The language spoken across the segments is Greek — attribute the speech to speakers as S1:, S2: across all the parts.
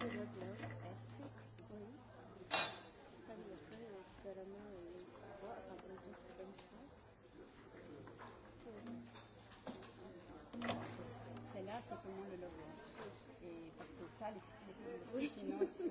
S1: C'est la c'est le logo. parce que ça, les je,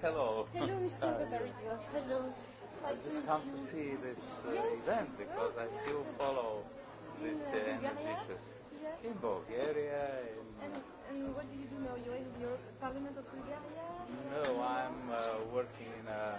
S1: hello. Hello, Mr. Uh,
S2: Hello. I just come to
S1: see this event because I still follow this energy
S2: issues. In
S3: Bulgaria.
S2: And and what do you do now? You're in your Parliament of Bulgaria?
S4: No, I'm working in a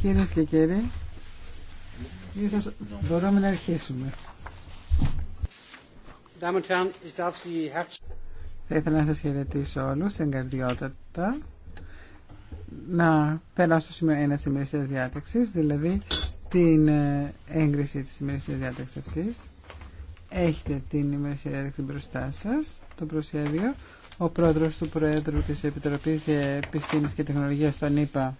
S1: Κυρίε και κύριοι, ίσω μπορούμε να αρχίσουμε. Θα ήθελα να σα χαιρετήσω όλου στην καρδιότητα. Να περάσω στο σημείο ένα ημερησίας διάταξη, δηλαδή την ε, έγκριση τη σημερινή διάταξη αυτή. Έχετε την ημερησία διάταξη μπροστά σα, το προσέδιο ο πρόεδρος του Προέδρου της Επιτροπής Επιστήμης και Τεχνολογίας τον ΗΠΑ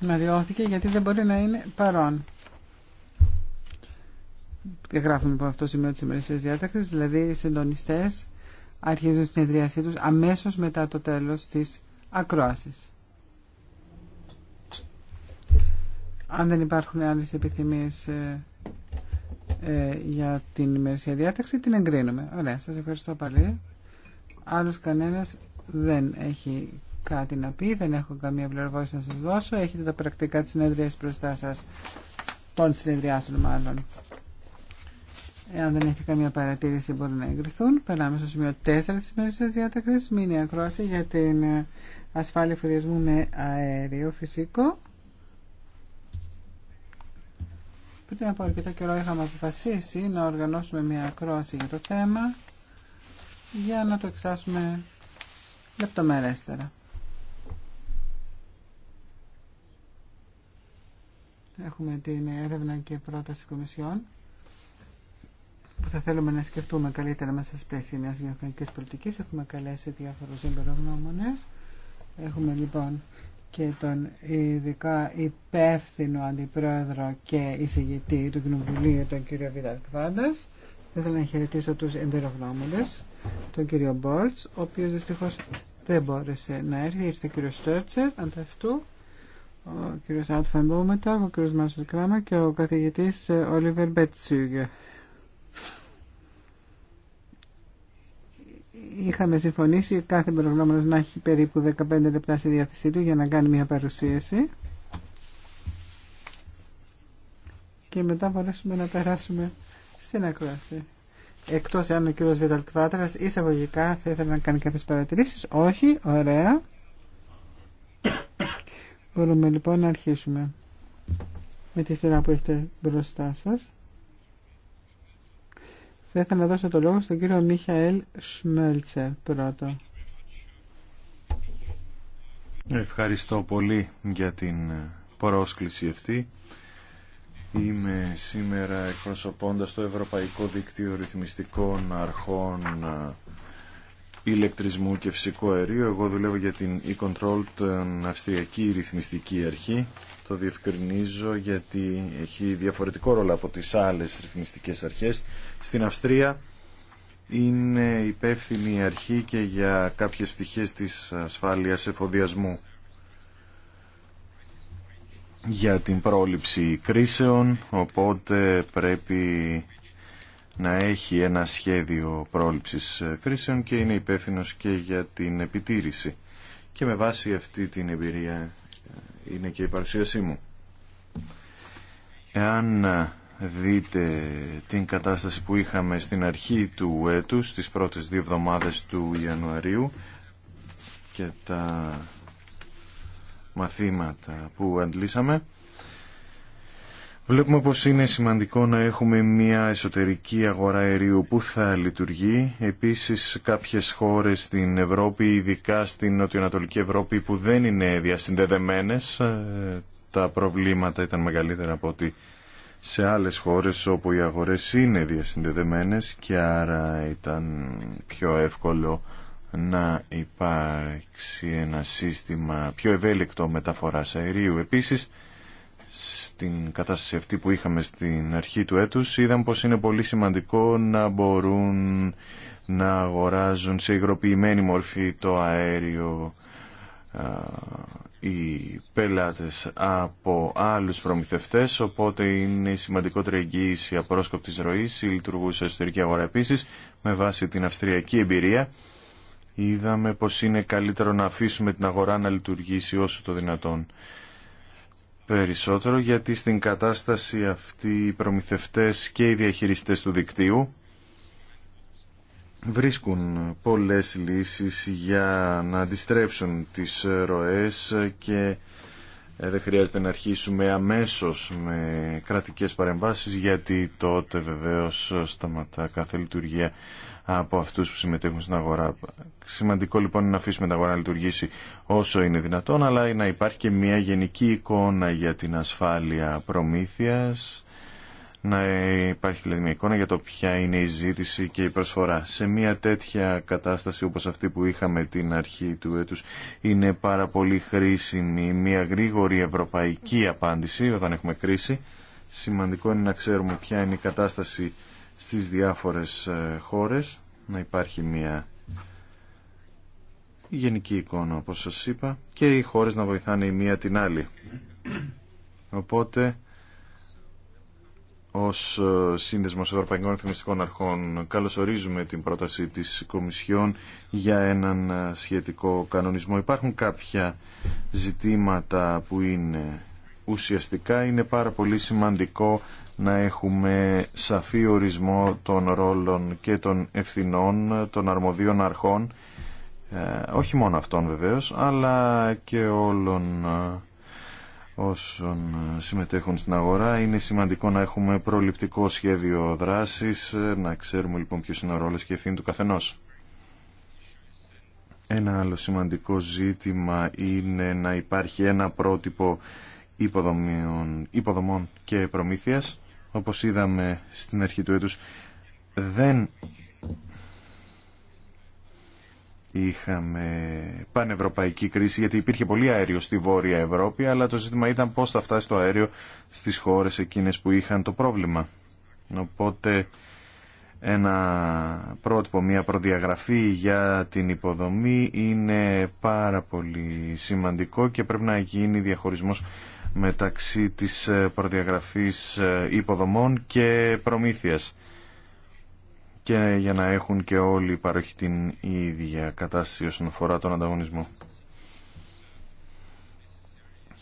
S1: μεριώθηκε γιατί δεν μπορεί να είναι παρόν. Και γράφουμε από αυτό το σημείο της ημερησίας διάταξης, δηλαδή οι συντονιστές αρχίζουν στην εδρίασή τους αμέσως μετά το τέλος της ακρόασης. Αν δεν υπάρχουν άλλες επιθυμίες ε, ε, για την ημερησία διάταξη την εγκρίνουμε. Ωραία, σας ευχαριστώ πολύ. Άλλος κανένας δεν έχει κάτι να πει, δεν έχω καμία πληροφόρηση να σας δώσω. Έχετε τα πρακτικά της συνεδρίας μπροστά σας, των συνεδριάσεων μάλλον. Εάν δεν έχετε καμία παρατήρηση μπορεί να εγκριθούν. Περνάμε στο σημείο 4 της ημερησίας διάταξης, μήνυα ακρόαση για την ασφάλεια φοδιασμού με αέριο φυσικό. Πριν από αρκετό καιρό είχαμε αποφασίσει να οργανώσουμε μια ακρόαση για το θέμα για να το εξάσουμε λεπτομερέστερα. Έχουμε την έρευνα και πρόταση κομισιών που θα θέλουμε να σκεφτούμε καλύτερα μέσα στις πλαίσια μιας βιομηχανικής πολιτικής. Έχουμε καλέσει διάφορους εμπειρογνώμονες. Έχουμε λοιπόν και τον ειδικά υπεύθυνο αντιπρόεδρο και εισηγητή του Κοινοβουλίου, τον κύριο Βίταλ Κβάντας. Θα ήθελα να χαιρετήσω του εμπειρογνώμονε, τον κύριο Μπόρτς, ο οποίο δυστυχώ δεν μπόρεσε να έρθει. Ήρθε ο κύριο Στέρτσερ, ανταυτού, ο κύριο Άντφαν Μπούμετα, ο κύριο Μάρσελ Κράμα και ο καθηγητή Όλιβερ Μπέτσουγε. είχαμε συμφωνήσει κάθε προγνώμενος να έχει περίπου 15 λεπτά στη διάθεσή του για να κάνει μια παρουσίαση και μετά μπορέσουμε να περάσουμε στην ακρόαση. Εκτός αν ο κύριος Βιταλκβάτρας, εισαγωγικά θα ήθελε να κάνει κάποιες παρατηρήσεις. Όχι, ωραία. Μπορούμε λοιπόν να αρχίσουμε με τη σειρά που έχετε μπροστά σας. Θα ήθελα να δώσω το λόγο στον κύριο Μιχαήλ Σμέλτσερ πρώτο.
S3: Ευχαριστώ πολύ για την πρόσκληση αυτή. Είμαι σήμερα εκπροσωπώντας το Ευρωπαϊκό Δίκτυο Ρυθμιστικών Αρχών ε, ηλεκτρισμού και φυσικού αερίου. Εγώ δουλεύω για την e-control, την ε, Αυστριακή Ρυθμιστική Αρχή το διευκρινίζω γιατί έχει διαφορετικό ρόλο από τις άλλες ρυθμιστικές αρχές. Στην Αυστρία είναι υπεύθυνη η αρχή και για κάποιες πτυχές της ασφάλειας εφοδιασμού για την πρόληψη κρίσεων, οπότε πρέπει να έχει ένα σχέδιο πρόληψης κρίσεων και είναι υπεύθυνο και για την επιτήρηση. Και με βάση αυτή την εμπειρία είναι και η παρουσίασή μου. Εάν ε, δείτε την κατάσταση που είχαμε στην αρχή του έτους, τις πρώτες δύο εβδομάδες του Ιανουαρίου και τα μαθήματα που αντλήσαμε, Βλέπουμε πως είναι σημαντικό να έχουμε μια εσωτερική αγορά αερίου που θα λειτουργεί. Επίσης κάποιες χώρες στην Ευρώπη, ειδικά στην Νοτιοανατολική Ευρώπη που δεν είναι διασυνδεδεμένες, ε, τα προβλήματα ήταν μεγαλύτερα από ότι σε άλλες χώρες όπου οι αγορές είναι διασυνδεδεμένες και άρα ήταν πιο εύκολο να υπάρξει ένα σύστημα πιο ευέλικτο μεταφοράς αερίου. Επίσης, στην κατάσταση αυτή που είχαμε στην αρχή του έτους είδαμε πως είναι πολύ σημαντικό να μπορούν να αγοράζουν σε υγροποιημένη μορφή το αέριο οι πελάτες από άλλους προμηθευτές οπότε είναι η σημαντικότερη εγγύηση απρόσκοπτης ροής η λειτουργούσα εσωτερική αγορά επίσης με βάση την αυστριακή εμπειρία είδαμε πως είναι καλύτερο να αφήσουμε την αγορά να λειτουργήσει όσο το δυνατόν περισσότερο γιατί στην κατάσταση αυτή οι προμηθευτές και οι διαχειριστές του δικτύου βρίσκουν πολλές λύσεις για να αντιστρέψουν τις ροές και ε, δεν χρειάζεται να αρχίσουμε αμέσως με κρατικές παρεμβάσεις γιατί τότε βεβαίως σταματά κάθε λειτουργία από αυτού που συμμετέχουν στην αγορά. Σημαντικό λοιπόν είναι να αφήσουμε την αγορά να λειτουργήσει όσο είναι δυνατόν, αλλά να υπάρχει και μια γενική εικόνα για την ασφάλεια προμήθεια, να υπάρχει δηλαδή μια εικόνα για το ποια είναι η ζήτηση και η προσφορά. Σε μια τέτοια κατάσταση όπως αυτή που είχαμε την αρχή του έτους είναι πάρα πολύ χρήσιμη μια γρήγορη ευρωπαϊκή απάντηση όταν έχουμε κρίση. Σημαντικό είναι να ξέρουμε ποια είναι η κατάσταση στις διάφορες ε, χώρες, να υπάρχει μια γενική εικόνα όπως σας είπα και οι χώρες να βοηθάνε η μία την άλλη. Οπότε ως ε, Σύνδεσμος Ευρωπαϊκών Εθνιστικών Αρχών καλωσορίζουμε την πρόταση της Κομισιόν για έναν ε, σχετικό κανονισμό. Υπάρχουν κάποια ζητήματα που είναι ουσιαστικά είναι πάρα πολύ σημαντικό να έχουμε σαφή ορισμό των ρόλων και των ευθυνών των αρμοδίων αρχών ε, όχι μόνο αυτών βεβαίως αλλά και όλων ε, όσων συμμετέχουν στην αγορά είναι σημαντικό να έχουμε προληπτικό σχέδιο δράσης ε, να ξέρουμε λοιπόν ποιος είναι ο ρόλος και ευθύνη του καθενός ένα άλλο σημαντικό ζήτημα είναι να υπάρχει ένα πρότυπο υποδομών και προμήθειας όπως είδαμε στην αρχή του έτους, δεν είχαμε πανευρωπαϊκή κρίση γιατί υπήρχε πολύ αέριο στη Βόρεια Ευρώπη αλλά το ζήτημα ήταν πώς θα φτάσει το αέριο στις χώρες εκείνες που είχαν το πρόβλημα. Οπότε ένα πρότυπο, μια προδιαγραφή για την υποδομή είναι πάρα πολύ σημαντικό και πρέπει να γίνει διαχωρισμός μεταξύ της ε, προδιαγραφής ε, υποδομών και προμήθειας και για να έχουν και όλοι οι την ίδια κατάσταση όσον αφορά τον ανταγωνισμό.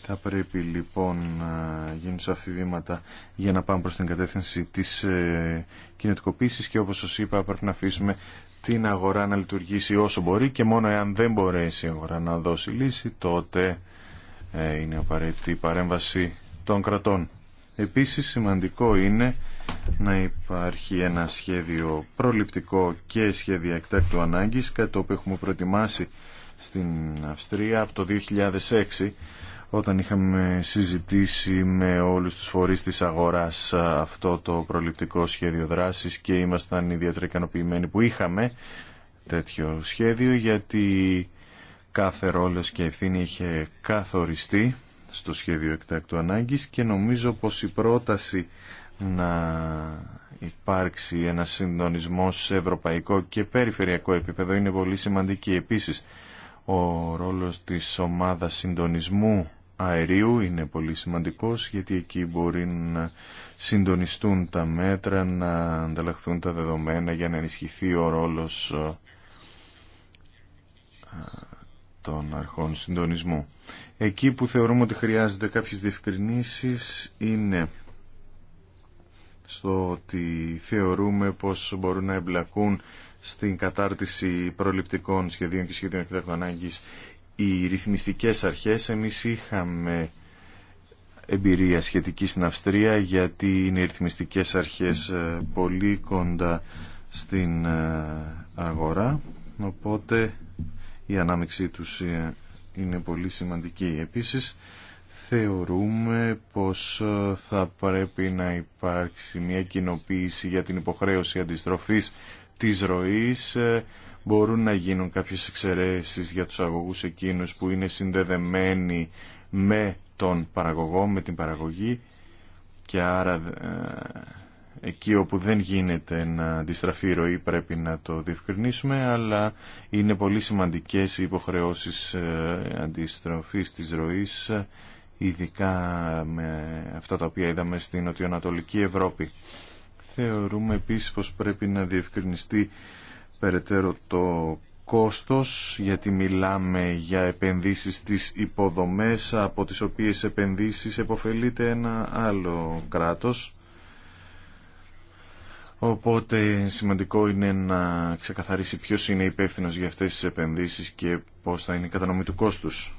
S3: Θα πρέπει λοιπόν να γίνουν σαφή βήματα για να πάμε προς την κατεύθυνση της ε, κινητικοποίησης και όπως σας είπα πρέπει να αφήσουμε την αγορά να λειτουργήσει όσο μπορεί και μόνο εάν δεν μπορέσει η αγορά να δώσει λύση τότε ε, είναι απαραίτητη η παρέμβαση των κρατών. Επίσης σημαντικό είναι να υπάρχει ένα σχέδιο προληπτικό και σχέδιο εκτάκτου ανάγκης, κάτι το οποίο έχουμε προετοιμάσει στην Αυστρία από το 2006, όταν είχαμε συζητήσει με όλους τους φορείς της αγοράς αυτό το προληπτικό σχέδιο δράσης και ήμασταν ιδιαίτερα ικανοποιημένοι που είχαμε τέτοιο σχέδιο γιατί κάθε ρόλος και ευθύνη είχε καθοριστεί στο σχέδιο εκτάκτου ανάγκης και νομίζω πως η πρόταση να υπάρξει ένα συντονισμό σε ευρωπαϊκό και περιφερειακό επίπεδο είναι πολύ σημαντική. Επίσης, ο ρόλος της ομάδας συντονισμού αερίου είναι πολύ σημαντικός γιατί εκεί μπορεί να συντονιστούν τα μέτρα, να ανταλλαχθούν τα δεδομένα για να ενισχυθεί ο ρόλος ε, των αρχών συντονισμού. Εκεί που θεωρούμε ότι χρειάζονται κάποιες διευκρινήσεις είναι στο ότι θεωρούμε πως μπορούν να εμπλακούν στην κατάρτιση προληπτικών σχεδίων και σχεδίων εκτάκτου ανάγκης οι ρυθμιστικές αρχές. Εμείς είχαμε εμπειρία σχετική στην Αυστρία γιατί είναι οι ρυθμιστικές αρχές ε, πολύ κοντά στην ε, αγορά οπότε η ανάμειξή τους ε, είναι πολύ σημαντική. Επίσης, θεωρούμε πως ε, θα πρέπει να υπάρξει μια κοινοποίηση για την υποχρέωση αντιστροφής της ροής. Ε, μπορούν να γίνουν κάποιες εξαιρέσεις για τους αγωγούς εκείνους που είναι συνδεδεμένοι με τον παραγωγό, με την παραγωγή και άρα εκεί όπου δεν γίνεται να αντιστραφεί η ροή πρέπει να το διευκρινίσουμε, αλλά είναι πολύ σημαντικές οι υποχρεώσεις ε, αντιστροφής της ροής, ειδικά με αυτά τα οποία είδαμε στην νοτιοανατολική Ευρώπη. Θεωρούμε επίσης πως πρέπει να διευκρινιστεί περαιτέρω το κόστος, γιατί μιλάμε για επενδύσεις στις υποδομές, από τις οποίες επενδύσεις επωφελείται ένα άλλο κράτος Οπότε σημαντικό είναι να ξεκαθαρίσει ποιος είναι υπεύθυνος για αυτές τις επενδύσεις και πώς θα είναι η κατανομή του κόστους.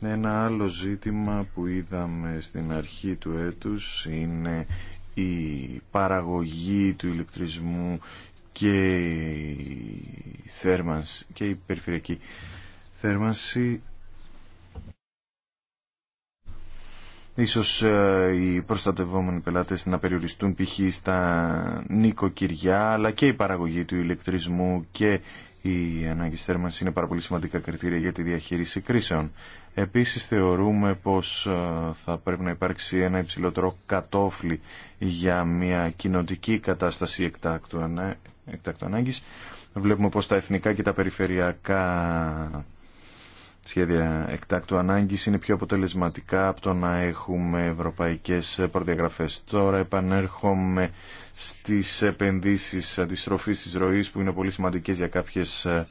S3: Ένα άλλο ζήτημα που είδαμε στην αρχή του έτους είναι η παραγωγή του ηλεκτρισμού και η και η περιφερειακή θέρμανση Ίσως ε, οι προστατευόμενοι πελάτες να περιοριστούν π.χ. στα νοικοκυριά, αλλά και η παραγωγή του ηλεκτρισμού και οι ανάγκε θέρμανση είναι πάρα πολύ σημαντικά κριτήρια για τη διαχείριση κρίσεων. Επίσης θεωρούμε πως ε, θα πρέπει να υπάρξει ένα υψηλότερο κατόφλι για μια κοινοτική κατάσταση εκτάκτου ανάγκης. Βλέπουμε πως τα εθνικά και τα περιφερειακά σχέδια εκτάκτου ανάγκης είναι πιο αποτελεσματικά από το να έχουμε ευρωπαϊκές προδιαγραφές. Τώρα επανέρχομαι στις επενδύσεις αντιστροφής της ροής που είναι πολύ σημαντικές για κάποιες ε,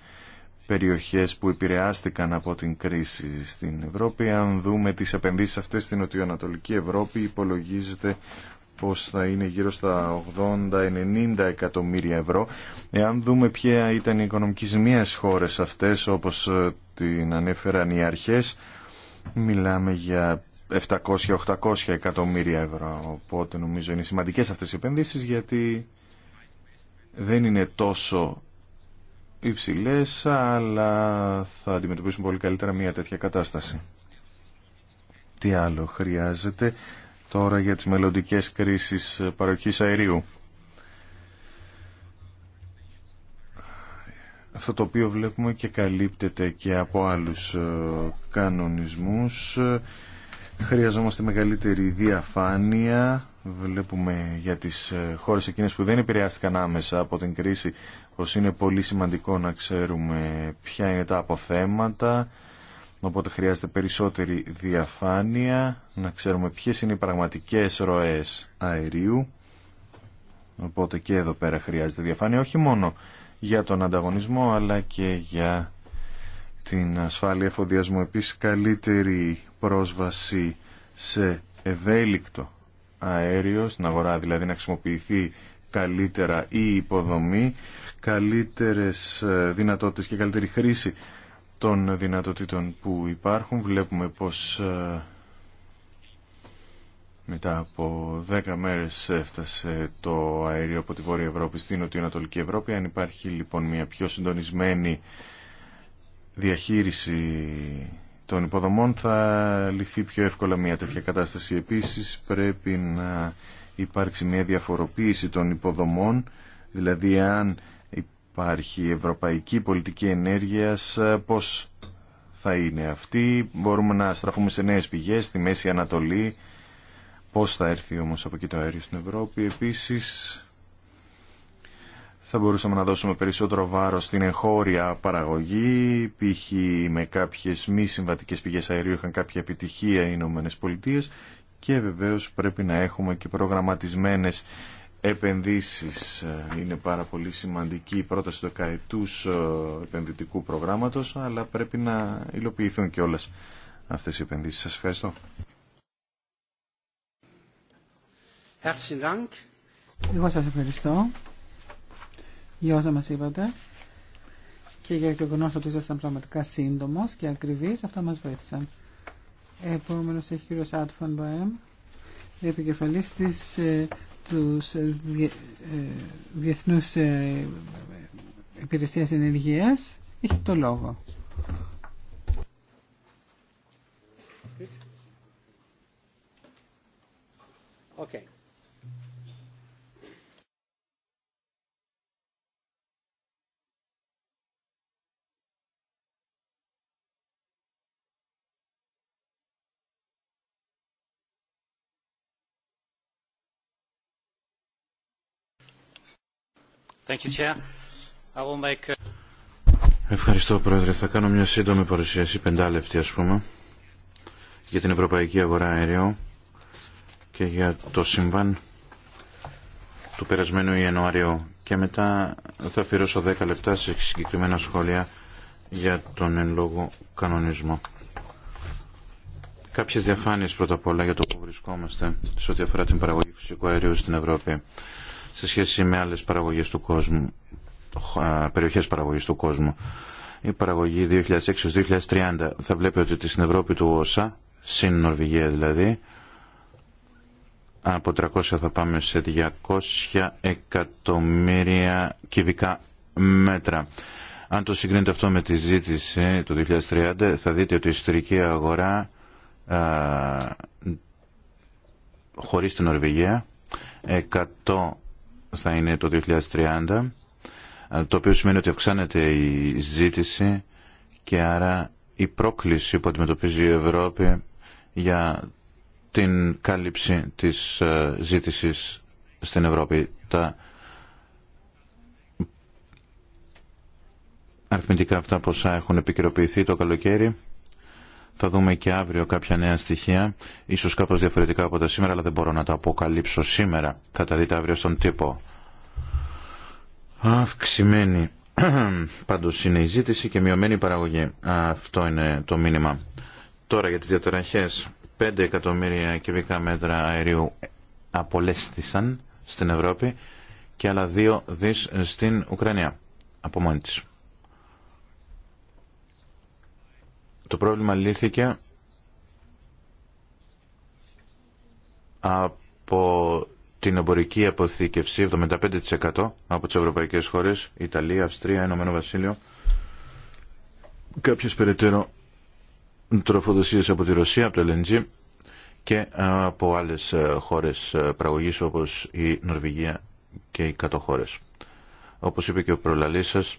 S3: περιοχές που επηρεάστηκαν από την κρίση στην Ευρώπη. Αν δούμε τις επενδύσεις αυτές στην νοτιοανατολική Ευρώπη υπολογίζεται πως θα είναι γύρω στα 80-90 εκατομμύρια ευρώ. Εάν δούμε ποια ήταν η οικονομική ζημία στις χώρες αυτές, όπως ε, την ανέφεραν οι αρχές, μιλάμε για 700-800 εκατομμύρια ευρώ. Οπότε νομίζω είναι σημαντικές αυτές οι επενδύσεις γιατί δεν είναι τόσο υψηλές, αλλά θα αντιμετωπίσουν πολύ καλύτερα μια τέτοια κατάσταση. Τι άλλο χρειάζεται τώρα για τις μελλοντικέ κρίσεις παροχής αερίου. Αυτό το οποίο βλέπουμε και καλύπτεται και από άλλους ε, κανονισμούς. Χρειαζόμαστε μεγαλύτερη διαφάνεια. Βλέπουμε για τις ε, χώρες εκείνες που δεν επηρεάστηκαν άμεσα από την κρίση πως είναι πολύ σημαντικό να ξέρουμε ποια είναι τα αποθέματα Οπότε χρειάζεται περισσότερη διαφάνεια, να ξέρουμε ποιες είναι οι πραγματικές ροές αερίου. Οπότε και εδώ πέρα χρειάζεται διαφάνεια, όχι μόνο για τον ανταγωνισμό, αλλά και για την ασφάλεια εφοδιασμού. Επίσης, καλύτερη πρόσβαση σε ευέλικτο αέριο, στην αγορά δηλαδή να χρησιμοποιηθεί καλύτερα η υποδομή, καλύτερες ε, δυνατότητες και καλύτερη χρήση των δυνατοτήτων που υπάρχουν. Βλέπουμε πως ε, μετά από 10 μέρες έφτασε το αέριο από τη Βόρεια Ευρώπη στην Νοτιοανατολική Ευρώπη. Αν υπάρχει λοιπόν μια πιο συντονισμένη διαχείριση των υποδομών θα λυθεί πιο εύκολα μια τέτοια κατάσταση. Επίσης πρέπει να υπάρξει μια διαφοροποίηση των υποδομών, δηλαδή αν υπάρχει ευρωπαϊκή πολιτική ενέργειας, πώς θα είναι αυτή, μπορούμε να στραφούμε σε νέες πηγές, στη Μέση Ανατολή, πώς θα έρθει όμως από εκεί το αέριο στην Ευρώπη. Επίσης, θα μπορούσαμε να δώσουμε περισσότερο βάρος στην εγχώρια παραγωγή, π.χ. με κάποιες μη συμβατικές πηγές αερίου είχαν κάποια επιτυχία οι Ηνωμένε Πολιτείες και βεβαίως πρέπει να έχουμε και προγραμματισμένες επενδύσεις ε, είναι πάρα πολύ σημαντική η πρόταση του εκαετούς ε, επενδυτικού προγράμματος, αλλά πρέπει να υλοποιηθούν και όλες αυτές οι επενδύσεις. Σας ευχαριστώ.
S1: Εγώ σας ευχαριστώ για όσα μας είπατε και για το γνώστο ότι ήσασταν πραγματικά σύντομος και ακριβής. Αυτά μας βοήθησαν. Επόμενος έχει ο κύριος Άτφαν Μπαέμ, επικεφαλής της ε, τους ε, ε, Διεθνούς ε, Υπηρεσίες Ενεργείας. Έχετε το λόγο. Okay.
S4: Ευχαριστώ Πρόεδρε. Θα κάνω μια σύντομη παρουσίαση, πεντάλεπτη ας πούμε, για την Ευρωπαϊκή Αγορά Αέριο και για το συμβάν του περασμένου Ιανουαρίου και μετά θα αφιερώσω 10 λεπτά σε συγκεκριμένα σχόλια για τον εν λόγω κανονισμό. Κάποιε διαφάνειες πρώτα απ' όλα για το που βρισκόμαστε σε ό,τι αφορά την παραγωγή φυσικού αερίου στην Ευρώπη σε σχέση με άλλες παραγωγές του κόσμου, περιοχές παραγωγής του κόσμου. Η παραγωγή 2006-2030 θα βλέπει ότι στην Ευρώπη του ΩΣΑ, στην Νορβηγία δηλαδή, από 300 θα πάμε σε 200 εκατομμύρια κυβικά μέτρα. Αν το συγκρίνετε αυτό με τη ζήτηση του 2030, θα δείτε ότι η ιστορική αγορά α, χωρίς την Νορβηγία 100 θα είναι το 2030, το οποίο σημαίνει ότι αυξάνεται η ζήτηση και άρα η πρόκληση που αντιμετωπίζει η Ευρώπη για την κάλυψη της ε, ζήτησης στην Ευρώπη. Τα αριθμητικά αυτά ποσά έχουν επικαιροποιηθεί το καλοκαίρι θα δούμε και αύριο κάποια νέα στοιχεία, ίσως κάπως διαφορετικά από τα σήμερα, αλλά δεν μπορώ να τα αποκαλύψω σήμερα. Θα τα δείτε αύριο στον τύπο. Αυξημένη πάντως είναι η ζήτηση και μειωμένη η παραγωγή. Αυτό είναι το μήνυμα. Τώρα για τις διαταραχές. 5 εκατομμύρια κυβικά μέτρα αερίου απολέστησαν στην Ευρώπη και άλλα 2 δις στην Ουκρανία από μόνη της. Το πρόβλημα λύθηκε από την εμπορική αποθήκευση 75% από τις ευρωπαϊκές χώρες, Ιταλία, Αυστρία, Ενωμένο Βασίλειο, κάποιες περαιτέρω τροφοδοσίες από τη Ρωσία, από το LNG και από άλλες ε, χώρες ε, παραγωγής όπως η Νορβηγία και οι χώρες. Όπως είπε και ο προλαλής σας,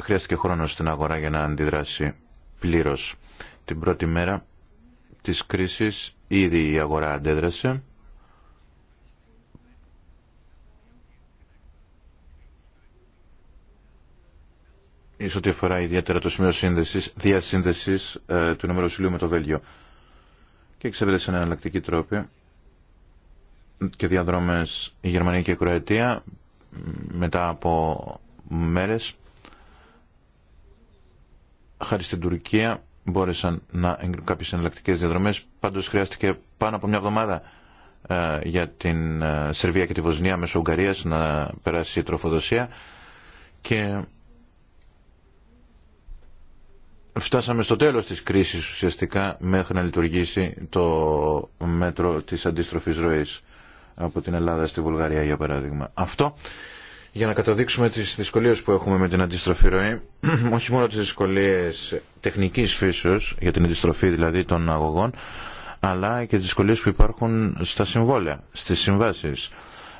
S4: χρειάστηκε χρόνο στην αγορά για να αντιδράσει την πρώτη μέρα της κρίσης ήδη η αγορά αντέδρασε. Ίσως ό,τι αφορά ιδιαίτερα το σημείο σύνδεσης, διασύνδεσης ε, του Νομεροσυλίου με το Βέλγιο. Και έναν εναλλακτική τρόπη και διαδρόμες η Γερμανία και η Κροατία μετά από μέρες χάρη στην Τουρκία μπόρεσαν να εγκρίνουν κάποιες εναλλακτικέ διαδρομές. Πάντως χρειάστηκε πάνω από μια εβδομάδα ε, για την ε, Σερβία και τη Βοσνία μέσω Ουγγαρία να περάσει η τροφοδοσία και φτάσαμε στο τέλος της κρίσης ουσιαστικά μέχρι να λειτουργήσει το μέτρο της αντίστροφης ροής από την Ελλάδα στη Βουλγαρία για παράδειγμα. Αυτό για να καταδείξουμε τις δυσκολίες που έχουμε με την αντιστροφή ροή, όχι μόνο τις δυσκολίες τεχνικής φύσεως, για την αντιστροφή δηλαδή των αγωγών, αλλά και τις δυσκολίες που υπάρχουν στα συμβόλαια, στις συμβάσεις.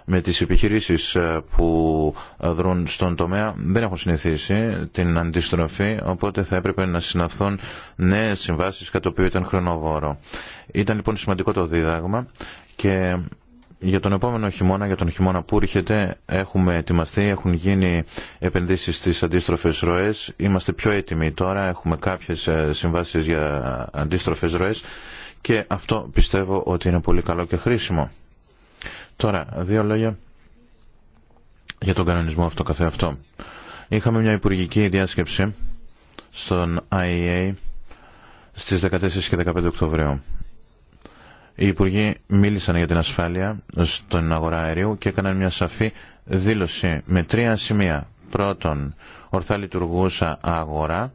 S4: Με τις επιχειρήσεις ε, που ε, δρούν στον τομέα δεν έχουν συνηθίσει την αντιστροφή, οπότε θα έπρεπε να συναυθούν νέες συμβάσεις, κατά το οποίο ήταν χρονοβόρο. Ήταν λοιπόν σημαντικό το δίδαγμα και για τον επόμενο χειμώνα, για τον χειμώνα που έρχεται, έχουμε ετοιμαστεί, έχουν γίνει επενδύσεις στις αντίστροφες ροές. Είμαστε πιο έτοιμοι τώρα, έχουμε κάποιες ε, συμβάσεις για αντίστροφες ροές και αυτό πιστεύω ότι είναι πολύ καλό και χρήσιμο. Τώρα, δύο λόγια για τον κανονισμό αυτό καθεαυτό. Είχαμε μια υπουργική διάσκεψη στον IEA στις 14 και 15 Οκτωβρίου. Οι Υπουργοί μίλησαν για την ασφάλεια στον αγορά αερίου και έκαναν μια σαφή δήλωση με τρία σημεία. Πρώτον, ορθά λειτουργούσα αγορά,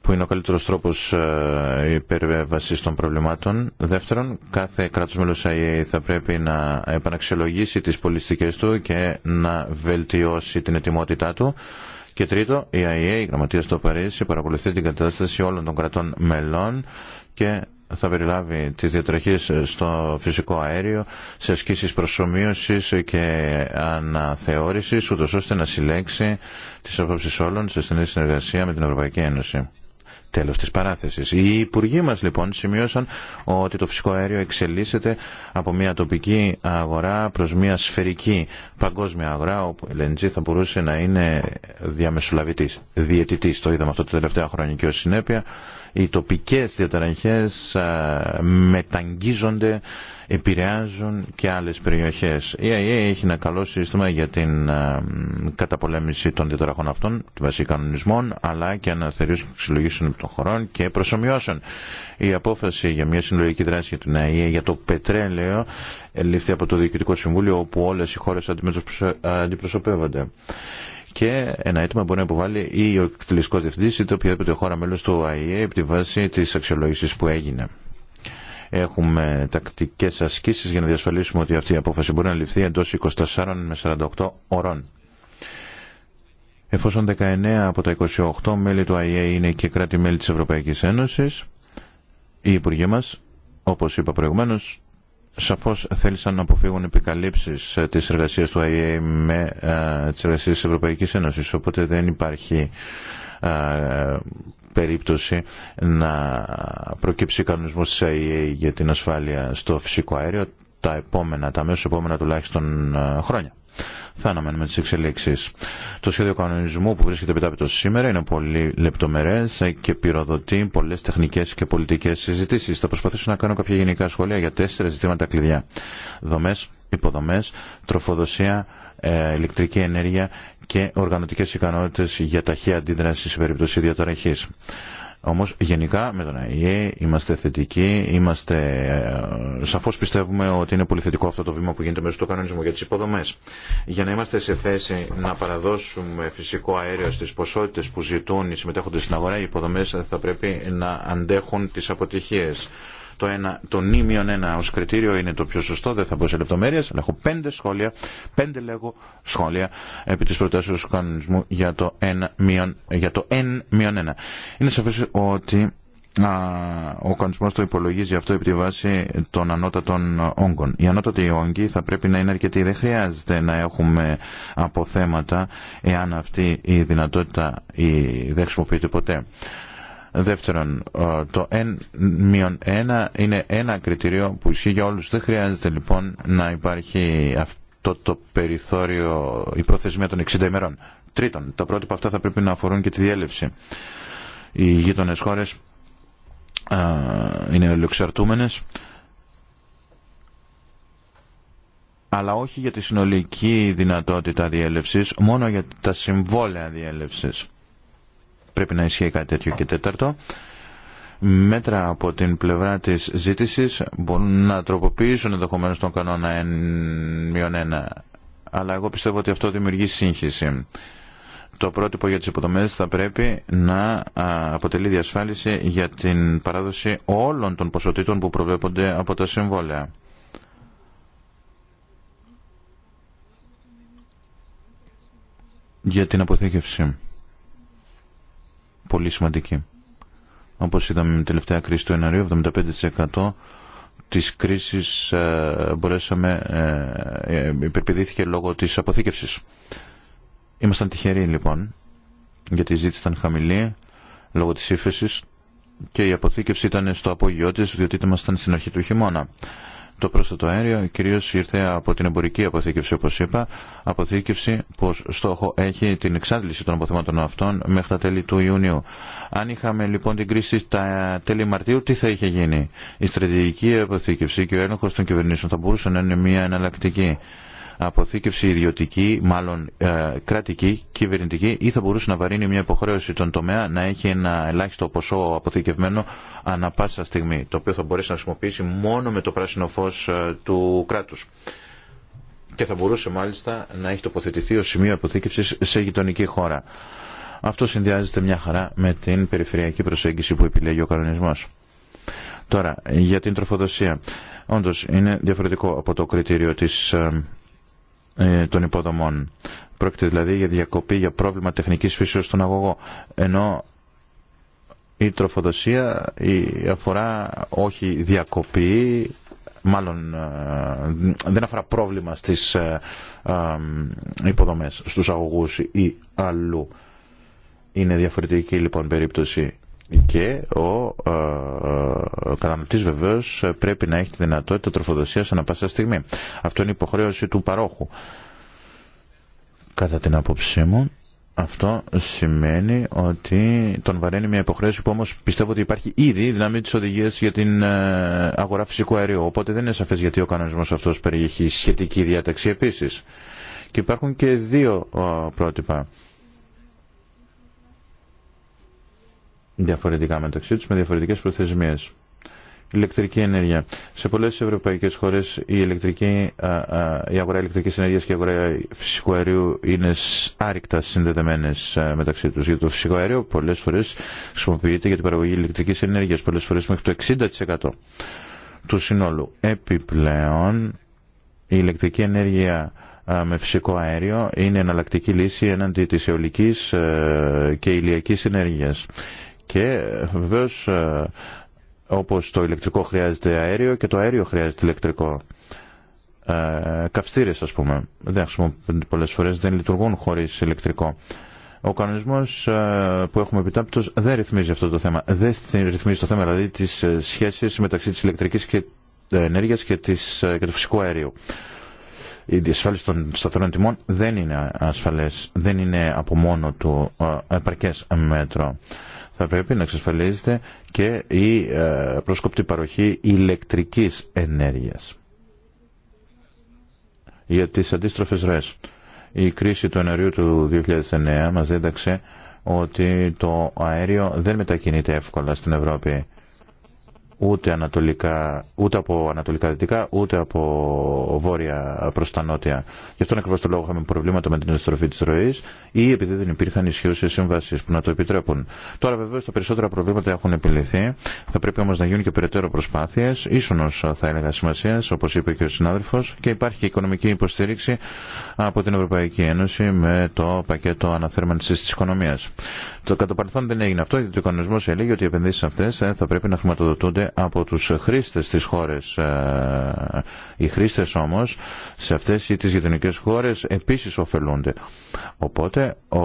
S4: που είναι ο καλύτερος τρόπος ε, υπερβασής των προβλημάτων. Δεύτερον, κάθε κράτος μέλος θα πρέπει να επαναξιολογήσει τις πολιτικές του και να βελτιώσει την ετοιμότητά του. Και τρίτον, η ΑΕΕ, η Γραμματεία στο Παρίσι, παρακολουθεί την κατάσταση όλων των κρατών μελών και θα περιλάβει τις διατροχές στο φυσικό αέριο σε ασκήσεις προσωμείωσης και αναθεώρησης ούτως ώστε να συλλέξει τις απόψεις όλων σε στενή συνεργασία με την Ευρωπαϊκή Ένωση. Τέλος της παράθεσης. Οι υπουργοί μας λοιπόν σημείωσαν ότι το φυσικό αέριο εξελίσσεται από μια τοπική αγορά προς μια σφαιρική παγκόσμια αγορά όπου η LNG θα μπορούσε να είναι διαμεσολαβητής, διαιτητής. Το είδαμε αυτό το τελευταία χρόνια και ως συνέπεια οι τοπικές διαταραχές μεταγγίζονται, επηρεάζουν και άλλες περιοχές. Η ΑΕΕ έχει ένα καλό σύστημα για την καταπολέμηση των διαταραχών αυτών, των βασικών κανονισμών, αλλά και συλλογήσουν συλλογήσεων των χωρών και προσωμιώσεων. Η απόφαση για μια συλλογική δράση για την ΑΕΕ για το πετρέλαιο λήφθη από το Διοικητικό Συμβούλιο, όπου όλες οι χώρες αντιπροσωπεύονται και ένα αίτημα μπορεί να υποβάλει ή ο εκτελεστικό διευθυντή το οποιαδήποτε χώρα μέλο του ΑΕΕ επί τη βάση τη αξιολόγηση που έγινε. Έχουμε τακτικέ ασκήσει για να διασφαλίσουμε ότι αυτή η απόφαση μπορεί να ληφθεί εντό 24 με 48 ωρών. Εφόσον 19 από τα 28 μέλη του ΑΕΕ είναι και κράτη-μέλη της Ευρωπαϊκή Ένωση, οι υπουργοί μα, όπω είπα προηγουμένω, σαφώς θέλησαν να αποφύγουν επικαλύψεις ε, της εργασίας του ΑΕΕ με τι ε, τις εργασίες της Ευρωπαϊκής Ένωσης, οπότε δεν υπάρχει ε, περίπτωση να προκύψει κανονισμός της ΑΕΕ για την ασφάλεια στο φυσικό αέριο τα επόμενα, τα μέσα επόμενα τουλάχιστον χρόνια. Θα αναμένουμε τις εξελίξεις. Το σχέδιο κανονισμού που βρίσκεται επιτάπητο σήμερα είναι πολύ λεπτομερές και πυροδοτεί πολλές τεχνικές και πολιτικές συζητήσεις. Θα προσπαθήσω να κάνω κάποια γενικά σχόλια για τέσσερα ζητήματα κλειδιά. Δομές, υποδομές, τροφοδοσία, ε, ηλεκτρική ενέργεια και οργανωτικές ικανότητες για ταχεία αντίδραση σε περίπτωση διαταραχής. Όμως γενικά με τον ΑΕΕ είμαστε θετικοί, είμαστε, ε, σαφώς πιστεύουμε ότι είναι πολύ θετικό αυτό το βήμα που γίνεται μέσω του κανονισμό για τις υποδομές. Για να είμαστε σε θέση να παραδώσουμε φυσικό αέριο στις ποσότητες που ζητούν οι συμμετέχοντες στην αγορά, οι υποδομές θα πρέπει να αντέχουν τις αποτυχίες το, ένα, το ω ένα ως κριτήριο είναι το πιο σωστό, δεν θα μπω σε λεπτομέρειε. αλλά έχω πέντε σχόλια, πέντε λέγω σχόλια επί της προτάσεως κανονισμού για το, 1, μειον, για το N 1. Είναι σαφέ ότι ο κανονισμό το υπολογίζει αυτό επί τη βάση των ανώτατων όγκων. Οι ανώτατοι όγκοι θα πρέπει να είναι αρκετοί. Δεν χρειάζεται να έχουμε αποθέματα εάν αυτή η δυνατότητα η δεν χρησιμοποιείται ποτέ. Δεύτερον, ε, το 1 1 είναι ένα κριτήριο που ισχύει για όλους. Δεν χρειάζεται λοιπόν να υπάρχει αυτό το περιθώριο, η προθεσμία των 60 ημερών. Τρίτον, τα πρότυπα αυτά θα πρέπει να αφορούν και τη διέλευση. Οι γείτονες χώρες ε, είναι ελεξαρτούμενες αλλά όχι για τη συνολική δυνατότητα διέλευσης, μόνο για τα συμβόλαια διέλευσης πρέπει να ισχύει κάτι τέτοιο. Και τέταρτο, μέτρα από την πλευρά της ζήτησης μπορούν να τροποποιήσουν ενδεχομένω τον κανόνα 1-1. Αλλά εγώ πιστεύω ότι αυτό δημιουργεί σύγχυση. Το πρότυπο για τις υποδομές θα πρέπει να αποτελεί διασφάλιση για την παράδοση όλων των ποσοτήτων που προβλέπονται από τα συμβόλαια. Για την αποθήκευση πολύ σημαντική. Όπω είδαμε με την τελευταία κρίση του Ιανουαρίου, 75% τη κρίση. μπορέσαμε, ε, ε, υπερπηδήθηκε λόγω τη αποθήκευση. Ήμασταν τυχεροί λοιπόν, γιατί η ζήτηση ήταν χαμηλή λόγω τη ύφεση και η αποθήκευση ήταν στο απόγειό διότι ήμασταν στην αρχή του χειμώνα. Το πρόσθετο αέριο κυρίω ήρθε από την εμπορική αποθήκευση όπω είπα, αποθήκευση που στόχο έχει την εξάντληση των αποθεμάτων αυτών μέχρι τα τέλη του Ιουνίου. Αν είχαμε λοιπόν την κρίση τα τέλη Μαρτίου τι θα είχε γίνει. Η στρατηγική αποθήκευση και ο έλεγχο των κυβερνήσεων θα μπορούσαν να είναι μια εναλλακτική αποθήκευση ιδιωτική, μάλλον ε, κρατική, κυβερνητική ή θα μπορούσε να βαρύνει μια υποχρέωση τον τομέα να έχει ένα ελάχιστο ποσό αποθηκευμένο ανα πάσα στιγμή, το οποίο θα μπορέσει να χρησιμοποιήσει μόνο με το πράσινο φως ε, του κράτου. Και θα μπορούσε μάλιστα να έχει τοποθετηθεί ω σημείο αποθήκευση σε γειτονική χώρα. Αυτό συνδυάζεται μια χαρά με την περιφερειακή προσέγγιση που επιλέγει ο κανονισμό. Τώρα, για την τροφοδοσία. Όντω, είναι διαφορετικό από το κριτήριο της ε, ε, των υποδομών. Πρόκειται δηλαδή για διακοπή, για πρόβλημα τεχνικής φύσεως στον αγωγό. Ενώ η τροφοδοσία η αφορά όχι διακοπή, μάλλον ε, δεν αφορά πρόβλημα στις ε, υποδομές, στους αγωγούς ή αλλού. Είναι διαφορετική λοιπόν περίπτωση και ο ε, ε, καταναλωτή βεβαίω πρέπει να έχει τη δυνατότητα τροφοδοσία ανά πάσα στιγμή. Αυτό είναι υποχρέωση του παρόχου. Κατά την άποψή μου, αυτό σημαίνει ότι τον βαραίνει μια υποχρέωση που όμω πιστεύω ότι υπάρχει ήδη δυναμή τη οδηγία για την ε, αγορά φυσικού αερίου. Οπότε δεν είναι σαφές γιατί ο κανονισμό αυτό περιέχει σχετική διάταξη επίση. Και υπάρχουν και δύο πρότυπα διαφορετικά μεταξύ του με διαφορετικές προθεσμίες. Ηλεκτρική ενέργεια. Σε πολλές ευρωπαϊκές χώρες η, η αγορά ηλεκτρικής ενέργειας και η αγορά φυσικού αερίου είναι άρρηκτα συνδεδεμένες μεταξύ του. Για το φυσικό αέριο πολλές φορές χρησιμοποιείται για την παραγωγή ηλεκτρικής ενέργειας, πολλές φορές μέχρι το 60% του συνόλου. Επιπλέον η ηλεκτρική ενέργεια με φυσικό αέριο είναι εναλλακτική λύση έναντι της αιωλικής ε, και ηλιακής ενέργεια. Και βεβαίω, ε, όπως το ηλεκτρικό χρειάζεται αέριο και το αέριο χρειάζεται ηλεκτρικό. Ε, καυστήρες ας πούμε δεν χρησιμοποιούνται πολλές φορές, δεν λειτουργούν χωρίς ηλεκτρικό. Ο κανονισμός ε, που έχουμε επιτάπτως δεν ρυθμίζει αυτό το θέμα. Δεν ρυθμίζει το θέμα δηλαδή τις ε, σχέσεις μεταξύ της ηλεκτρικής και ενέργειας και, της, του φυσικού αερίου. Η διασφάλιση των σταθερών τιμών δεν είναι ασφαλές, δεν είναι από μόνο του επαρκές μέτρο θα πρέπει να εξασφαλίζεται και η ε, προσκοπτή παροχή ηλεκτρικής ενέργειας για τις αντίστροφες ΡΕΣ. Η κρίση του ενεργείου του 2009 μας δίδαξε ότι το αέριο δεν μετακινείται εύκολα στην Ευρώπη ούτε, ανατολικά, ούτε από ανατολικά δυτικά, ούτε από βόρεια προ τα νότια. Γι' αυτόν ακριβώ το λόγο είχαμε προβλήματα με την επιστροφή τη ροή ή επειδή δεν υπήρχαν ισχυρέ σύμβασει που να το επιτρέπουν. Τώρα βεβαίω τα περισσότερα προβλήματα έχουν επιληθεί. Θα πρέπει όμω να γίνουν και περαιτέρω προσπάθειε, ίσονο θα έλεγα σημασία, όπω είπε και ο συνάδελφο, και υπάρχει και οικονομική υποστήριξη από την Ευρωπαϊκή Ένωση με το πακέτο αναθέρμανση τη οικονομία. Το κατά παρελθόν δεν έγινε αυτό, γιατί ο οικονομισμό έλεγε ότι οι επενδύσει αυτέ ε, θα πρέπει να χρηματοδοτούνται από τους χρήστες της χώρες. Ε, οι χρήστες όμως σε αυτές τις γειτονικέ χώρες επίσης ωφελούνται. Οπότε ο,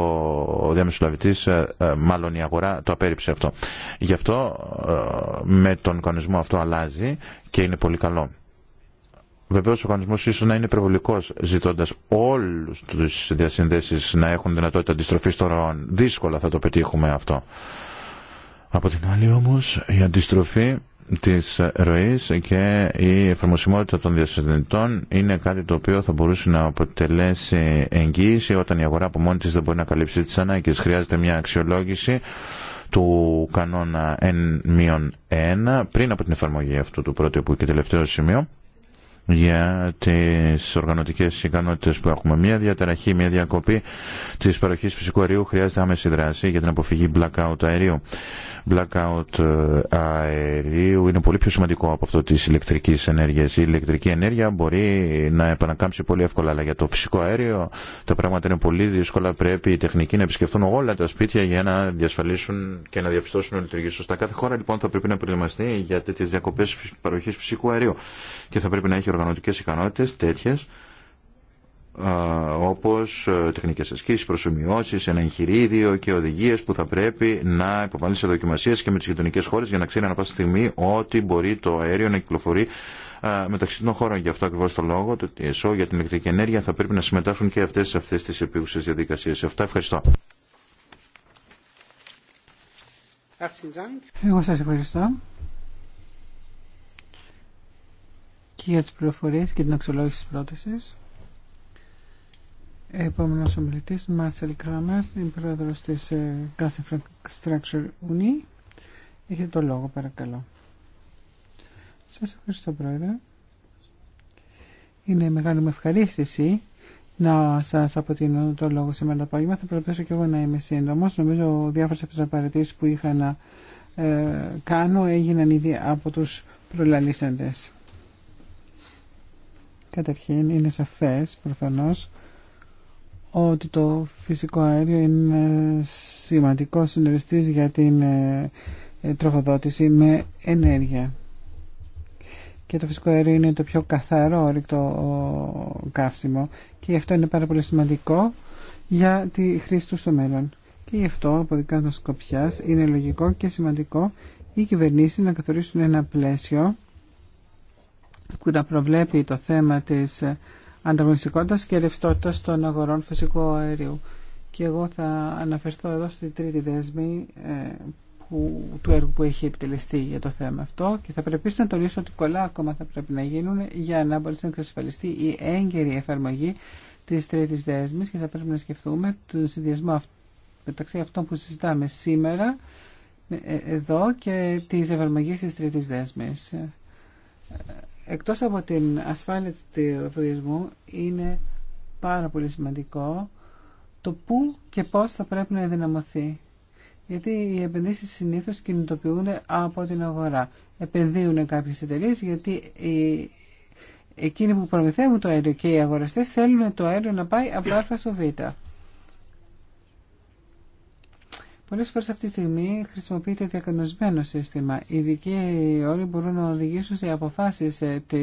S4: ο διαμεσολαβητής ε, ε, μάλλον η αγορά το απέρριψε αυτό. Γι' αυτό με τον κανονισμό αυτό αλλάζει και είναι πολύ καλό. Βεβαίω ο οργανισμό ίσω να είναι υπερβολικό, ζητώντα όλου του διασυνδέσει να έχουν δυνατότητα αντιστροφή των ροών. Δύσκολα θα το πετύχουμε αυτό. Από την άλλη όμω, η αντιστροφή της ροής και η εφαρμοσιμότητα των διασυνδετών είναι κάτι το οποίο θα μπορούσε να αποτελέσει εγγύηση όταν η αγορά από μόνη της δεν μπορεί να καλύψει τις ανάγκες. Χρειάζεται μια αξιολόγηση του κανόνα N-1 πριν από την εφαρμογή αυτού του πρώτου και τελευταίου σημείου για τις οργανωτικές ικανότητες που έχουμε. Μια διαταραχή, μια διακοπή της παροχής φυσικού αερίου χρειάζεται άμεση δράση για την αποφυγή blackout αερίου blackout ε, αερίου είναι πολύ πιο σημαντικό από αυτό της ηλεκτρικής ενέργειας. Η ηλεκτρική ενέργεια μπορεί να επανακάμψει πολύ εύκολα, αλλά για το φυσικό αέριο τα πράγματα είναι πολύ δύσκολα. Πρέπει οι τεχνικοί να επισκεφθούν όλα τα σπίτια για να διασφαλίσουν και να διαπιστώσουν να λειτουργεί σωστά. Κάθε χώρα λοιπόν θα πρέπει να προετοιμαστεί για τέτοιε διακοπέ παροχή φυσικού αερίου και θα πρέπει να έχει οργανωτικέ ικανότητε τέτοιε όπως ε, τεχνικές ασκήσεις, προσωμιώσεις, ένα εγχειρίδιο και οδηγίες που θα πρέπει να υποβάλει σε δοκιμασίες και με τις γειτονικές χώρες για να ξέρει ανά πάσα στιγμή ότι μπορεί το αέριο να κυκλοφορεί μεταξύ των χώρων. Γι' αυτό ακριβώ το λόγο, το TSO για την ηλεκτρική ενέργεια θα πρέπει να συμμετάσχουν και αυτές, αυτές τις επίγουσες διαδικασίες. Αυτά ευχαριστώ.
S1: Εγώ σας ευχαριστώ και για τις πληροφορίες και την αξιολόγηση της πρότασης. Επόμενος ομιλητής, Μάρσελ Κράμερ, είναι πρόεδρος της ε, Gas Infrastructure Uni. Έχετε το λόγο, παρακαλώ. Σα ευχαριστώ, πρόεδρε. Είναι μεγάλη μου ευχαρίστηση να σα αποτείνω το λόγο σήμερα το απόγευμα. Θα προσπαθήσω και εγώ να είμαι σύντομο. Νομίζω διάφορε από τι απαραίτητε που είχα να ε, κάνω έγιναν ήδη από του προλαλήσαντε. Καταρχήν, είναι σαφέ, προφανώ ότι το φυσικό αέριο είναι σημαντικό συνεργαστής για την ε, ε, τροφοδότηση με ενέργεια. Και το φυσικό αέριο είναι το πιο καθαρό ορυκτό καύσιμο και γι' αυτό είναι πάρα πολύ σημαντικό για τη χρήση του στο μέλλον. Και γι' αυτό από δικά μας είναι λογικό και σημαντικό οι κυβερνήσεις να καθορίσουν ένα πλαίσιο που να προβλέπει το θέμα της ε, ανταγωνιστικότητα και ρευστότητα των αγορών φυσικού αερίου. Και εγώ θα αναφερθώ εδώ στη τρίτη δέσμη ε, που, του έργου που έχει επιτελεστεί για το θέμα αυτό και θα πρέπει να τονίσω ότι πολλά ακόμα θα πρέπει να γίνουν για να μπορέσει να εξασφαλιστεί η έγκαιρη εφαρμογή τη τρίτη δεσμή και θα πρέπει να σκεφτούμε τον συνδυασμό μεταξύ αυτών που συζητάμε σήμερα ε, εδώ και τις εφαρμογές της τρίτης δέσμης. Ε, εκτός από την ασφάλεια του εφοδιασμού είναι πάρα πολύ σημαντικό το πού και πώς θα πρέπει να ενδυναμωθεί. Γιατί οι επενδύσεις συνήθως κινητοποιούνται από την αγορά. Επενδύουν κάποιες εταιρείε γιατί οι... εκείνοι που και πως θα πρεπει να ενδυναμωθει γιατι οι επενδυσει συνηθως κινητοποιουνται απο την αγορα επενδυουν καποιες εταιρειε γιατι εκεινοι που προμηθευουν το αέριο και οι αγοραστές θέλουν το αέριο να πάει από το α στο β. Πολλέ φορέ αυτή τη στιγμή χρησιμοποιείται διακανονισμένο σύστημα. Οι ειδικοί όλοι μπορούν να οδηγήσουν σε αποφάσει ε, τη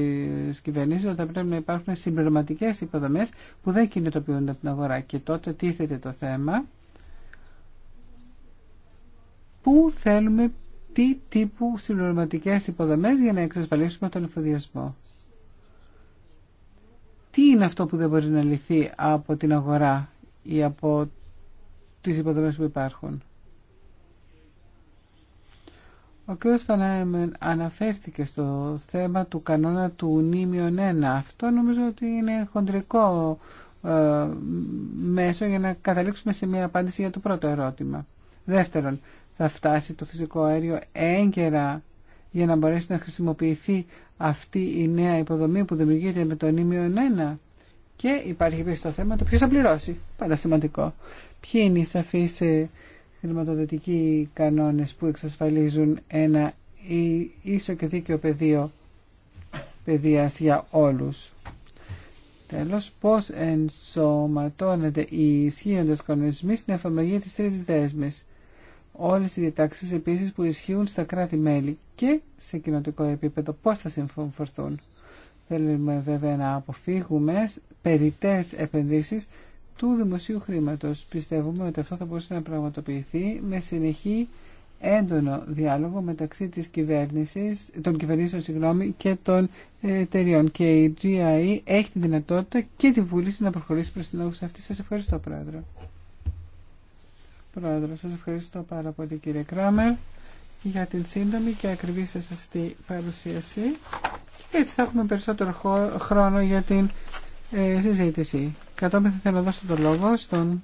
S1: κυβέρνηση ότι πρέπει να υπάρχουν συμπληρωματικέ υποδομέ που δεν κινητοποιούνται από την αγορά. Και τότε τίθεται το θέμα πού θέλουμε τι τύπου συμπληρωματικέ υποδομέ για να εξασφαλίσουμε τον εφοδιασμό. Τι είναι αυτό που δεν μπορεί να λυθεί από την αγορά ή από τις υποδομές που υπάρχουν. Ο κ. Φανάιμεν αναφέρθηκε στο θέμα του κανόνα του νήμιον 1. Αυτό νομίζω ότι είναι χοντρικό ε, μέσο για να καταλήξουμε σε μια απάντηση για το πρώτο ερώτημα. Δεύτερον, θα φτάσει το φυσικό αέριο έγκαιρα για να μπορέσει να χρησιμοποιηθεί αυτή η νέα υποδομή που δημιουργείται με το νήμιον 1. Και υπάρχει επίση το θέμα το ποιο θα πληρώσει. Πάντα σημαντικό. Ποιοι είναι οι σαφεί ε, χρηματοδοτικοί κανόνες που εξασφαλίζουν ένα ίσο και δίκαιο πεδίο παιδείας για όλους. Τέλος, πώς ενσωματώνεται η ισχύοντες κανονισμοί στην εφαρμογή της τρίτης δέσμης. Όλες οι διατάξεις επίσης που ισχύουν στα κράτη-μέλη και σε κοινοτικό επίπεδο πώς θα συμφορθούν. Θέλουμε βέβαια να αποφύγουμε περιττές επενδύσεις του δημοσίου χρήματος. Πιστεύουμε ότι αυτό θα μπορούσε να πραγματοποιηθεί με συνεχή έντονο διάλογο μεταξύ της κυβέρνησης, των κυβερνήσεων συγγνώμη, και των εταιριών. Και η GIE έχει τη δυνατότητα και τη βούληση να προχωρήσει προς την λόγω αυτή. Σας ευχαριστώ, Πρόεδρο. Πρόεδρο, σας ευχαριστώ πάρα πολύ, κύριε Κράμερ, για την σύντομη και ακριβή σας αυτή παρουσίαση. Και έτσι θα έχουμε περισσότερο χρόνο για την ε, συζήτηση. Κατόπιν θα θέλω να δώσω το λόγο στον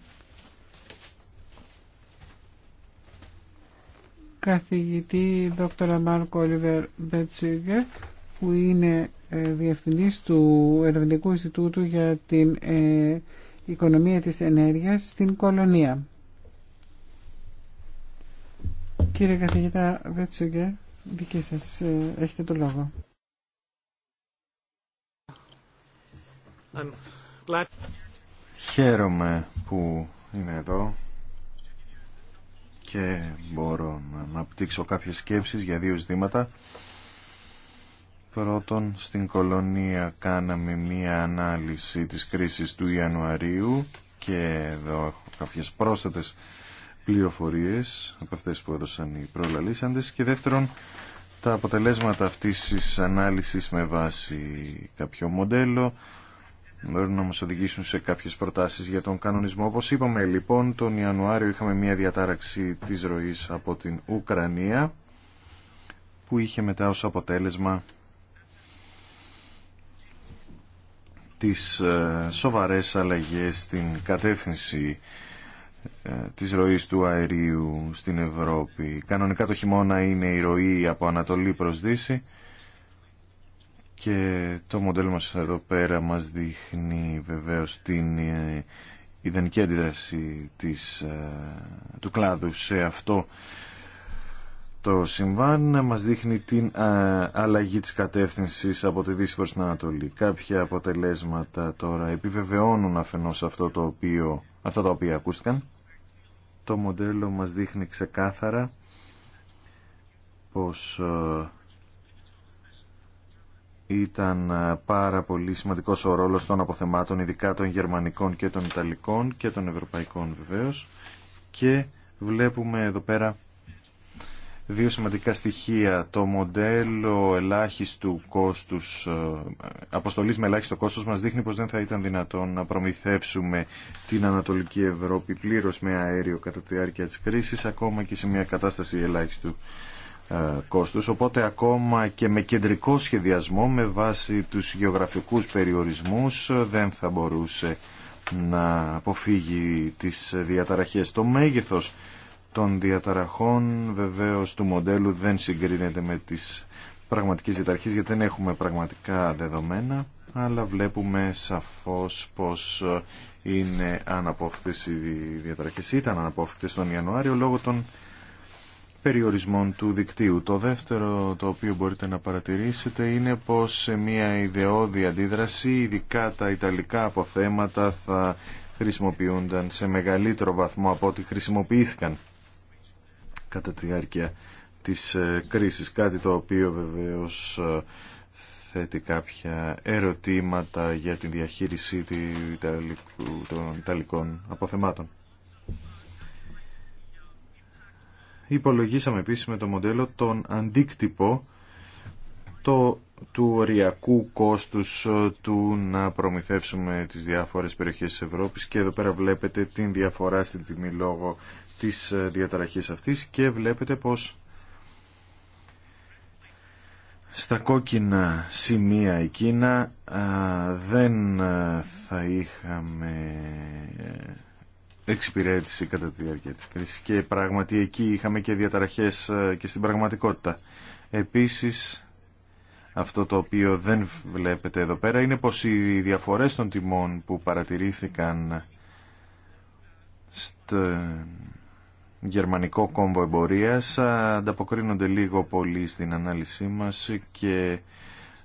S1: καθηγητή Δ. Μάρκο Ολίβερ Μπέτσιγκερ που είναι ε, διευθυντής του Ερευνητικού Ινστιτούτου για την ε, Οικονομία της Ενέργειας στην Κολονία. Κύριε καθηγητά Μπέτσιγκερ, δική σας, ε, έχετε το λόγο.
S3: Χαίρομαι που είμαι εδώ και μπορώ να αναπτύξω κάποιες σκέψεις για δύο ζητήματα. Πρώτον, στην κολονία κάναμε μία ανάλυση της κρίσης του Ιανουαρίου και εδώ έχω κάποιες πρόσθετες πληροφορίες από αυτές που έδωσαν οι προλαλήσαντες και δεύτερον, τα αποτελέσματα αυτής της ανάλυσης με βάση κάποιο μοντέλο μπορούν να μας οδηγήσουν σε κάποιες προτάσεις για τον κανονισμό. Όπως είπαμε λοιπόν, τον Ιανουάριο είχαμε μια διατάραξη της ροής από την Ουκρανία που είχε μετά ως αποτέλεσμα τις ε, σοβαρές αλλαγές στην κατεύθυνση ε, της ροής του αερίου στην Ευρώπη. Κανονικά το χειμώνα είναι η ροή από Ανατολή προς Δύση και το μοντέλο μας εδώ πέρα μας δείχνει βεβαίως την ε, ιδανική αντίδραση της, ε, του κλάδου σε αυτό το συμβάν μας δείχνει την ε, αλλαγή της κατεύθυνσης από τη Δύση προς την Ανατολή. Κάποια αποτελέσματα τώρα επιβεβαιώνουν αφενός αυτό το οποίο, αυτά τα οποία ακούστηκαν. Το μοντέλο μας δείχνει ξεκάθαρα πως ήταν ε, πάρα πολύ σημαντικός ο ρόλος των αποθεμάτων, ειδικά των γερμανικών και των ιταλικών και των ευρωπαϊκών βεβαίως. Και βλέπουμε εδώ πέρα δύο σημαντικά στοιχεία. Το μοντέλο ελάχιστου κόστους, ε, αποστολής με ελάχιστο κόστος μας δείχνει πως δεν θα ήταν δυνατόν να προμηθεύσουμε την Ανατολική Ευρώπη πλήρως με αέριο κατά τη διάρκεια της κρίσης, ακόμα και σε μια κατάσταση ελάχιστου ε, κόστους, οπότε ακόμα και με κεντρικό σχεδιασμό με βάση τους γεωγραφικούς περιορισμούς δεν θα μπορούσε να αποφύγει τις διαταραχές. Το μέγεθος των διαταραχών βεβαίως του μοντέλου δεν συγκρίνεται με τις πραγματικές διαταραχές γιατί δεν έχουμε πραγματικά δεδομένα αλλά βλέπουμε σαφώς πως είναι αναπόφευκτες οι διαταραχές ήταν αναπόφευκτες τον Ιανουάριο λόγω των περιορισμών του δικτύου. Το δεύτερο το οποίο μπορείτε να παρατηρήσετε είναι πως σε μια ιδεώδη αντίδραση ειδικά τα ιταλικά αποθέματα θα χρησιμοποιούνταν σε μεγαλύτερο βαθμό από ό,τι χρησιμοποιήθηκαν κατά τη διάρκεια της ε, κρίσης. Κάτι το οποίο βεβαίως ε, θέτει κάποια ερωτήματα για τη διαχείριση των ιταλικών αποθεμάτων. Υπολογίσαμε επίσης με το μοντέλο τον αντίκτυπο το, του οριακού κόστους ε, του να προμηθεύσουμε τις διάφορες περιοχές της Ευρώπης και εδώ πέρα βλέπετε την διαφορά στην τιμή λόγω της ε, διαταραχής αυτής και βλέπετε πως στα κόκκινα σημεία εκείνα ε, δεν θα είχαμε εξυπηρέτηση κατά τη διάρκεια της κρίσης και πράγματι εκεί είχαμε και διαταραχές ε, και στην πραγματικότητα. Επίσης, αυτό το οποίο δεν βλέπετε εδώ πέρα είναι πως οι διαφορές των τιμών που παρατηρήθηκαν στο γερμανικό κόμβο εμπορίας ανταποκρίνονται λίγο πολύ στην ανάλυση μας και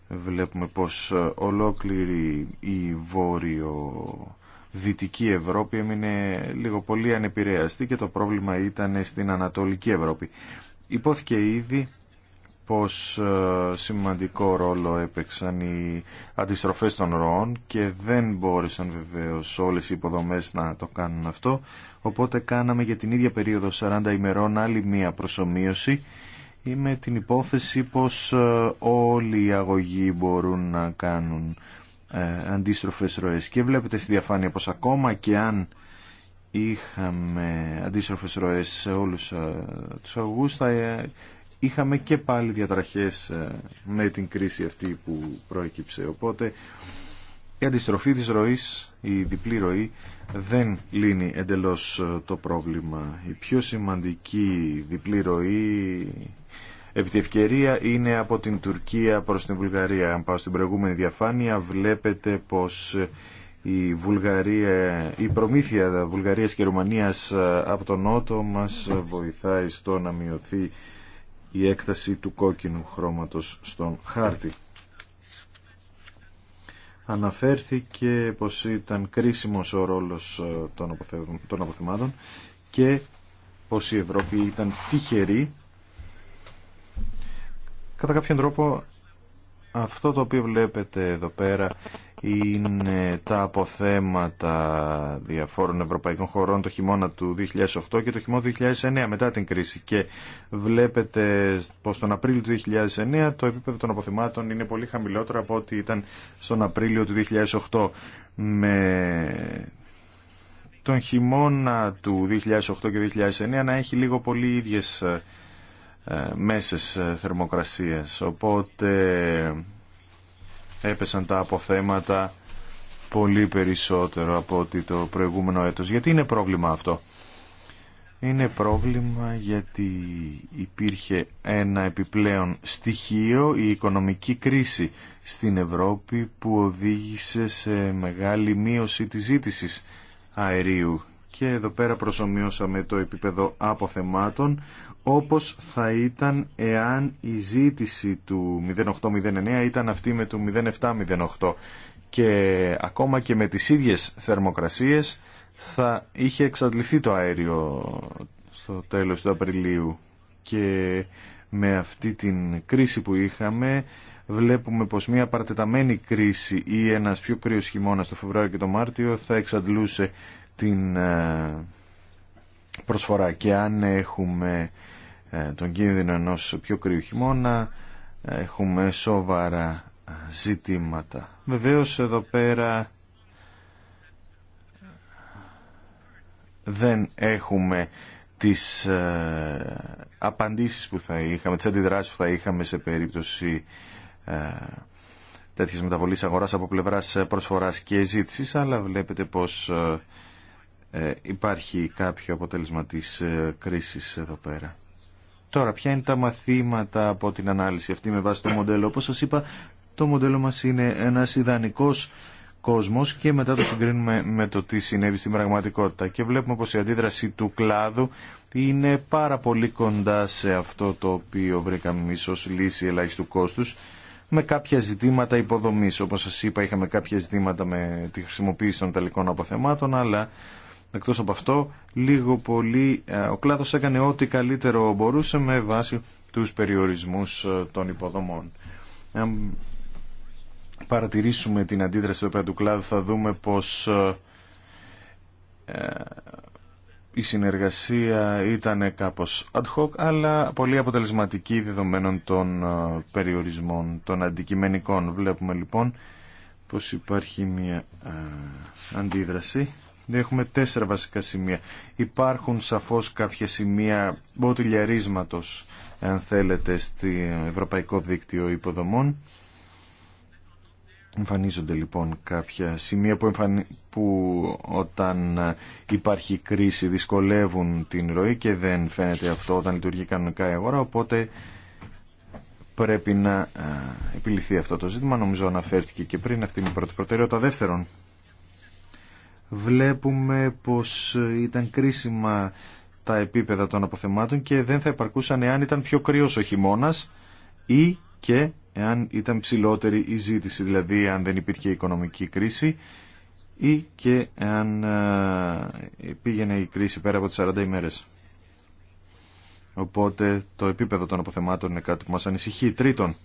S3: βλέπουμε πως ολόκληρη η βόρειο Δυτική Ευρώπη έμεινε λίγο πολύ ανεπηρέαστη και το πρόβλημα ήταν στην Ανατολική Ευρώπη. Υπόθηκε ήδη πως ε, σημαντικό ρόλο έπαιξαν οι αντιστροφές των ροών και δεν μπόρεσαν βεβαίως όλες οι υποδομές να το κάνουν αυτό, οπότε κάναμε για την ίδια περίοδο 40 ημερών άλλη μία προσωμείωση με την υπόθεση πως ε, όλοι οι αγωγοί μπορούν να κάνουν ε, αντίστροφες ροές. Και βλέπετε στη διαφάνεια πως ακόμα και αν είχαμε αντίστροφες ροές σε όλους ε, τους Αυγούστου θα ε, είχαμε και πάλι διατραχές με την κρίση αυτή που προέκυψε. Οπότε η αντιστροφή της ροής, η διπλή ροή, δεν λύνει εντελώς το πρόβλημα. Η πιο σημαντική διπλή ροή επί τη ευκαιρία είναι από την Τουρκία προς την Βουλγαρία. Αν πάω στην προηγούμενη διαφάνεια βλέπετε πως η, Βουλγαρία, η προμήθεια Βουλγαρίας και Ρουμανίας από τον Νότο μας βοηθάει στο να μειωθεί η έκταση του κόκκινου χρώματος στον χάρτη. Αναφέρθηκε πως ήταν κρίσιμος ο ρόλος ε, των αποθεμάτων και πως η Ευρώπη ήταν τυχερή Κατά κάποιον τρόπο αυτό το οποίο βλέπετε εδώ πέρα είναι τα αποθέματα διαφόρων ευρωπαϊκών χωρών το χειμώνα του 2008 και το χειμώνα του 2009 μετά την κρίση και βλέπετε πως τον Απρίλιο του 2009 το επίπεδο των αποθεμάτων είναι πολύ χαμηλότερο από ό,τι ήταν στον Απρίλιο του 2008 με τον χειμώνα του 2008 και 2009 να έχει λίγο πολύ ίδιες ε, ε, μέσες ε, θερμοκρασίες. Οπότε έπεσαν τα αποθέματα πολύ περισσότερο από ότι το προηγούμενο έτος. Γιατί είναι πρόβλημα αυτό. Είναι πρόβλημα γιατί υπήρχε ένα επιπλέον στοιχείο, η οικονομική κρίση στην Ευρώπη που οδήγησε σε μεγάλη μείωση της ζήτησης αερίου. Και εδώ πέρα προσωμείωσαμε το επίπεδο αποθεμάτων όπως θα ήταν εάν η ζήτηση του 0809 ήταν αυτή με του 0708 και ακόμα και με τις ίδιες θερμοκρασίες θα είχε εξαντληθεί το αέριο στο τέλος του Απριλίου και με αυτή την κρίση που είχαμε βλέπουμε πως μια παρατεταμένη κρίση ή ένας πιο κρύος χειμώνας το Φεβρουάριο και το Μάρτιο θα εξαντλούσε την ε, προσφορά και αν έχουμε ε, τον κίνδυνο ενός πιο κρύου χειμώνα έχουμε σοβαρά ζητήματα. Βεβαίως εδώ πέρα δεν έχουμε τις ε, απαντήσεις που θα είχαμε, τις αντιδράσεις που θα είχαμε σε περίπτωση ε, τέτοιες μεταβολής αγοράς από πλευράς προσφοράς και ζήτησης, αλλά βλέπετε πως ε, ε υπάρχει κάποιο αποτέλεσμα της ε, κρίσης εδώ πέρα. Τώρα, ποια είναι τα μαθήματα από την ανάλυση αυτή με βάση το μοντέλο. Όπως σας είπα, το μοντέλο μας είναι ένας ιδανικός κόσμος και μετά το συγκρίνουμε με το τι συνέβη στην πραγματικότητα. Και βλέπουμε πως η αντίδραση του κλάδου είναι πάρα πολύ κοντά σε αυτό το οποίο βρήκαμε εμείς ως λύση ελάχιστου κόστους με κάποια ζητήματα υποδομής. Όπως σας είπα, είχαμε κάποια ζητήματα με τη χρησιμοποίηση των τελικών αποθεμάτων, αλλά Εκτός από αυτό, λίγο πολύ ε, ο κλάδος έκανε ό,τι καλύτερο μπορούσε με βάση τους περιορισμούς ε, των υποδομών. Αν ε, παρατηρήσουμε την αντίδραση του του κλάδου θα δούμε πως η συνεργασία ήταν κάπως ad hoc αλλά πολύ αποτελεσματική δεδομένων των περιορισμών των αντικειμενικών. Βλέπουμε λοιπόν πως υπάρχει μια αντίδραση ναι, έχουμε τέσσερα βασικά σημεία. Υπάρχουν σαφώς κάποια σημεία μποτιλιαρίσματος, αν θέλετε, στο Ευρωπαϊκό Δίκτυο Υποδομών. Εμφανίζονται λοιπόν κάποια σημεία που, που όταν υπάρχει κρίση δυσκολεύουν την ροή και δεν φαίνεται αυτό όταν λειτουργεί κανονικά η αγορά, οπότε πρέπει να ε, επιληθεί αυτό το ζήτημα. Νομίζω αναφέρθηκε και πριν αυτή είναι η πρώτη προτεραιότητα. Δεύτερον, βλέπουμε πως ήταν κρίσιμα τα επίπεδα των αποθεμάτων και δεν θα επαρκούσαν εάν ήταν πιο κρύος ο χειμώνα ή και εάν ήταν ψηλότερη η ζήτηση, δηλαδή αν δεν υπήρχε οικονομική κρίση ή και εαν ε, πήγαινε η κρίση πέρα από τις 40 ημέρες. Οπότε το επίπεδο των αποθεμάτων είναι κάτι που μας ανησυχεί. Τρίτον,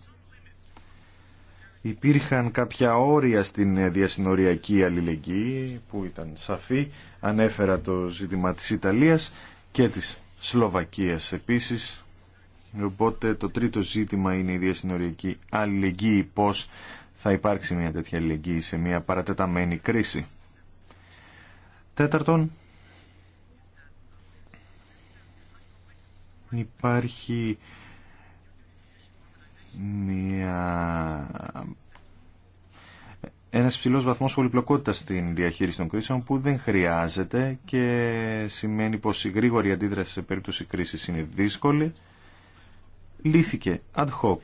S3: υπήρχαν κάποια όρια στην διασυνοριακή αλληλεγγύη που ήταν σαφή. Ανέφερα το ζήτημα της Ιταλίας και της Σλοβακίας επίσης. Οπότε το τρίτο ζήτημα είναι η διασυνοριακή αλληλεγγύη. Πώς θα υπάρξει μια τέτοια αλληλεγγύη σε μια παρατεταμένη κρίση. Τέταρτον, υπάρχει μια... ένας ψηλός βαθμός πολυπλοκότητας στην διαχείριση των κρίσεων που δεν χρειάζεται και σημαίνει πως η γρήγορη αντίδραση σε περίπτωση κρίσης είναι δύσκολη. Λύθηκε ad hoc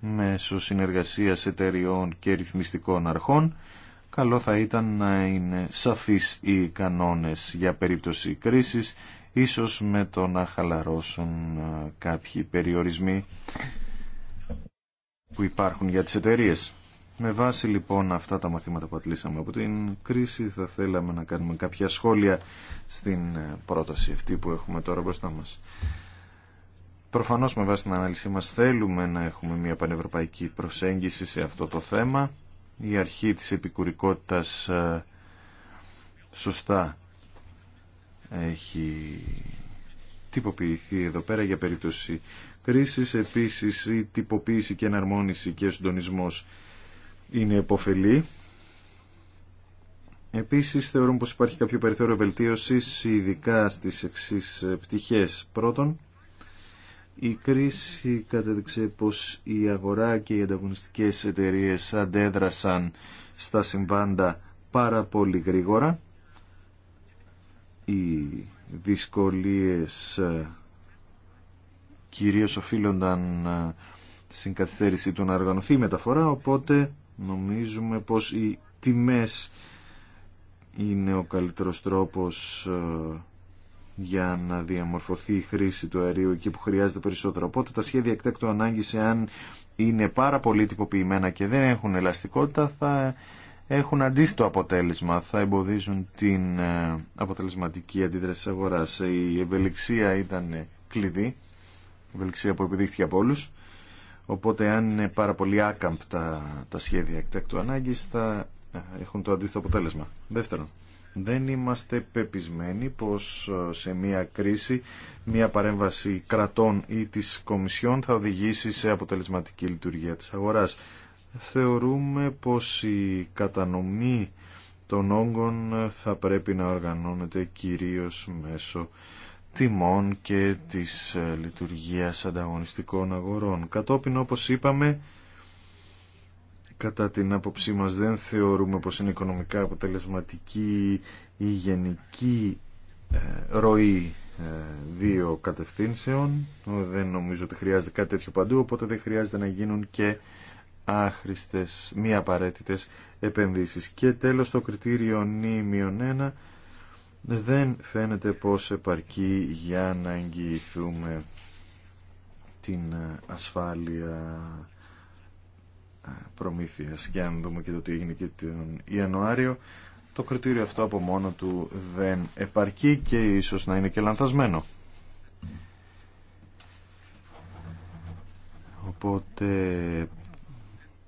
S3: μέσω συνεργασία εταιριών και ρυθμιστικών αρχών. Καλό θα ήταν να είναι σαφείς οι κανόνες για περίπτωση κρίσης, ίσως με το να χαλαρώσουν ε, κάποιοι περιορισμοί που υπάρχουν για τις εταιρείε. Με βάση λοιπόν αυτά τα μαθήματα που ατλήσαμε από την κρίση θα θέλαμε να κάνουμε κάποια σχόλια στην ε, πρόταση αυτή που έχουμε τώρα μπροστά μας. Προφανώς με βάση την ανάλυση μας θέλουμε να έχουμε μια πανευρωπαϊκή προσέγγιση σε αυτό το θέμα. Η αρχή της επικουρικότητας ε, σωστά έχει τυποποιηθεί εδώ πέρα για περίπτωση Επίση Επίσης η τυποποίηση και εναρμόνιση και συντονισμό είναι επωφελή. Επίση θεωρούμε πως υπάρχει κάποιο περιθώριο βελτίωσης ειδικά στις εξή πτυχέ. Πρώτον, η κρίση κατέδειξε πως η αγορά και οι ανταγωνιστικές εταιρείες αντέδρασαν στα συμβάντα πάρα πολύ γρήγορα. Οι δυσκολίες κυρίως οφείλονταν ε, στην καθυστέρηση του να οργανωθεί η μεταφορά, οπότε νομίζουμε πως οι τιμές είναι ο καλύτερος τρόπος ε, για να διαμορφωθεί η χρήση του αερίου εκεί που χρειάζεται περισσότερο. Οπότε τα σχέδια εκτέκτου ανάγκης, εάν είναι πάρα πολύ τυποποιημένα και δεν έχουν ελαστικότητα, θα έχουν αντίστοιχο αποτέλεσμα, θα εμποδίζουν την ε, αποτελεσματική αντίδραση της αγοράς. Η ευελιξία ήταν κλειδί ευελιξία που επιδείχθηκε από όλου. Οπότε αν είναι πάρα πολύ άκαμπτα τα σχέδια εκτέκτου ανάγκη, θα ε, έχουν το αντίθετο αποτέλεσμα. Δεύτερον, δεν είμαστε πεπισμένοι πως ε, σε μια κρίση μια παρέμβαση κρατών ή της Κομισιόν θα οδηγήσει σε αποτελεσματική λειτουργία της αγοράς. Θεωρούμε πως η κατανομή των όγκων θα πρέπει να οργανώνεται κυρίως μέσω τιμών και της ε, λειτουργίας ανταγωνιστικών αγορών. Κατόπιν, όπως είπαμε, κατά την άποψή μας δεν θεωρούμε πως είναι οικονομικά αποτελεσματική η γενική ε, ροή ε, δύο κατευθύνσεων. Δεν νομίζω ότι χρειάζεται κάτι τέτοιο παντού, οπότε δεν χρειάζεται να γίνουν και άχρηστες, μη απαραίτητες επενδύσεις. Και τέλος το κριτήριο νη 1 δεν φαίνεται πως επαρκεί για να εγγυηθούμε την ε, ασφάλεια ε, προμήθειας. Για να δούμε και το τι έγινε και τον Ιανουάριο. Το κριτήριο αυτό από μόνο του δεν επαρκεί και ίσως να είναι και λανθασμένο. Οπότε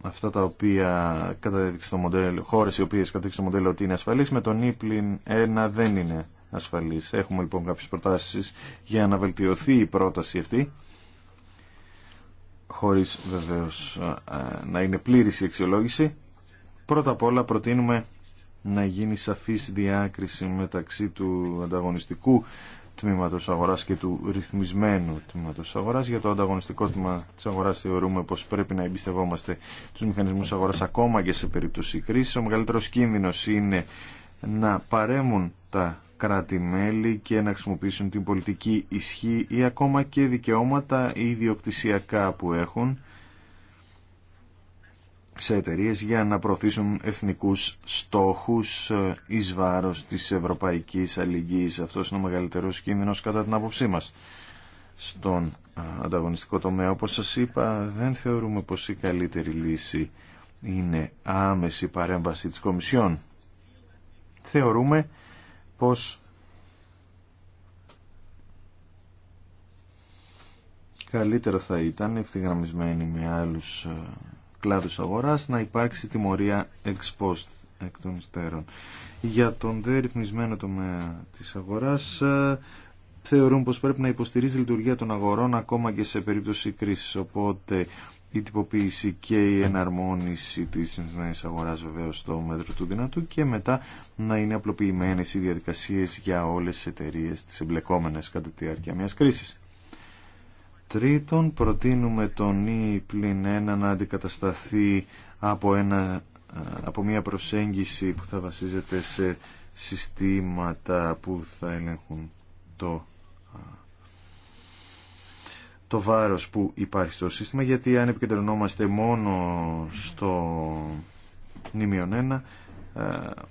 S3: αυτά τα οποία καταδείξει το μοντέλο, χώρες οι οποίες καταδείξει το μοντέλο ότι είναι ασφαλείς, με τον ύπλην 1 δεν είναι ασφαλής. Έχουμε λοιπόν κάποιες προτάσεις για να βελτιωθεί η πρόταση αυτή, χωρίς βεβαίως να είναι πλήρης η αξιολόγηση. Πρώτα απ' όλα προτείνουμε να γίνει σαφής διάκριση μεταξύ του ανταγωνιστικού τμήματος αγοράς και του ρυθμισμένου τμήματος αγοράς. Για το ανταγωνιστικό τμήμα της αγοράς θεωρούμε πως πρέπει να εμπιστευόμαστε τους μηχανισμούς αγοράς ακόμα και σε περίπτωση κρίσης. Ο μεγαλύτερος κίνδυνος είναι να παρέμουν τα κράτη-μέλη και να χρησιμοποιήσουν την πολιτική ισχύ ή ακόμα και δικαιώματα ή ιδιοκτησιακά που έχουν σε εταιρείε για να προωθήσουν εθνικούς στόχους ε, εις βάρος της ευρωπαϊκής αλληλεγγύη. Αυτός είναι ο μεγαλύτερος κίνδυνος κατά την άποψή μας στον ε, ανταγωνιστικό τομέα. Όπως σας είπα, δεν θεωρούμε πως η καλύτερη λύση είναι άμεση παρέμβαση της Κομισιόν. Θεωρούμε πως καλύτερο θα ήταν ευθυγραμμισμένοι με άλλους ε, κλάδους αγοράς να υπάρξει τιμωρία ex post εκ των υστέρων. Για τον δε ρυθμισμένο τομέα της αγοράς ε, θεωρούν πως πρέπει να υποστηρίζει λειτουργία των αγορών ακόμα και σε περίπτωση κρίσης. Οπότε η τυποποίηση και η εναρμόνιση της νέας αγοράς βεβαίως στο μέτρο του δυνατού και μετά να είναι απλοποιημένες οι διαδικασίες για όλες τις εταιρείες τις εμπλεκόμενες κατά τη διάρκεια μιας κρίσης. Τρίτον, προτείνουμε τον ή πλην 1 να αντικατασταθεί από, ένα, ε, από μια προσέγγιση που θα βασίζεται σε συστήματα που θα ελέγχουν το, το βάρος που υπάρχει στο σύστημα γιατί αν επικεντρωνόμαστε μόνο στο νημιον 1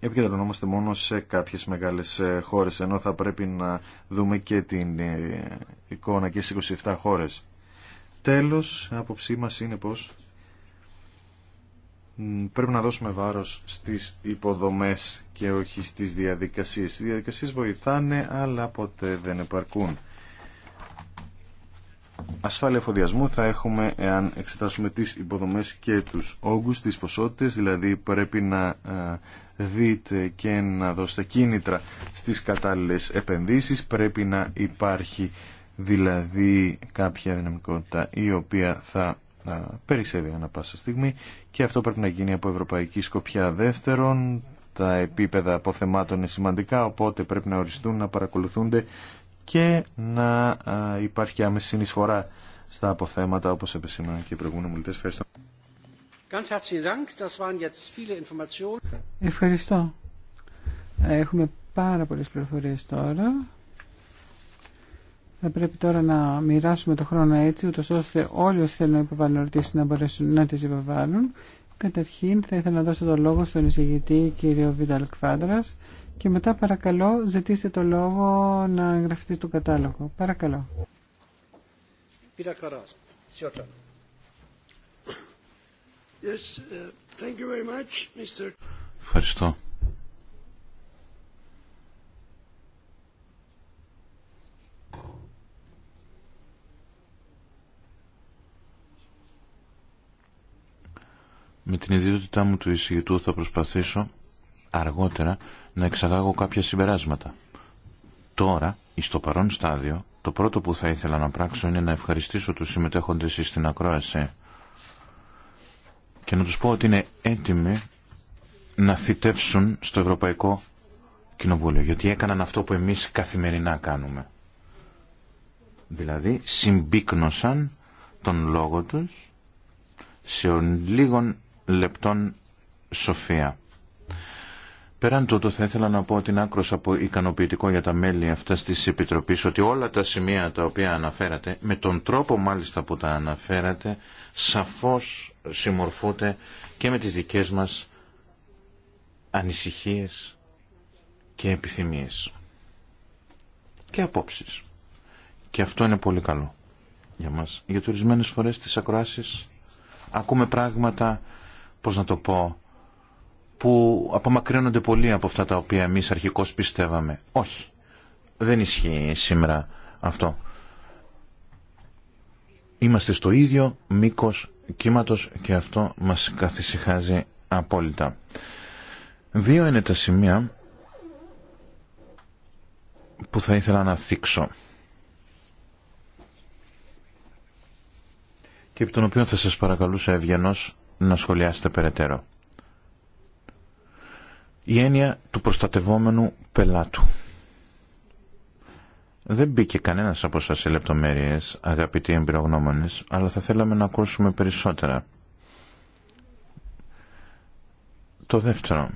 S3: επικεντρωνόμαστε μόνο σε κάποιες μεγάλες ε, χώρες, ενώ θα πρέπει να δούμε και την ε, εικόνα και στις 27 χώρες. Τέλος, άποψή μας είναι πως πρέπει να δώσουμε βάρος στις υποδομές και όχι στις διαδικασίες. Οι διαδικασίες βοηθάνε, αλλά ποτέ δεν επαρκούν ασφάλεια εφοδιασμού θα έχουμε εάν εξετάσουμε τις υποδομές και τους όγκους, τις ποσότητες, δηλαδή πρέπει να ε, δείτε και να δώσετε κίνητρα στις κατάλληλες επενδύσεις, πρέπει να υπάρχει δηλαδή κάποια δυναμικότητα η οποία θα ε, περισσεύει ανά πάσα στιγμή και αυτό πρέπει να γίνει από ευρωπαϊκή σκοπιά δεύτερον τα επίπεδα αποθεμάτων είναι σημαντικά οπότε πρέπει να οριστούν να παρακολουθούνται και να υπάρχει άμεση συνεισφορά στα αποθέματα
S1: όπως επεσήμαναν και οι προηγούμενοι μιλητές. Ευχαριστώ. Ευχαριστώ. Έχουμε πάρα πολλές πληροφορίες τώρα. Θα πρέπει τώρα να μοιράσουμε το χρόνο έτσι, ούτως ώστε όλοι όσοι θέλουν να υποβάλουν ερωτήσει να μπορέσουν να τις υποβάλουν. Καταρχήν θα ήθελα να δώσω το λόγο στον εισηγητή κύριο Βίταλ Κφάντρας και μετά παρακαλώ ζητήστε το λόγο να γραφτεί το κατάλογο. Παρακαλώ.
S2: Yes, uh, thank you very much, Mr.
S4: Ευχαριστώ. Με την ιδιότητά μου του εισηγητού θα προσπαθήσω αργότερα να εξαγάγω κάποια συμπεράσματα. Τώρα, εις το παρόν στάδιο, το πρώτο που θα ήθελα να πράξω είναι να ευχαριστήσω τους συμμετέχοντες στην ακρόαση και να τους πω ότι είναι έτοιμοι να θητεύσουν στο Ευρωπαϊκό Κοινοβούλιο, γιατί έκαναν αυτό που εμείς καθημερινά κάνουμε. Δηλαδή, συμπίκνωσαν τον λόγο τους σε λίγων λεπτών σοφία. Πέραν τούτο θα ήθελα να πω ότι είναι άκρος από ικανοποιητικό για τα μέλη αυτά τη Επιτροπή, ότι όλα τα σημεία τα οποία αναφέρατε, με τον τρόπο μάλιστα που τα αναφέρατε, σαφώς συμμορφούνται και με τις δικές μας ανησυχίες και επιθυμίες και απόψεις. Και αυτό είναι πολύ καλό για μας. Γιατί ορισμένε φορές τις ακροάσεις ακούμε πράγματα, πώς να το πω, που απομακρύνονται πολύ από αυτά τα οποία εμείς αρχικώς πιστεύαμε. Όχι. Δεν ισχύει σήμερα αυτό. Είμαστε στο ίδιο μήκος κύματος και αυτό μας καθησυχάζει απόλυτα. Δύο είναι τα σημεία που θα ήθελα να θίξω και επί των οποίων θα σας παρακαλούσα ευγενώς να σχολιάσετε περαιτέρω η έννοια του προστατευόμενου πελάτου. Δεν μπήκε κανένας από σας σε λεπτομέρειες, αγαπητοί εμπειρογνώμονες, αλλά θα θέλαμε να ακούσουμε περισσότερα. Το δεύτερο,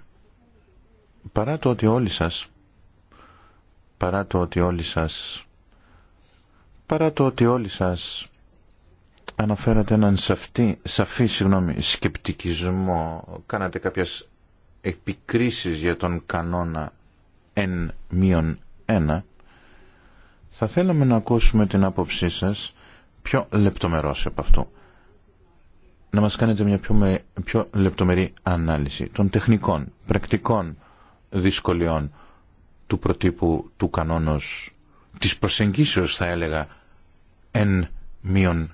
S4: παρά το ότι όλοι σας, παρά το ότι όλοι σας, παρά το ότι όλοι σας αναφέρατε έναν σαφή, σαφή σκεπτικισμό, κάνατε κάποιες επικρίσεις για τον κανόνα N-1 θα θέλαμε να ακούσουμε την άποψή σας πιο λεπτομερώς από αυτού. Να μας κάνετε μια πιο, πιο λεπτομερή ανάλυση των τεχνικών, πρακτικών δυσκολιών του προτύπου του κανόνος της προσεγγίσεως θα έλεγα N-1.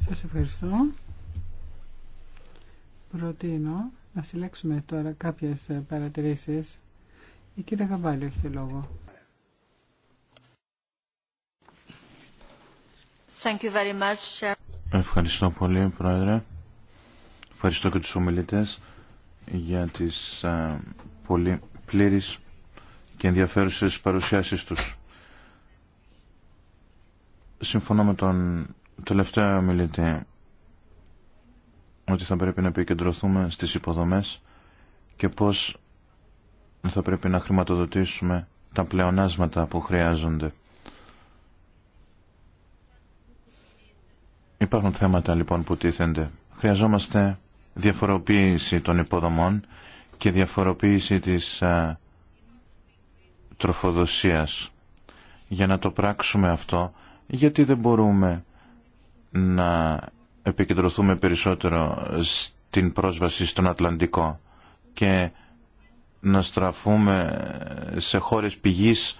S1: Σας ευχαριστώ. Προτείνω να συλλέξουμε τώρα κάποιες ε, παρατηρήσεις. Η κυρία Γαμπάλη έχει το λόγο.
S4: Ευχαριστώ πολύ, Πρόεδρε. Ευχαριστώ και τους ομιλητές για τις ε, πολύ πλήρεις και ενδιαφέρουσες παρουσιάσεις τους. Συμφωνώ με τον τελευταίο μιλητή ότι θα πρέπει να επικεντρωθούμε στις υποδομές και πώς θα πρέπει να χρηματοδοτήσουμε τα πλεονάσματα που χρειάζονται. Υπάρχουν θέματα λοιπόν που τίθενται. Χρειαζόμαστε διαφοροποίηση των υποδομών και διαφοροποίηση της τροφοδοσίας. Για να το πράξουμε αυτό γιατί δεν μπορούμε να επικεντρωθούμε περισσότερο στην πρόσβαση στον Ατλαντικό και να στραφούμε σε χώρες πηγής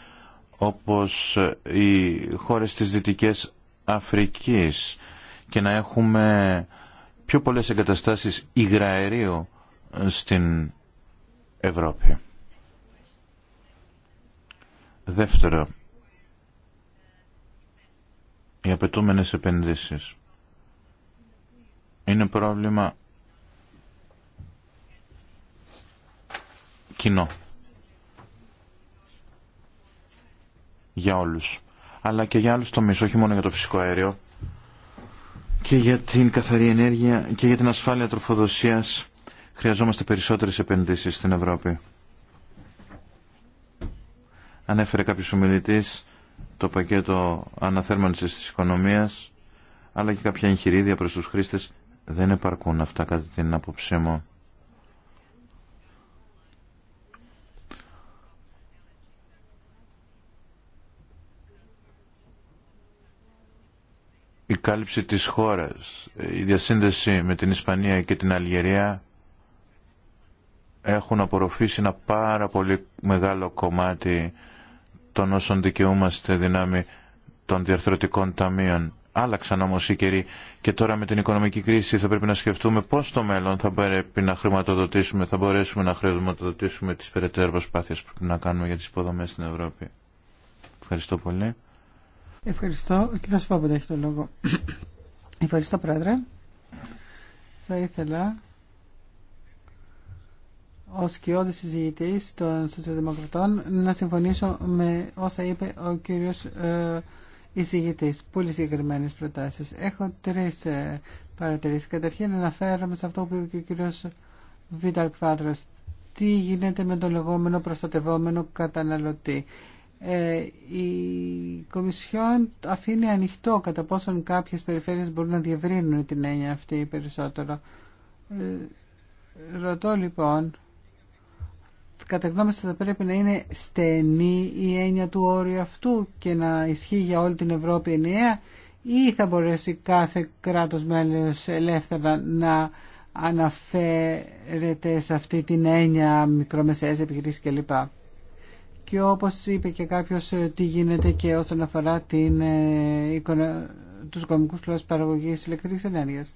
S4: όπως οι χώρες της Δυτικής Αφρικής και να έχουμε πιο πολλές εγκαταστάσεις υγραερίου στην Ευρώπη. Δεύτερο οι απαιτούμενε επενδύσεις. Είναι πρόβλημα κοινό για όλους αλλά και για άλλους τομείς, όχι μόνο για το φυσικό αέριο και για την καθαρή ενέργεια και για την ασφάλεια τροφοδοσίας χρειαζόμαστε περισσότερες επενδύσεις στην Ευρώπη. Ανέφερε κάποιος ομιλητή το πακέτο αναθέρμανσης της οικονομίας αλλά και κάποια εγχειρίδια προς τους χρήστες δεν επαρκούν αυτά κατά την άποψή μου. Η κάλυψη της χώρας, η διασύνδεση με την Ισπανία και την Αλγερία έχουν απορροφήσει ένα πάρα πολύ μεγάλο κομμάτι των όσων δικαιούμαστε δυνάμει των διαρθρωτικών ταμείων. Άλλαξαν όμως οι καιροί και τώρα με την οικονομική κρίση θα πρέπει να σκεφτούμε πώς στο μέλλον θα πρέπει να χρηματοδοτήσουμε, θα μπορέσουμε να χρηματοδοτήσουμε τις περαιτέρω προσπάθειε που πρέπει να κάνουμε για τις υποδομές στην Ευρώπη. Ευχαριστώ πολύ.
S1: Ευχαριστώ. Ο κ. Φόμποντα έχει το λόγο. Ευχαριστώ, Πρόεδρε. Θα ήθελα ω κοιόδη συζητητή των Σοσιαλδημοκρατών να συμφωνήσω με όσα είπε ο κύριο ε, εισηγητή. Πολύ συγκεκριμένε προτάσει. Έχω τρει ε, παρατηρήσει. Καταρχήν αναφέρομαι σε αυτό που είπε και ο κύριο Βίταλ Κβάτρο. Τι γίνεται με τον λεγόμενο προστατευόμενο καταναλωτή. Ε, η Κομισιόν αφήνει ανοιχτό κατά πόσον κάποιε περιφέρειες μπορούν να διευρύνουν την έννοια αυτή περισσότερο. Ρωτώ λοιπόν κατά γνώμη θα πρέπει να είναι στενή η έννοια του όρου αυτού και να ισχύει για όλη την Ευρώπη ενιαία ή θα μπορέσει κάθε κράτος μέλος ελεύθερα να αναφέρεται σε αυτή την έννοια μικρομεσαίες επιχειρήσεις κλπ. Και όπως είπε και κάποιος ε, τι γίνεται και όσον αφορά την, ε, τους οικονομικούς λόγους παραγωγής ηλεκτρικής ενέργειας.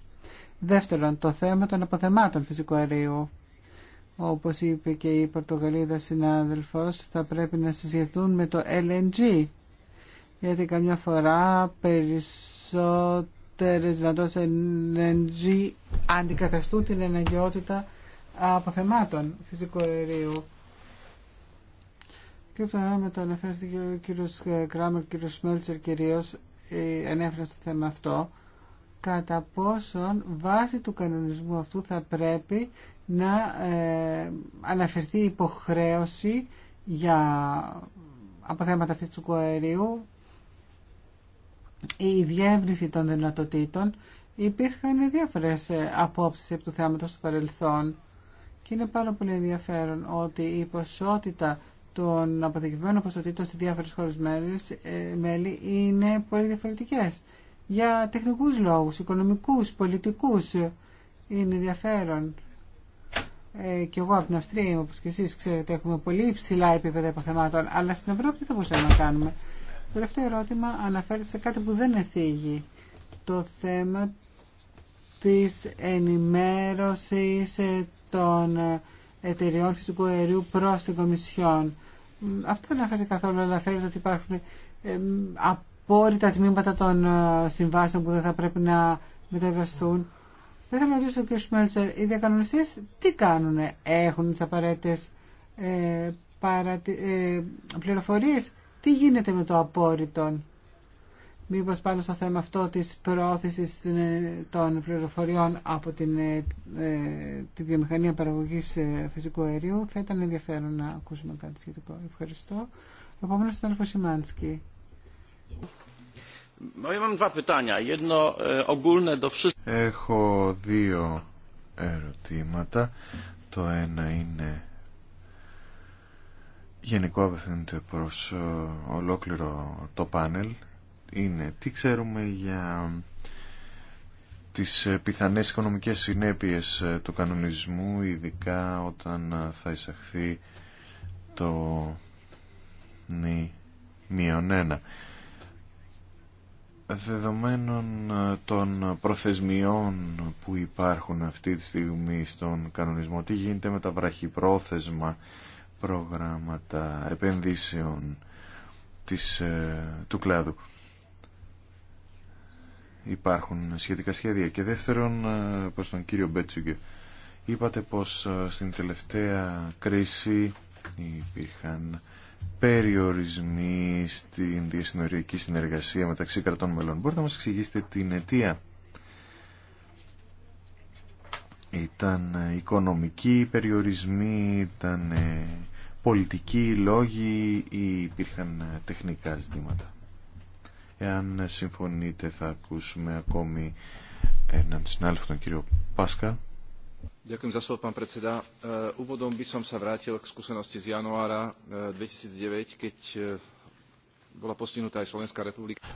S1: Δεύτερον, το θέμα των αποθεμάτων φυσικού αερίου όπως είπε και η Πορτογαλίδα συνάδελφος, θα πρέπει να συζητούν με το LNG. Γιατί καμιά φορά περισσότερες δυνατότητες LNG αντικαταστούν την εναγκαιότητα αποθεμάτων φυσικού αερίου. Και αυτό με το αναφέρθηκε ο κύριος Κράμερ, ο κύριος Σμέλτσερ κυρίως, ε, ανέφερε στο θέμα αυτό κατά πόσον βάσει του κανονισμού αυτού θα πρέπει να ε, αναφερθεί υποχρέωση για αποθέματα φυσικού αερίου η διεύρυνση των δυνατοτήτων υπήρχαν διάφορες ε, απόψεις επί του θέματος του παρελθόν και είναι πάρα πολύ ενδιαφέρον ότι η ποσότητα των αποθηκευμένων ποσοτήτων σε διάφορες χώρες ε, μέλη είναι πολύ διαφορετικές για τεχνικούς λόγους, οικονομικούς, πολιτικούς είναι ενδιαφέρον ε, και εγώ από την Αυστρία, όπως και εσείς ξέρετε, έχουμε πολύ υψηλά επίπεδα υποθεμάτων, αλλά στην Ευρώπη τι θα μπορούσαμε να κάνουμε. Το τελευταίο ερώτημα αναφέρεται σε κάτι που δεν εθίγει. Το θέμα της ενημέρωσης ε, των εταιριών φυσικού αερίου προς την Κομισιόν. Αυτό δεν αναφέρεται καθόλου, αλλά αναφέρεται ότι υπάρχουν ε, απόρριτα τμήματα των ε, συμβάσεων που δεν θα πρέπει να μεταβιβαστούν. Θα ήθελα να ρωτήσω τον κ. Σμέλτσερ, οι διακανονιστέ τι κάνουν, έχουν τι απαραίτητε ε, ε πληροφορίε, τι γίνεται με το απόρριτο. Μήπω πάνω στο θέμα αυτό τη προώθηση ε, των πληροφοριών από την, ε, τη βιομηχανία παραγωγή φυσικού αερίου, θα ήταν ενδιαφέρον να ακούσουμε κάτι σχετικό. Ευχαριστώ. Επόμενο ήταν ο
S3: Έχω δύο ερωτήματα. Το ένα είναι γενικό απευθύνεται προς ε, ολόκληρο το πάνελ. Είναι τι ξέρουμε για τις ε, πιθανές οικονομικές συνέπειες ε, του κανονισμού, ειδικά όταν θα εισαχθεί το νη μείον Δεδομένων ε, των προθεσμιών που υπάρχουν αυτή τη στιγμή στον κανονισμό, τι γίνεται με τα βραχυπρόθεσμα προγράμματα επενδύσεων της, ε, του κλάδου. Υπάρχουν σχετικά σχέδια. Και δεύτερον, ε, προς τον κύριο Μπέτσουγκε, είπατε πως στην τελευταία κρίση υπήρχαν περιορισμοί στην διασυνοριακή συνεργασία μεταξύ κρατών μελών. Μπορείτε να μας εξηγήσετε την αιτία. Ήταν οικονομικοί περιορισμοί, ήταν πολιτικοί λόγοι ή υπήρχαν τεχνικά ζητήματα. Εάν συμφωνείτε θα ακούσουμε ακόμη έναν συνάδελφο τον κύριο Πάσκα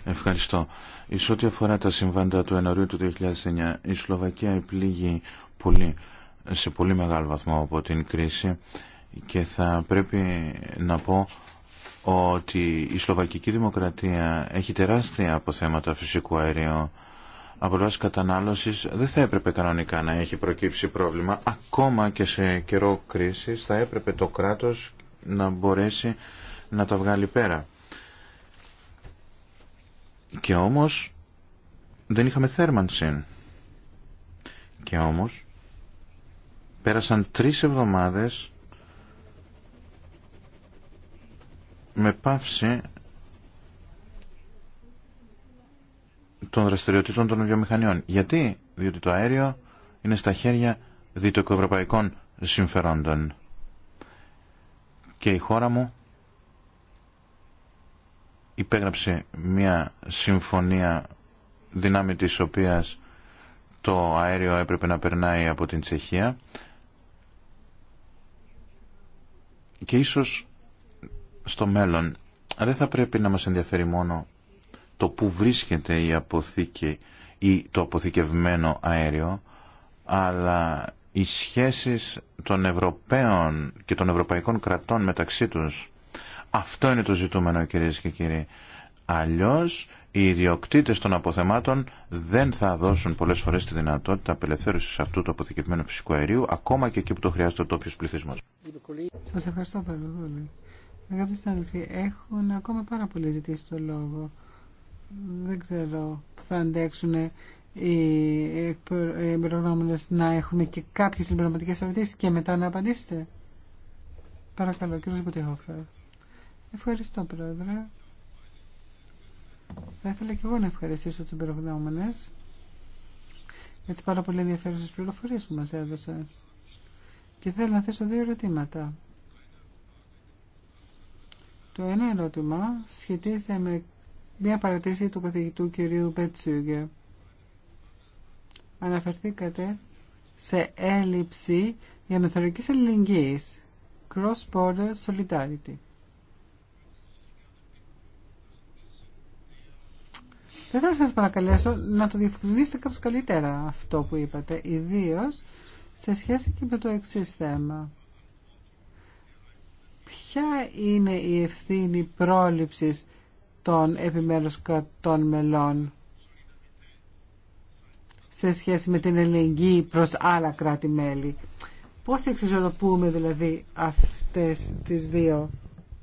S4: Ευχαριστώ. Εις ό,τι αφορά τα συμβάντα του Ιανουαρίου του 2009, η Σλοβακία επλήγει σε πολύ μεγάλο βαθμό από την κρίση και θα πρέπει να πω ότι η Σλοβακική Δημοκρατία έχει τεράστια αποθέματα φυσικού αερίου από κατανάλωσης δεν θα έπρεπε κανονικά να έχει προκύψει πρόβλημα. Ακόμα και σε καιρό κρίσης θα έπρεπε το κράτος να μπορέσει να τα βγάλει πέρα. Και όμως δεν είχαμε θέρμανση. Και όμως πέρασαν τρεις εβδομάδες με πάυση των δραστηριοτήτων των βιομηχανιών. Γιατί, διότι το αέριο είναι στα χέρια δυτικοευρωπαϊκών συμφερόντων. Και η χώρα μου υπέγραψε μια συμφωνία δυνάμει της οποίας το αέριο έπρεπε να περνάει από την Τσεχία και ίσως στο μέλλον δεν θα πρέπει να μας ενδιαφέρει μόνο το που βρίσκεται η αποθήκη ή το αποθηκευμένο αέριο, αλλά οι σχέσεις των Ευρωπαίων και των Ευρωπαϊκών κρατών μεταξύ τους. Αυτό είναι το ζητούμενο κυρίες και κύριοι. Αλλιώς οι ιδιοκτήτες των αποθεμάτων δεν θα δώσουν πολλές φορές τη δυνατότητα απελευθέρωσης αυτού του αποθηκευμένου φυσικού αερίου, ακόμα και εκεί που το χρειάζεται ο τόπιος πληθυσμός.
S1: Σας ευχαριστώ πάρα πολύ. Αγαπητοί συνάδελφοι, έχουν ακόμα πάρα πολλές ζητήσει το λόγο δεν ξέρω που θα αντέξουν οι εμπειρογνώμονες να έχουμε και κάποιες συμπληρωματικές ερωτήσεις και μετά να απαντήσετε. Παρακαλώ, κύριε Μπουτιχόφερ. Ευχαριστώ, Πρόεδρε. Θα ήθελα και εγώ να ευχαριστήσω τους εμπειρογνώμονες για τις πάρα πολύ ενδιαφέρουσες πληροφορίες που μας έδωσαν. Και θέλω να θέσω δύο ερωτήματα. Το ένα ερώτημα σχετίζεται με Μία παρατήρηση του καθηγητού κυρίου Μπετσίουγε. Αναφερθήκατε σε έλλειψη διαμεθορικής ελληνικής. Cross-border solidarity. Δεν θα σας παρακαλέσω να το διευκρινίσετε κάπως καλύτερα αυτό που είπατε, ιδίως σε σχέση και με το εξή θέμα. Ποια είναι η ευθύνη πρόληψης των επιμέρους των μελών σε σχέση με την ελεγγύη προς άλλα κράτη-μέλη. Πώς εξισορροπούμε δηλαδή αυτές τις δύο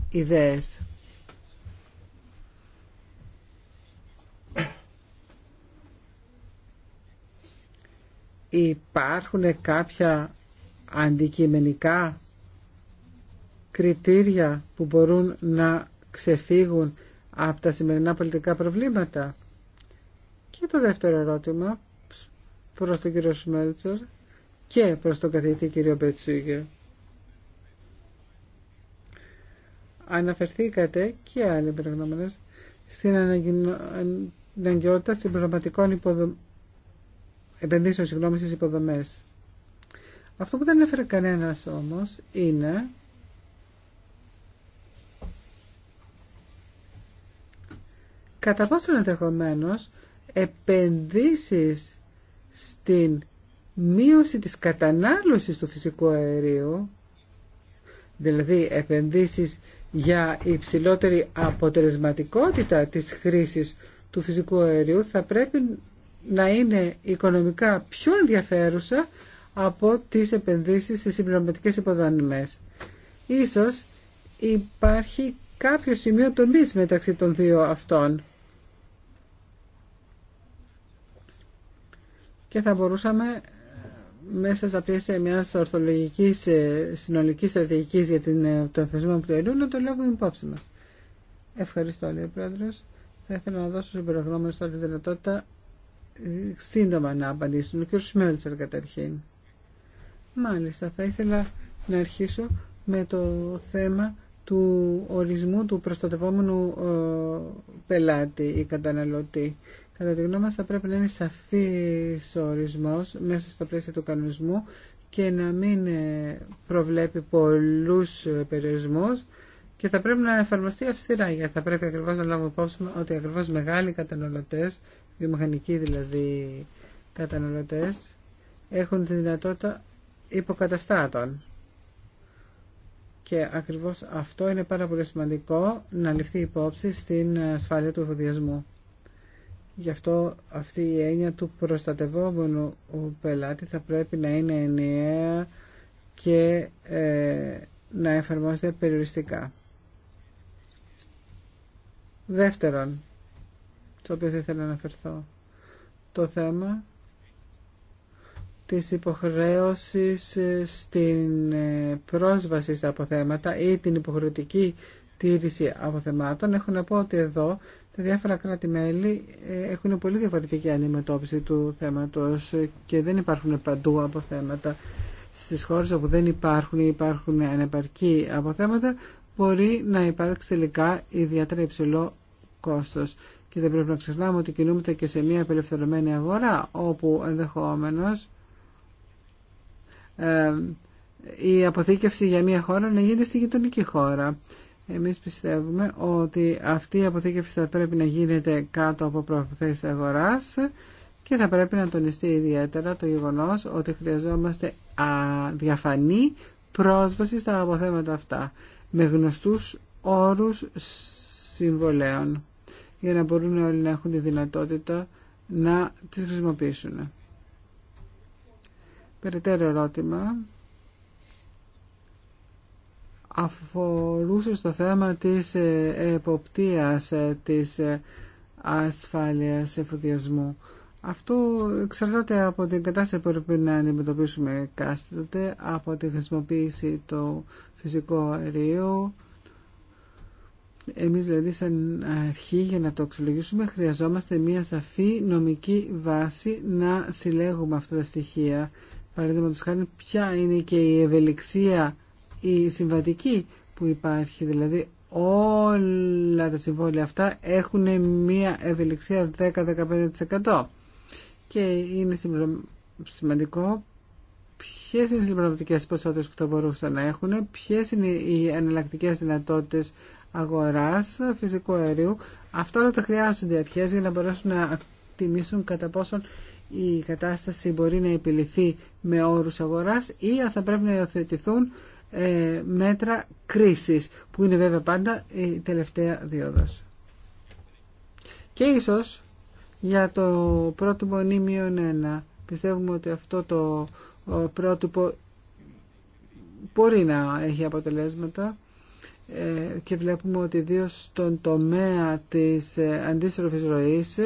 S1: ιδέες. Υπάρχουν κάποια αντικειμενικά κριτήρια που μπορούν να ξεφύγουν από τα σημερινά πολιτικά προβλήματα. Και το δεύτερο ερώτημα προς τον κύριο Σμέλτσερ και προς τον καθηγητή κύριο Μπετσούγερ. Αναφερθήκατε και άλλοι πραγματικές στην αναγκαιότητα συμπληρωματικών υποδομ... επενδύσεων συγγνώμη στις υποδομές. Αυτό που δεν έφερε κανένας όμως είναι κατά πόσο ενδεχομένω επενδύσεις στην μείωση της κατανάλωσης του φυσικού αερίου, δηλαδή επενδύσεις για υψηλότερη αποτελεσματικότητα της χρήσης του φυσικού αερίου, θα πρέπει να είναι οικονομικά πιο ενδιαφέρουσα από τις επενδύσεις σε συμπληρωματικές υποδανειμές. Ίσως υπάρχει κάποιο σημείο τομής μεταξύ των δύο αυτών. και θα μπορούσαμε ε, μέσα στα πλαίσια μια ορθολογική ε, συνολική στρατηγική για την, ε, τον θεσμό του ΕΛΟΥ να το λάβουμε υπόψη μα. Ευχαριστώ, λέει ο Πρόεδρο. Θα ήθελα να δώσω στου προγνώμενου τώρα τη δυνατότητα σύντομα να απαντήσουν. Ο κ. Σμέλτσερ καταρχήν. Μάλιστα, θα ήθελα να αρχίσω με το θέμα του ορισμού του προστατευόμενου πελάτη ή καταναλωτή. Κατά τη γνώμη μας θα πρέπει να είναι σαφής ο ορισμός μέσα στο πλαίσιο του κανονισμού και να μην ε, προβλέπει πολλούς ε, περιορισμούς και θα πρέπει να εφαρμοστεί αυστηρά γιατί θα πρέπει ακριβώς να λάβουμε υπόψη ότι ακριβώς μεγάλοι καταναλωτές, βιομηχανικοί δηλαδή καταναλωτές, έχουν τη δυνατότητα υποκαταστάτων. Και ακριβώς αυτό είναι πάρα πολύ σημαντικό να ληφθεί υπόψη στην ε, ασφάλεια του εφοδιασμού. Γι' αυτό αυτή η έννοια του προστατευόμενου πελάτη θα πρέπει να είναι ενιαία και ε, να εφαρμόζεται περιοριστικά. Δεύτερον, το οποίο θα ήθελα να αναφερθώ, το θέμα της υποχρέωσης ε, στην ε, πρόσβαση στα αποθέματα ή την υποχρεωτική τήρηση αποθεμάτων. Έχω να πω ότι εδώ τα διάφορα κράτη-μέλη ε, έχουν πολύ διαφορετική αντιμετώπιση του θέματος ε, και δεν υπάρχουν παντού αποθέματα. Στις χώρες όπου δεν υπάρχουν ή υπάρχουν ανεπαρκή αποθέματα μπορεί να υπάρξει τελικά ιδιαίτερα υψηλό κόστος. Και δεν πρέπει να ξεχνάμε ότι κινούμεται και σε μια απελευθερωμένη αγορά όπου ενδεχόμενο ε, η αποθήκευση για μια χώρα να γίνεται στη γειτονική χώρα. Εμείς πιστεύουμε ότι αυτή η αποθήκευση θα πρέπει να γίνεται κάτω από προθέσεις αγοράς και θα πρέπει να τονιστεί ιδιαίτερα το γεγονός ότι χρειαζόμαστε αδιαφανή πρόσβαση στα αποθέματα αυτά με γνωστούς όρους συμβολέων για να μπορούν όλοι να έχουν τη δυνατότητα να τις χρησιμοποιήσουν. Περαιτέρω ερώτημα αφορούσε στο θέμα της ε, εποπτείας ε, της ε, ασφάλειας εφοδιασμού. Αυτό εξαρτάται από την κατάσταση που πρέπει να αντιμετωπίσουμε από τη χρησιμοποίηση του φυσικού αερίου. Εμείς δηλαδή σαν αρχή για να το αξιολογήσουμε χρειαζόμαστε μια σαφή νομική βάση να συλλέγουμε αυτά τα στοιχεία. Παραδείγματος χάρη ποια είναι και η ευελιξία η συμβατική που υπάρχει, δηλαδή όλα τα συμβόλαια αυτά έχουν μία ευελιξία 10-15% και είναι σημαντικό ποιε είναι οι συμπληρωματικέ ποσότητε που θα μπορούσαν να έχουν, ποιε είναι οι εναλλακτικέ δυνατότητε αγορά φυσικού αερίου. Αυτό όλα τα χρειάζονται οι αρχέ για να μπορέσουν να τιμήσουν κατά πόσον η κατάσταση μπορεί να επιληθεί με όρου αγορά ή αν θα πρέπει να υιοθετηθούν ε, μέτρα κρίσης, που είναι βέβαια πάντα η τελευταία διόδοση. Και ίσως για το πρότυπο νήμιον 1. Πιστεύουμε ότι αυτό το πρότυπο μπορεί να έχει αποτελέσματα ε, και βλέπουμε ότι ιδίω στον τομέα της ε, αντίστροφης ροής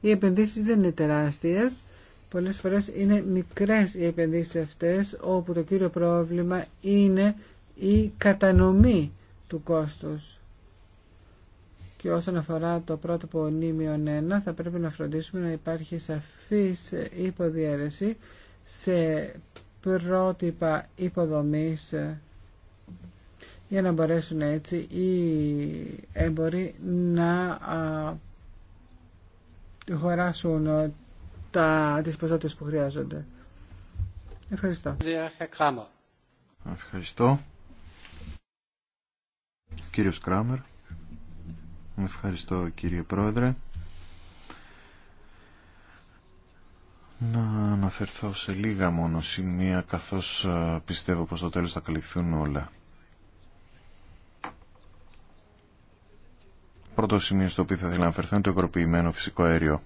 S1: οι επενδύσεις δεν είναι τεράστιες Πολλές φορές είναι μικρές οι επενδύσεις αυτές, όπου το κύριο πρόβλημα είναι η κατανομή του κόστους. Και όσον αφορά το πρότυπο νήμιον 1, θα πρέπει να φροντίσουμε να υπάρχει σαφής υποδιέρεση σε πρότυπα υποδομής για να μπορέσουν έτσι οι έμποροι να αγοράσουν τα, τις που χρειάζονται. Ευχαριστώ.
S3: Ευχαριστώ. Κύριος Κράμερ. Ευχαριστώ κύριε Πρόεδρε. Να αναφερθώ σε λίγα μόνο σημεία καθώς ε, πιστεύω πως το τέλος θα καλυφθούν όλα. Πρώτο σημείο στο οποίο θα ήθελα να αναφερθώ είναι το εγκροποιημένο φυσικό αέριο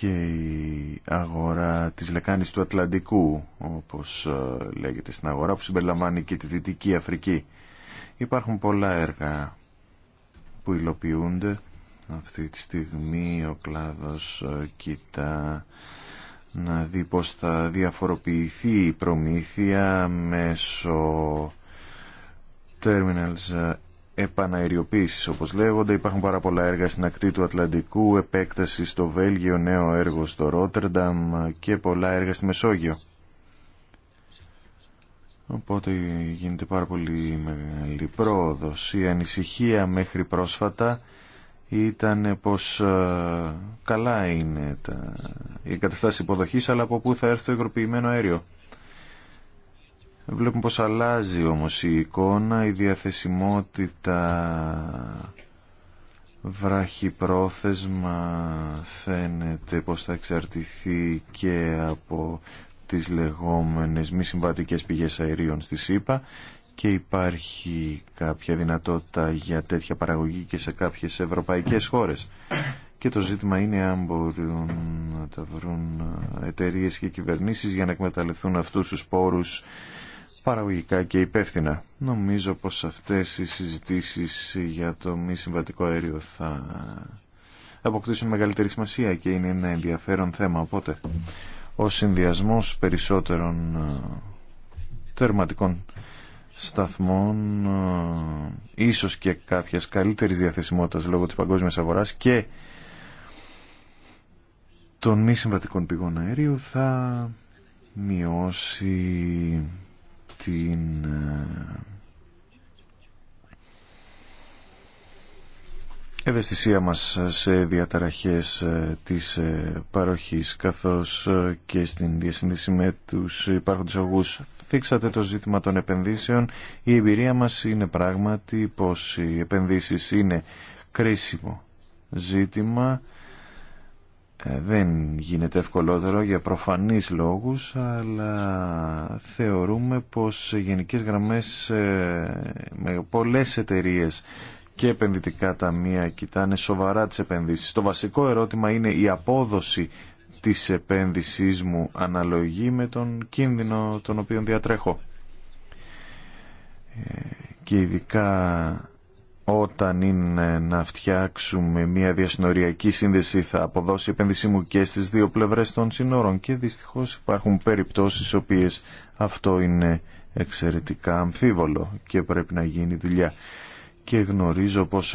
S3: και η αγορά της λεκάνης του Ατλαντικού, όπως ε, λέγεται στην αγορά, που συμπεριλαμβάνει και τη Δυτική Αφρική. Υπάρχουν πολλά έργα που υλοποιούνται. Αυτή τη στιγμή ο κλάδος ε, κοιτά να δει πώς θα διαφοροποιηθεί η προμήθεια μέσω terminals ε, επαναεριοποίησης όπως λέγονται. Υπάρχουν πάρα πολλά έργα στην ακτή του Ατλαντικού, επέκταση στο Βέλγιο, νέο έργο στο Ρότερνταμ και πολλά έργα στη Μεσόγειο. Οπότε γίνεται πάρα πολύ μεγάλη πρόοδο. Η ανησυχία μέχρι πρόσφατα ήταν πως ε, καλά είναι τα... η καταστάση υποδοχής αλλά από πού θα έρθει το υγροποιημένο αέριο. Βλέπουμε πως αλλάζει όμως η εικόνα, η διαθεσιμότητα πρόθεσμα. φαίνεται πως θα εξαρτηθεί και από τις λεγόμενες μη συμβατικές πηγές αερίων στη ΣΥΠΑ και υπάρχει κάποια δυνατότητα για τέτοια παραγωγή και σε κάποιες ευρωπαϊκές χώρες. Και το ζήτημα είναι αν μπορούν να τα βρουν εταιρείε και κυβερνήσεις για να εκμεταλλευτούν αυτούς τους πόρους παραγωγικά και υπεύθυνα. Νομίζω πως αυτές οι συζητήσεις για το μη συμβατικό αέριο θα αποκτήσουν μεγαλύτερη σημασία και είναι ένα ενδιαφέρον θέμα. Οπότε, ο συνδυασμός περισσότερων ε, τερματικών σταθμών, ε, ίσως και κάποιας καλύτερης διαθεσιμότητας λόγω της παγκόσμιας αγοράς και των μη συμβατικών πηγών αερίου θα μειώσει την ε, ευαισθησία μας σε διαταραχές ε, της ε, παροχής καθώς και στην διασύνδεση με τους υπάρχοντες αγούς. Θίξατε το ζήτημα των επενδύσεων. Η εμπειρία μας είναι πράγματι πως οι επενδύσεις είναι κρίσιμο ζήτημα ε, δεν γίνεται ευκολότερο για προφανείς λόγους αλλά θεωρούμε πως σε γενικές γραμμές ε, με πολλές εταιρείες και επενδυτικά ταμεία κοιτάνε σοβαρά τις επενδύσεις. Το βασικό ερώτημα είναι η απόδοση της επένδυσής μου αναλογή με τον κίνδυνο τον οποίο διατρέχω. Ε, και ειδικά όταν είναι να φτιάξουμε μια διασυνοριακή σύνδεση θα αποδώσει επένδυσή μου και στις δύο πλευρές των σύνορων και δυστυχώς υπάρχουν περιπτώσεις οποίες αυτό είναι εξαιρετικά αμφίβολο και πρέπει να γίνει δουλειά. Και γνωρίζω πως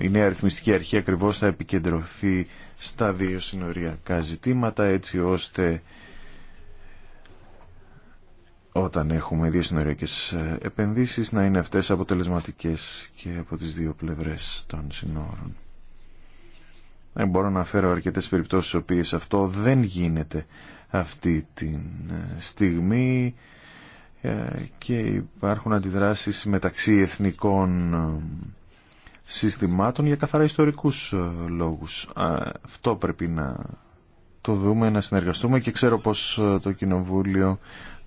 S3: η νέα αριθμιστική αρχή ακριβώς θα επικεντρωθεί στα δύο συνοριακά ζητήματα έτσι ώστε όταν έχουμε δύο συνοριακές ε, επενδύσεις να είναι αυτές αποτελεσματικές και από τις δύο πλευρές των συνόρων. Ε, μπορώ να φέρω αρκετές περιπτώσεις στις οποίες αυτό δεν γίνεται αυτή τη ε, στιγμή και υπάρχουν αντιδράσεις μεταξύ εθνικών συστημάτων για καθαρά ιστορικούς λόγους. Αυτό πρέπει να το δούμε, να συνεργαστούμε και ξέρω πως το Κοινοβούλιο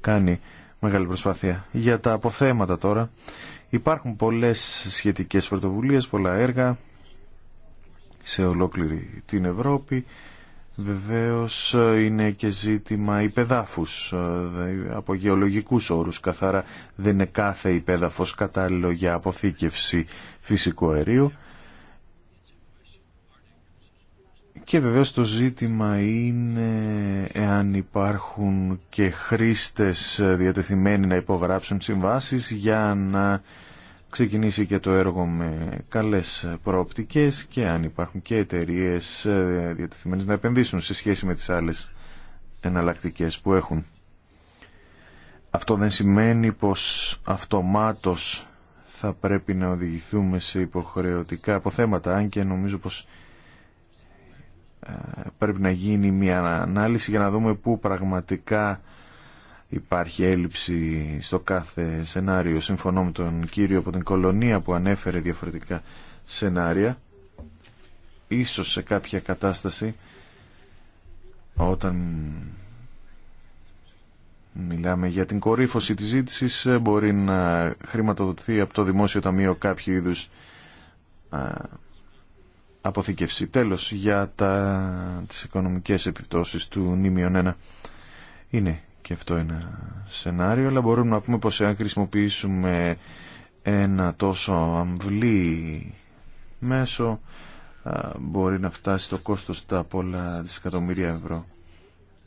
S3: κάνει μεγάλη προσπάθεια. Για τα αποθέματα τώρα υπάρχουν πολλές σχετικές πρωτοβουλίες, πολλά έργα σε ολόκληρη την Ευρώπη. Βεβαίως είναι και ζήτημα υπεδάφους από γεωλογικούς όρους καθάρα δεν είναι κάθε υπέδαφος κατάλληλο για αποθήκευση φυσικού αερίου Και βεβαίως το ζήτημα είναι εάν υπάρχουν και χρήστες διατεθειμένοι να υπογράψουν συμβάσεις για να ξεκινήσει και το έργο με καλές προοπτικές και αν υπάρχουν και εταιρείε διατεθειμένες να επενδύσουν σε σχέση με τις άλλες εναλλακτικές που έχουν. Αυτό δεν σημαίνει πως αυτομάτως θα πρέπει να οδηγηθούμε σε υποχρεωτικά αποθέματα, αν και νομίζω πως ε, πρέπει να γίνει μια ανάλυση για να δούμε πού πραγματικά υπάρχει έλλειψη στο κάθε σενάριο. Συμφωνώ με τον κύριο από την κολονία που ανέφερε διαφορετικά σενάρια. Ίσως σε κάποια κατάσταση όταν μιλάμε για την κορύφωση της ζήτησης μπορεί να χρηματοδοτηθεί από το Δημόσιο Ταμείο κάποιο είδους ε, αποθήκευση. Τέλος, για τα, τις οικονομικές επιπτώσεις του νήμιον 1. Είναι και αυτό ένα σενάριο, αλλά μπορούμε να πούμε πως εάν χρησιμοποιήσουμε ένα τόσο αμβλή μέσο, μπορεί να φτάσει το κόστος τα πολλά δισεκατομμύρια ευρώ.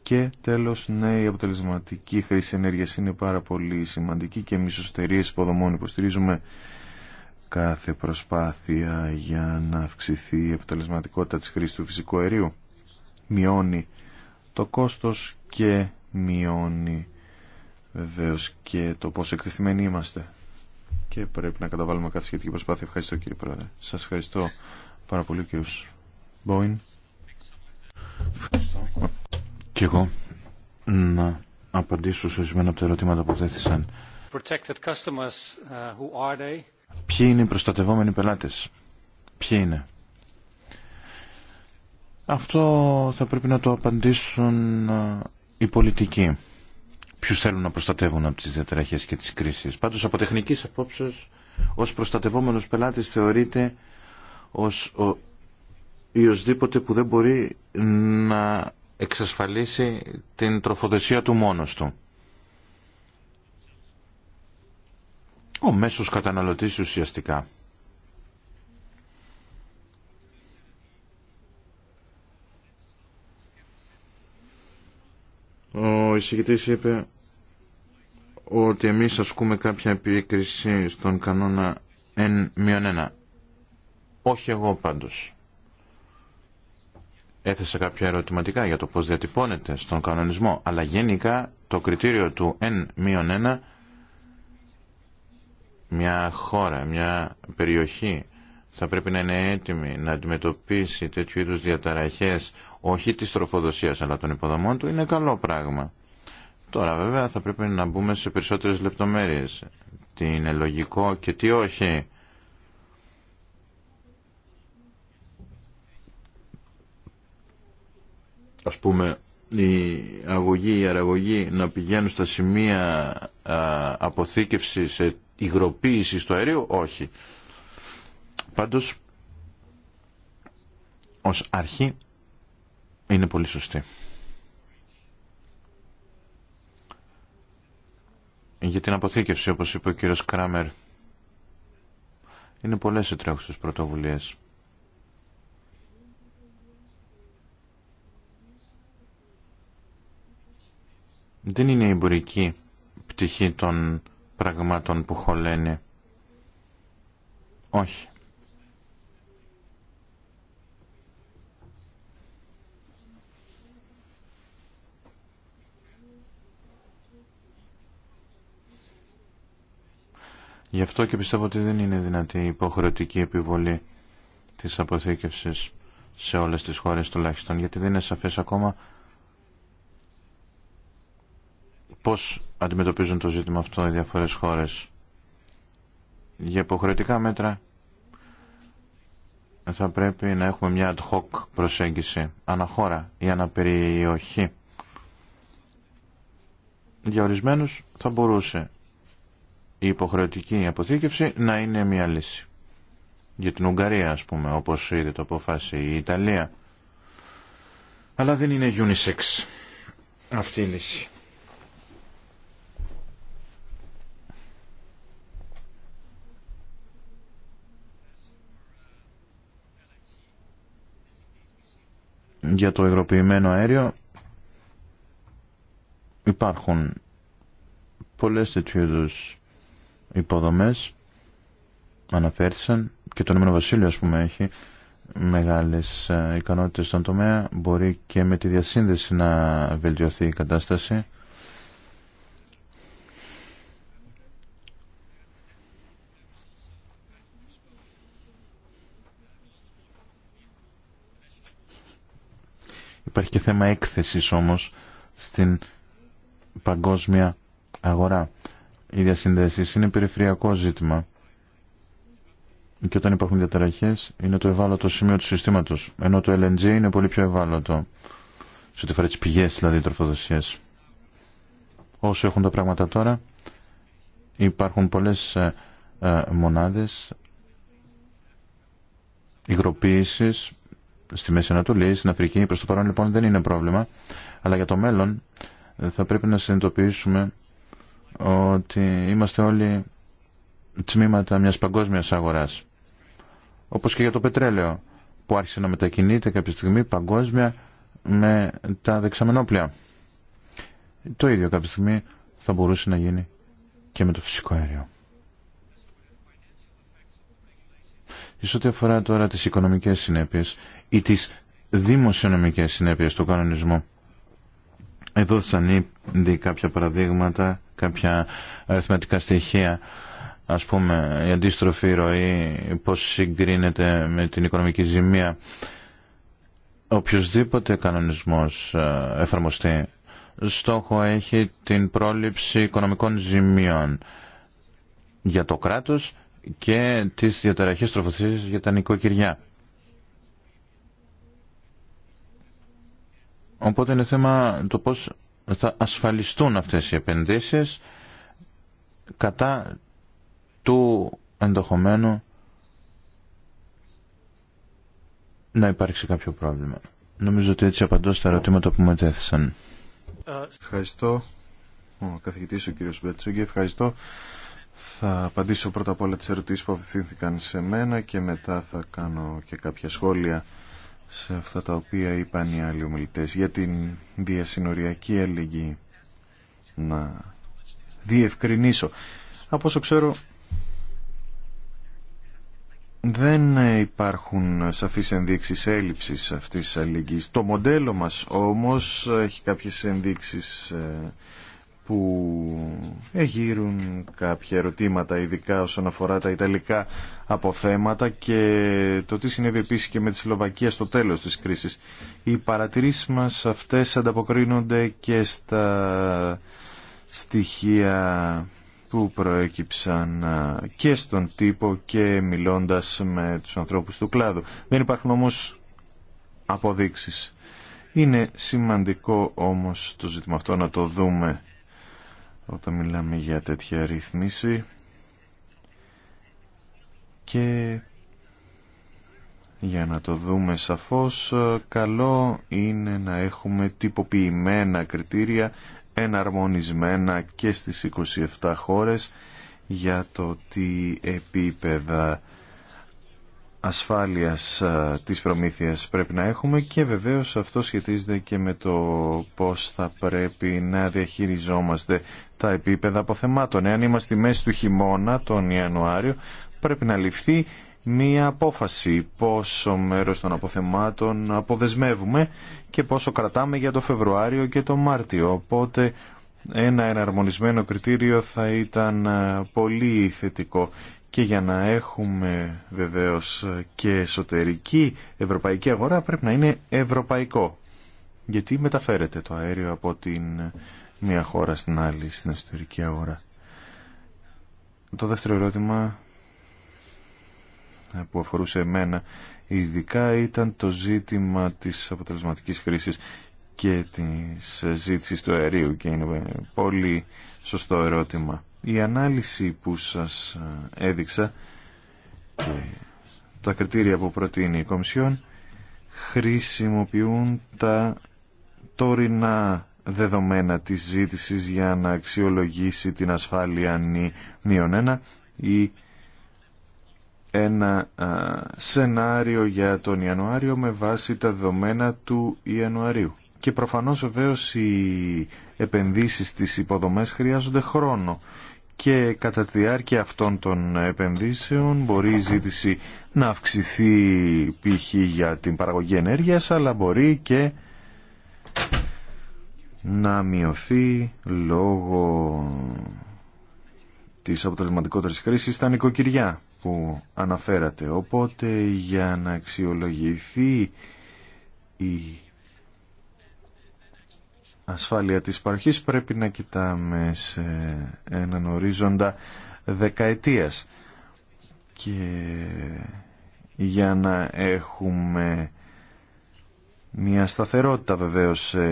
S3: Και τέλος, ναι, η αποτελεσματική χρήση ενέργειας είναι πάρα πολύ σημαντική και εμείς ως υποδομών υποστηρίζουμε κάθε προσπάθεια για να αυξηθεί η αποτελεσματικότητα της χρήσης του φυσικού αερίου. Μειώνει το κόστος και μειώνει βεβαίω και το πόσο εκτεθειμένοι είμαστε. Και πρέπει να καταβάλουμε κάθε σχετική προσπάθεια. Ευχαριστώ κύριε Πρόεδρε. Σας ευχαριστώ πάρα πολύ κύριο Μπόιν.
S4: Και εγώ να απαντήσω σε ορισμένα από τα ερωτήματα που θέθησαν. Ποιοι είναι οι προστατευόμενοι πελάτες. Ποιοι είναι. Αυτό θα πρέπει να το απαντήσουν οι πολιτικοί. ποιους θέλουν να προστατεύουν από τις διαταραχές και τις κρίσεις. Πάντως από τεχνικής απόψεως ως προστατευόμενος πελάτης θεωρείται ως ο ή οσδήποτε που δεν μπορεί να εξασφαλίσει την τροφοδεσία του μόνος του. ο μέσος καταναλωτής ουσιαστικά Ο εισηγητής είπε ότι εμείς ασκούμε κάποια επίκριση στον κανόνα N-1. Όχι εγώ πάντως. Έθεσα κάποια ερωτηματικά για το πώς διατυπώνεται στον κανονισμό, αλλά γενικά το κριτήριο του N-1 μια χώρα, μια περιοχή θα πρέπει να είναι έτοιμη να αντιμετωπίσει τέτοιου είδους διαταραχές όχι της τροφοδοσίας αλλά των υποδομών του είναι καλό πράγμα. Τώρα βέβαια θα πρέπει να μπούμε σε περισσότερες λεπτομέρειες. Τι είναι λογικό και τι όχι. Ας πούμε η αγωγή, η αραγωγή να πηγαίνουν στα σημεία αποθήκευσης, ε, υγροποίηση του αερίου, όχι. Πάντως, ως αρχή, είναι πολύ σωστή. Για την αποθήκευση, όπως είπε ο κύριος Κράμερ, είναι πολλές οι τρέχουσες πρωτοβουλίες. δεν είναι η εμπορική πτυχή των πραγμάτων που χωλένε. Όχι. Γι' αυτό και πιστεύω ότι δεν είναι δυνατή η υποχρεωτική επιβολή της αποθήκευσης σε όλες τις χώρες τουλάχιστον, γιατί δεν είναι σαφές ακόμα πώς αντιμετωπίζουν το ζήτημα αυτό οι διάφορες χώρες. Για υποχρεωτικά μέτρα θα πρέπει να έχουμε μια ad hoc προσέγγιση αναχώρα ή αναπεριοχή. Για ορισμένους θα μπορούσε η υποχρεωτική αποθήκευση να είναι μια λύση. Για την Ουγγαρία ας πούμε όπως είδε το αποφάσι η Ιταλία. Αλλά δεν είναι unisex αυτή η λύση. για το υγροποιημένο αέριο υπάρχουν πολλές τέτοιου είδου υποδομές αναφέρθησαν και το νούμερο βασίλειο ας πούμε έχει μεγάλες ε, ικανότητες στον τομέα μπορεί και με τη διασύνδεση να βελτιωθεί η κατάσταση Υπάρχει και θέμα έκθεσης όμως στην παγκόσμια αγορά. Οι διασυνδέσει είναι περιφερειακό ζήτημα. Και όταν υπάρχουν διαταραχές είναι το ευάλωτο σημείο του συστήματος. Ενώ το LNG είναι πολύ πιο ευάλωτο. Σε ό,τι φορά τι πηγές δηλαδή τροφοδοσία. Όσο έχουν τα πράγματα τώρα υπάρχουν πολλές ε, ε, μονάδες υγροποίησης στη Μέση Ανατολή, στην Αφρική. προ το παρόν λοιπόν δεν είναι πρόβλημα, αλλά για το μέλλον ε, θα πρέπει να συνειδητοποιήσουμε ότι είμαστε όλοι τσμήματα μιας παγκόσμιας αγοράς. Όπως και για το πετρέλαιο που άρχισε να μετακινείται κάποια στιγμή παγκόσμια με τα δεξαμενόπλια. Το ίδιο κάποια στιγμή θα μπορούσε να γίνει και με το φυσικό αέριο. Σε ό,τι αφορά τώρα τις οικονομικές συνέπειες, ή τις δημοσιονομικές συνέπειες του κανονισμού. Εδώ σαν ήδη κάποια παραδείγματα, κάποια αριθματικά στοιχεία, ας πούμε η αντίστροφη ροή, πώς συγκρίνεται με την οικονομική ζημία. Οποιοςδήποτε κανονισμός ε, εφαρμοστεί, στόχο έχει την πρόληψη οικονομικών ζημιών για το κράτος και τις διαταραχές τροφοθήσεις για τα νοικοκυριά. Οπότε είναι θέμα το πώς θα ασφαλιστούν αυτές οι επενδύσεις κατά του ενδεχομένου να υπάρξει κάποιο πρόβλημα. Νομίζω ότι έτσι απαντώ στα ερωτήματα που μου ετέθησαν.
S3: Ευχαριστώ. καθηγητής ο κύριος ευχαριστώ. Θα απαντήσω πρώτα απ' όλα τις ερωτήσεις που απευθύνθηκαν σε μένα και μετά θα κάνω και κάποια σχόλια σε αυτά τα οποία είπαν οι άλλοι ομιλητές για την διασυνοριακή αλληλεγγύη να διευκρινίσω. Από όσο ξέρω δεν υπάρχουν σαφείς ενδείξεις έλλειψης αυτής της αλληλεγγύης. Το μοντέλο μας όμως έχει κάποιες ενδείξεις ε, που εγείρουν κάποια ερωτήματα, ειδικά όσον αφορά τα Ιταλικά αποθέματα και το τι συνέβη επίση και με τη Σλοβακία στο τέλος της κρίσης. Οι παρατηρήσεις μας αυτές ανταποκρίνονται και στα στοιχεία που προέκυψαν και στον τύπο και μιλώντας με τους ανθρώπους του κλάδου. Δεν υπάρχουν όμως αποδείξεις. Είναι σημαντικό όμως το ζήτημα αυτό να το δούμε όταν μιλάμε για τέτοια ρύθμιση και για να το δούμε σαφώς καλό είναι να έχουμε τυποποιημένα κριτήρια εναρμονισμένα και στις 27 χώρες για το τι επίπεδα ασφάλειας ε, της προμήθειας πρέπει να έχουμε και βεβαίως αυτό σχετίζεται και με το πώς θα πρέπει να διαχειριζόμαστε τα επίπεδα αποθεμάτων. Εάν είμαστε μέσα του χειμώνα τον Ιανουάριο πρέπει να ληφθεί μία απόφαση πόσο μέρος των αποθεμάτων αποδεσμεύουμε και πόσο κρατάμε για το Φεβρουάριο και το Μάρτιο. Οπότε ένα εναρμονισμένο κριτήριο θα ήταν ε, πολύ θετικό και για να έχουμε βεβαίως και εσωτερική ευρωπαϊκή αγορά πρέπει να είναι ευρωπαϊκό. Γιατί μεταφέρεται το αέριο από την μία χώρα στην άλλη, στην εσωτερική αγορά. Το δεύτερο ερώτημα που αφορούσε εμένα ειδικά ήταν το ζήτημα της αποτελεσματικής χρήσης και της ζήτησης του αερίου και είναι πολύ σωστό ερώτημα. Η ανάλυση που σας ε, έδειξα και τα κριτήρια που προτείνει η Κομισιόν χρησιμοποιούν τα τωρινά δεδομένα της ζήτησης για να αξιολογήσει την ασφάλεια νη μείον ή ένα σενάριο για τον Ιανουάριο με βάση τα δεδομένα του Ιανουαρίου. Και προφανώς βεβαίως, η επενδύσεις στις υποδομές χρειάζονται χρόνο και κατά τη διάρκεια αυτών των επενδύσεων μπορεί η ζήτηση να αυξηθεί π.χ. για την παραγωγή ενέργειας αλλά μπορεί και να μειωθεί λόγω της αποτελεσματικότερης κρίσης στα νοικοκυριά που αναφέρατε. Οπότε για να αξιολογηθεί η ασφάλεια της παροχής πρέπει να κοιτάμε σε έναν ορίζοντα δεκαετίας και για να έχουμε μια σταθερότητα βεβαίως σε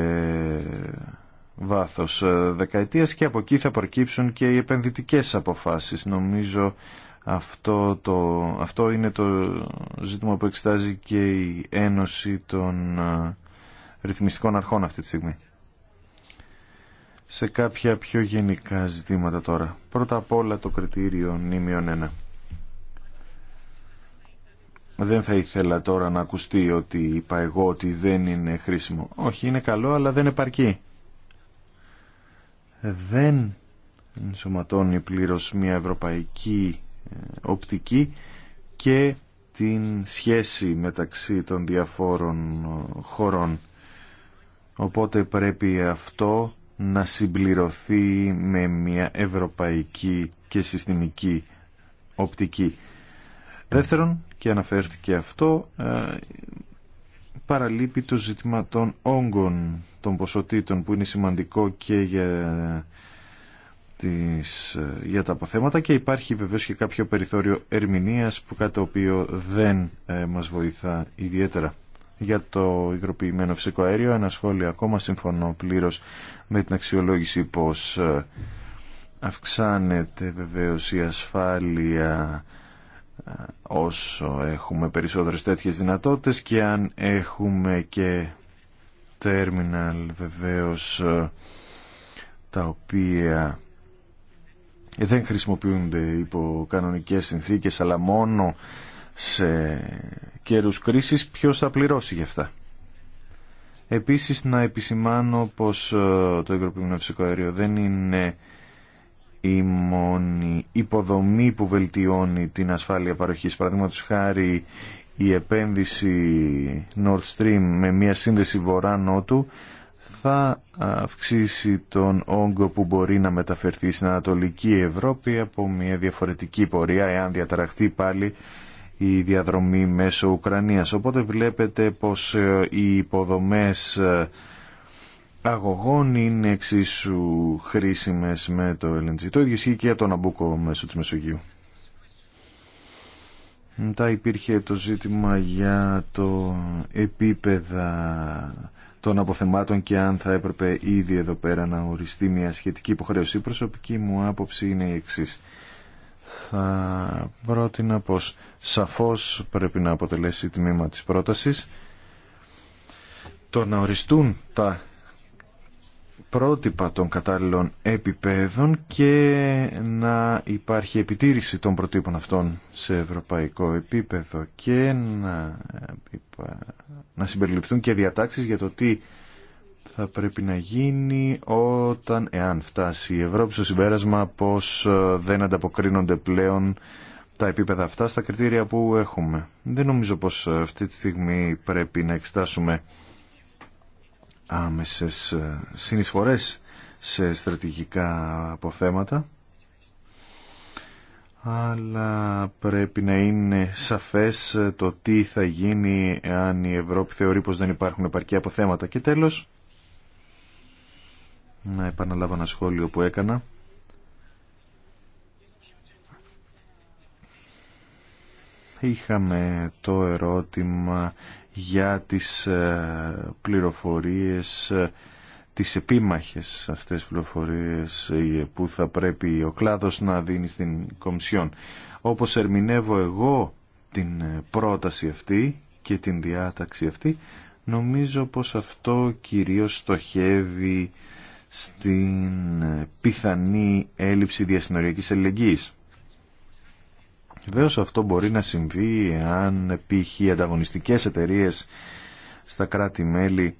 S3: βάθος δεκαετίας και από εκεί θα προκύψουν και οι επενδυτικές αποφάσεις. Νομίζω αυτό, το, αυτό είναι το ζήτημα που εξετάζει και η Ένωση των ε, Ρυθμιστικών Αρχών αυτή τη στιγμή σε κάποια πιο γενικά ζητήματα τώρα. Πρώτα απ' όλα το κριτήριο νήμιον 1. Δεν θα ήθελα τώρα να ακουστεί ότι είπα εγώ ότι δεν είναι χρήσιμο. Όχι, είναι καλό, αλλά δεν επαρκεί. Δεν ενσωματώνει πλήρως μια ευρωπαϊκή ε, οπτική και την σχέση μεταξύ των διαφόρων ε, χωρών. Οπότε πρέπει αυτό να συμπληρωθεί με μια ευρωπαϊκή και συστημική οπτική. Δεύτερον, και αναφέρθηκε αυτό, ε, παραλείπει το ζήτημα των όγκων των ποσοτήτων που είναι σημαντικό και για, τις, ε, για τα αποθέματα και υπάρχει βεβαίως και κάποιο περιθώριο ερμηνείας που κάτι το οποίο δεν ε, μας βοηθά ιδιαίτερα για το υγροποιημένο φυσικό αέριο. Ένα σχόλιο ακόμα συμφωνώ πλήρως με την αξιολόγηση πως ε, αυξάνεται βεβαίω η ασφάλεια ε, όσο έχουμε περισσότερες τέτοιες δυνατότητες και αν έχουμε και τέρμιναλ βεβαίως ε, τα οποία δεν χρησιμοποιούνται υπό κανονικές συνθήκες αλλά μόνο σε καιρούς κρίσης ποιος θα πληρώσει γι' αυτά. Επίσης να επισημάνω πως ε, το υγροποιημένο φυσικό αέριο δεν είναι η μόνη υποδομή που βελτιώνει την ασφάλεια παροχής. Παραδείγματο χάρη η επένδυση Nord Stream με μια σύνδεση βορρά-νότου θα αυξήσει τον όγκο που μπορεί να μεταφερθεί στην Ανατολική Ευρώπη από μια διαφορετική πορεία εάν διαταραχθεί πάλι η διαδρομή μέσω Ουκρανίας. Οπότε βλέπετε πως ε, οι υποδομές ε, αγωγών είναι εξίσου χρήσιμες με το LNG. Το ίδιο ισχύει και για τον Αμπούκο μέσω της Μεσογείου. Μετά υπήρχε το ζήτημα για το επίπεδα των αποθεμάτων και αν θα έπρεπε ήδη εδώ πέρα να οριστεί μια σχετική υποχρέωση. Η προσωπική μου άποψη είναι η εξής θα πρότεινα πως σαφώς πρέπει να αποτελέσει τμήμα της πρότασης το να οριστούν τα πρότυπα των κατάλληλων επιπέδων και να υπάρχει επιτήρηση των προτύπων αυτών σε ευρωπαϊκό επίπεδο και να, να συμπεριληφθούν και διατάξεις για το τι θα πρέπει να γίνει όταν, εάν φτάσει η Ευρώπη στο συμπέρασμα πως ε, δεν ανταποκρίνονται πλέον τα επίπεδα αυτά στα κριτήρια που έχουμε. Δεν νομίζω πως αυτή τη στιγμή πρέπει να εξετάσουμε άμεσες ε, συνεισφορές σε στρατηγικά αποθέματα αλλά πρέπει να είναι σαφές ε, το τι θα γίνει αν η Ευρώπη θεωρεί πως δεν υπάρχουν επαρκή αποθέματα. Και τέλος, να επαναλάβω ένα σχόλιο που έκανα. Είχαμε το ερώτημα για τις ε, πληροφορίες, ε, τις επίμαχες αυτές πληροφορίες ε, που θα πρέπει ο κλάδος να δίνει στην Κομισιόν. Όπως ερμηνεύω εγώ την πρόταση αυτή και την διάταξη αυτή, νομίζω πως αυτό κυρίως στοχεύει στην πιθανή έλλειψη διασυνοριακής αλληλεγγύης. Βεβαίως αυτό μπορεί να συμβεί αν π.χ. ανταγωνιστικές εταιρείες στα κράτη-μέλη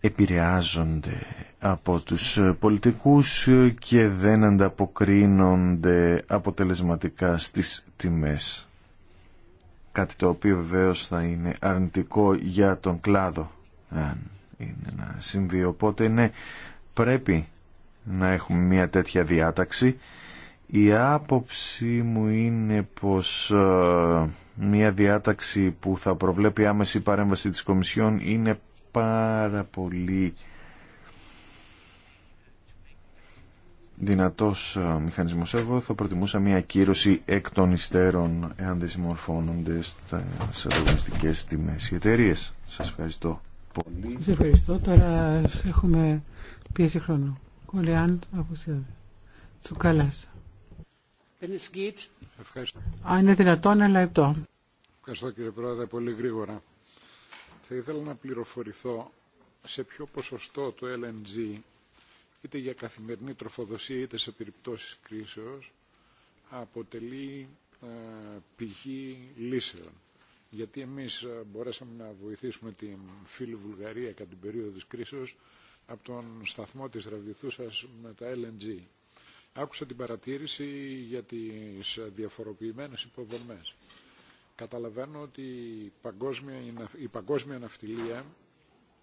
S3: επηρεάζονται από τους πολιτικούς και δεν ανταποκρίνονται αποτελεσματικά στις τιμές. Κάτι το οποίο βεβαίως θα είναι αρνητικό για τον κλάδο είναι να συμβεί. Οπότε ναι, πρέπει να έχουμε μια τέτοια διάταξη. Η άποψή μου είναι πως ε, μια διάταξη που θα προβλέπει άμεση παρέμβαση της Κομισιόν είναι πάρα πολύ δυνατός ε, μηχανισμός. Εγώ θα προτιμούσα μια κύρωση εκ των υστέρων εάν δεν συμμορφώνονται στις τιμές οι εταιρείες. Σας ευχαριστώ
S1: πολύ. Σας ευχαριστώ. Τώρα έχουμε πίεση χρόνου. Κολεάν αποσιάζει. Τσουκαλάς. Αν είναι δυνατόν, ένα λεπτό.
S2: Ευχαριστώ κύριε Πρόεδρε, πολύ γρήγορα. Θα ήθελα να πληροφορηθώ σε ποιο ποσοστό το LNG, είτε για καθημερινή τροφοδοσία είτε σε περιπτώσεις κρίσεως, αποτελεί ε, πηγή λύσεων γιατί εμείς ε, μπορέσαμε να βοηθήσουμε την φίλη Βουλγαρία κατά την περίοδο της κρίσης από τον σταθμό της Ραβδιθούσας με τα LNG. Άκουσα την παρατήρηση για τις διαφοροποιημένες υποδομές. Καταλαβαίνω ότι η παγκόσμια, η παγκόσμια ναυτιλία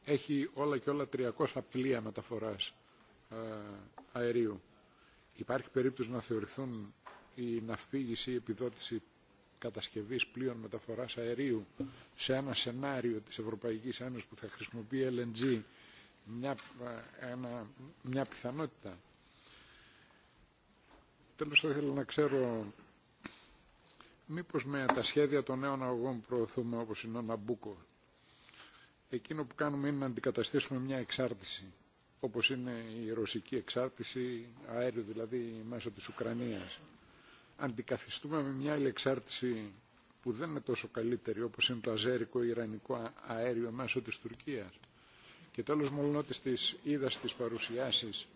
S2: έχει όλα και όλα 300 πλοία μεταφοράς ε, αερίου. Υπάρχει περίπτωση να θεωρηθούν η ναυπήγηση, η επιδότηση κατασκευής πλοίων μεταφοράς αερίου σε ένα σενάριο της Ευρωπαϊκής Ένωσης που θα χρησιμοποιεί LNG μια, ε, μια πιθανότητα. Τέλος θα ήθελα να ξέρω μήπως με τα σχέδια των νέων αγωγών προωθούμε όπως είναι ο Ναμπούκο. Εκείνο που κάνουμε είναι να αντικαταστήσουμε μια εξάρτηση όπως είναι η ρωσική εξάρτηση αέριου δηλαδή μέσω της Ουκρανίας αντικαθιστούμε με μια εξάρτηση που δεν είναι τόσο καλύτερη όπως είναι το αζέρικο ιρανικό αέριο μέσω της Τουρκίας. Και τέλος μόνο ότι στις είδα στις παρουσιάσεις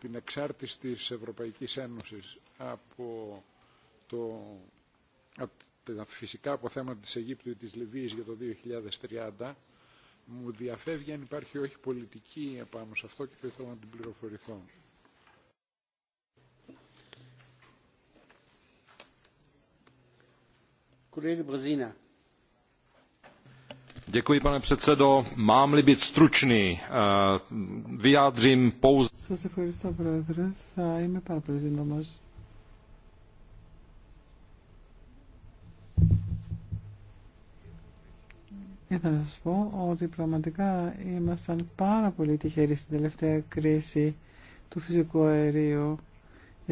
S2: την εξάρτηση της Ευρωπαϊκής Ένωσης από, το, από τα φυσικά αποθέματα της Αιγύπτου ή της Λιβύης για το 2030 μου διαφεύγει αν υπάρχει όχι πολιτική επάνω σε αυτό και θα ήθελα να την πληροφορηθώ. pane eh,
S1: ευχαριστώ, Πρόεδρε. Θα είμαι πάρα πολύ pouze. Ήθελα να σας πω ότι πραγματικά ήμασταν πάρα πολύ τυχεροί στην τελευταία κρίση του φυσικού αερίου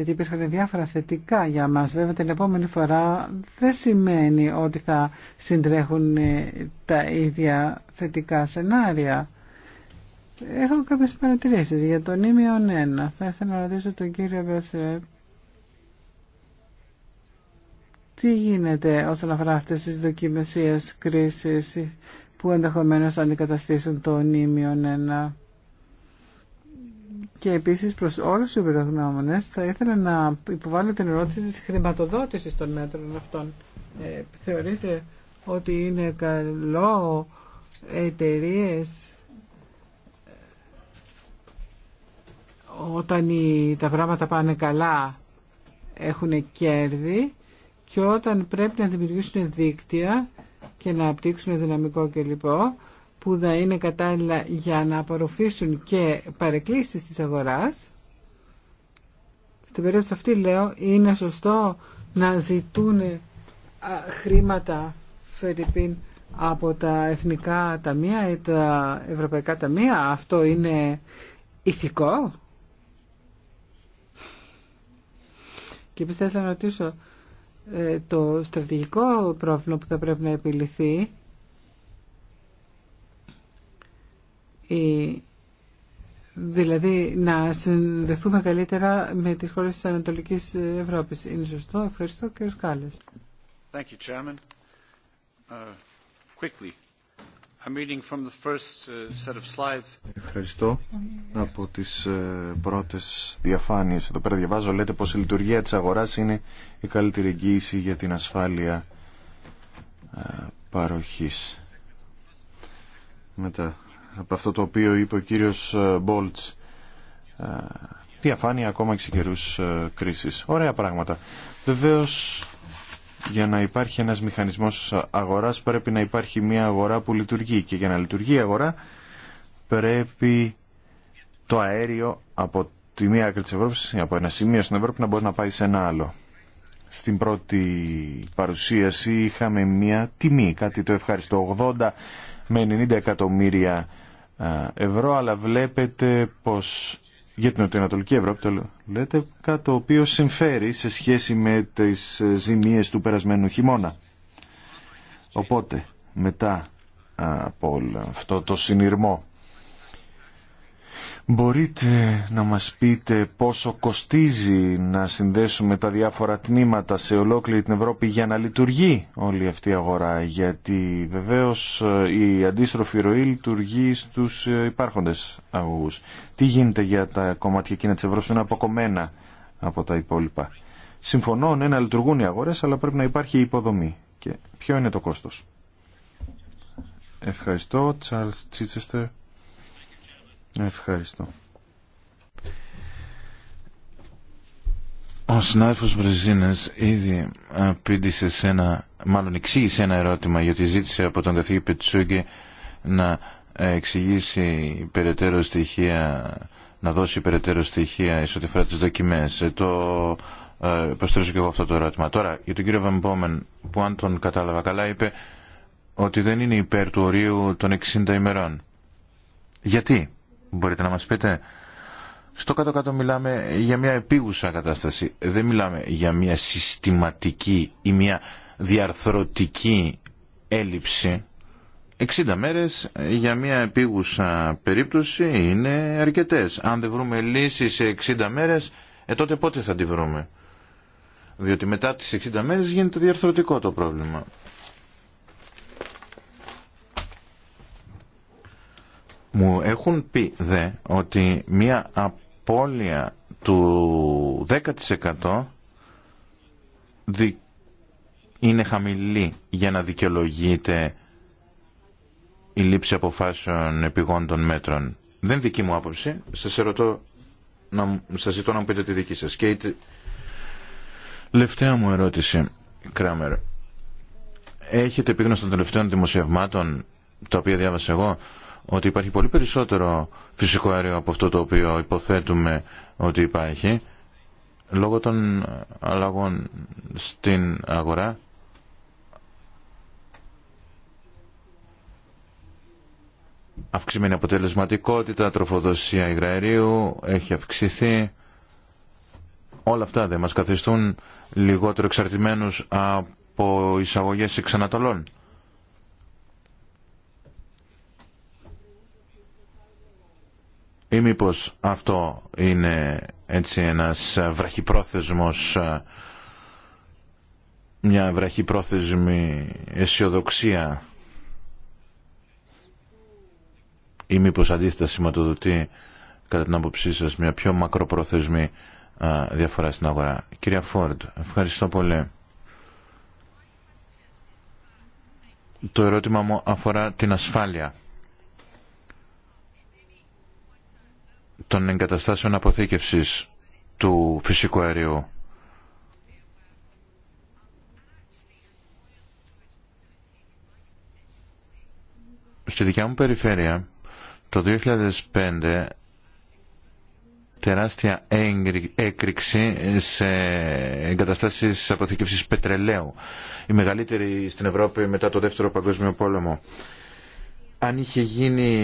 S1: γιατί υπήρχαν διάφορα θετικά για μας. Βέβαια την επόμενη φορά δεν σημαίνει ότι θα συντρέχουν ε, τα ίδια θετικά σενάρια. Έχω κάποιες παρατηρήσεις για τον Ήμιον 1. Θα ήθελα να ρωτήσω τον κύριο Μπεσέ τι γίνεται όσον αφορά αυτές τις δοκιμασίες κρίσης που ενδεχομένως αντικαταστήσουν τον Ήμιον 1. Και επίσης προς όλους του εμπειρογνώμονε, θα ήθελα να υποβάλω την ερώτηση τη χρηματοδότηση των μέτρων αυτών. Ε, θεωρείτε ότι είναι καλό εταιρείε ε, όταν οι, τα πράγματα πάνε καλά έχουν κέρδη και όταν πρέπει να δημιουργήσουν δίκτυα και να απτύξουν δυναμικό κλπ που θα είναι κατάλληλα για να απορροφήσουν και παρεκκλήσεις της αγοράς. Στην περίπτωση αυτή λέω είναι σωστό να ζητούν ε, χρήματα φερρυπίν από τα εθνικά ταμεία ή τα ευρωπαϊκά ταμεία. Αυτό είναι ηθικό. Και επίσης θα να ρωτήσω ε, το στρατηγικό πρόβλημα που θα πρέπει να επιληθεί δηλαδή να συνδεθούμε καλύτερα με τις χώρες της Ανατολικής Ευρώπης. Είναι σωστό. Ευχαριστώ και Σκάλες.
S2: Thank
S3: Ευχαριστώ. Από τις ε, πρώτες διαφάνειες εδώ πέρα διαβάζω λέτε πως η λειτουργία της αγοράς είναι η καλύτερη εγγύηση για την ασφάλεια ε, παροχής. Μετά από αυτό το οποίο είπε ο κύριος ε, Μπόλτς. Διαφάνεια ε, ακόμα και σε καιρούς ε, κρίσης. Ωραία πράγματα. Βεβαίως για να υπάρχει ένας μηχανισμός αγοράς πρέπει να υπάρχει μια αγορά που λειτουργεί και για να λειτουργεί η αγορά πρέπει το αέριο από τη μία άκρη της Ευρώπης, από ένα σημείο στην Ευρώπη να μπορεί να πάει σε ένα άλλο. Στην πρώτη παρουσίαση είχαμε μια τιμή, κάτι το ευχαριστώ, 80 με 90 εκατομμύρια ευρώ, αλλά βλέπετε πως για την Ανατολική Ευρώπη το λέτε, κάτι το οποίο συμφέρει σε σχέση με τις ζημίες του περασμένου χειμώνα. Οπότε, μετά από όλο αυτό το συνειρμό Μπορείτε να μας πείτε πόσο κοστίζει να συνδέσουμε τα διάφορα τμήματα σε ολόκληρη την Ευρώπη για να λειτουργεί όλη αυτή η αγορά, γιατί βεβαίως ε, η αντίστροφη ροή λειτουργεί στους ε, υπάρχοντες αγωγούς. Τι γίνεται για τα κομμάτια εκείνα της Ευρώπης που είναι αποκομμένα από τα υπόλοιπα. Συμφωνώ, ναι, να λειτουργούν οι αγορές, αλλά πρέπει να υπάρχει υποδομή. Και ποιο είναι το κόστος. Ευχαριστώ, Charles Chichester. Ευχαριστώ.
S4: Ο συνάδελφος Μπρεζίνας ήδη απήντησε σε ένα, μάλλον εξήγησε ένα ερώτημα γιατί ζήτησε από τον καθηγητή Πετσούγκη να εξηγήσει περαιτέρω στοιχεία, να δώσει περαιτέρω στοιχεία εις ό,τι αφορά τις δοκιμές. Ε, το ε, και εγώ αυτό το ερώτημα. Τώρα, για τον κύριο Βαμπόμεν, που αν τον κατάλαβα καλά, είπε ότι δεν είναι υπέρ του ορίου των 60 ημερών. Γιατί? Μπορείτε να μας πείτε. Στο κάτω-κάτω μιλάμε για μια επίγουσα κατάσταση. Δεν μιλάμε για μια συστηματική ή μια διαρθρωτική έλλειψη. 60 μέρες για μια επίγουσα περίπτωση είναι αρκετές. Αν δεν βρούμε λύση σε 60 μέρες, ε, τότε πότε θα τη βρούμε. Διότι μετά τις 60 μέρες γίνεται διαρθρωτικό το πρόβλημα. Μου έχουν πει δε ότι μία απώλεια του 10% είναι χαμηλή για να δικαιολογείται η λήψη αποφάσεων επιγόντων μέτρων. Δεν δική μου άποψη. Σας, ερωτώ, να, σας ζητώ να μου πείτε τη δική σας. Και η τελευταία μου ερώτηση, Κράμερ. Έχετε επίγνωση των τελευταίων δημοσιευμάτων, τα οποία διάβασα εγώ, ότι υπάρχει πολύ περισσότερο φυσικό αέριο από αυτό το οποίο υποθέτουμε ότι υπάρχει λόγω των αλλαγών στην αγορά αυξημένη αποτελεσματικότητα, τροφοδοσία υγραερίου έχει αυξηθεί όλα αυτά δεν μας καθιστούν λιγότερο εξαρτημένους από εισαγωγές εξανατολών ή μήπω αυτό είναι έτσι ένας βραχυπρόθεσμος ε, μια βραχυπρόθεσμη αισιοδοξία ή μήπω αντίθετα σηματοδοτεί κατά την άποψή σας μια πιο μακροπρόθεσμη ε, διαφορά στην αγορά. Κυρία Φόρντ, ευχαριστώ πολύ. Το ερώτημα μου αφορά την ασφάλεια. των εγκαταστάσεων αποθήκευσης του φυσικού αερίου. Στη δικιά μου περιφέρεια, το 2005 τεράστια έκρηξη σε εγκαταστάσεις αποθήκευσης πετρελαίου. Η μεγαλύτερη στην Ευρώπη μετά το Δεύτερο Παγκόσμιο Πόλεμο. Αν είχε γίνει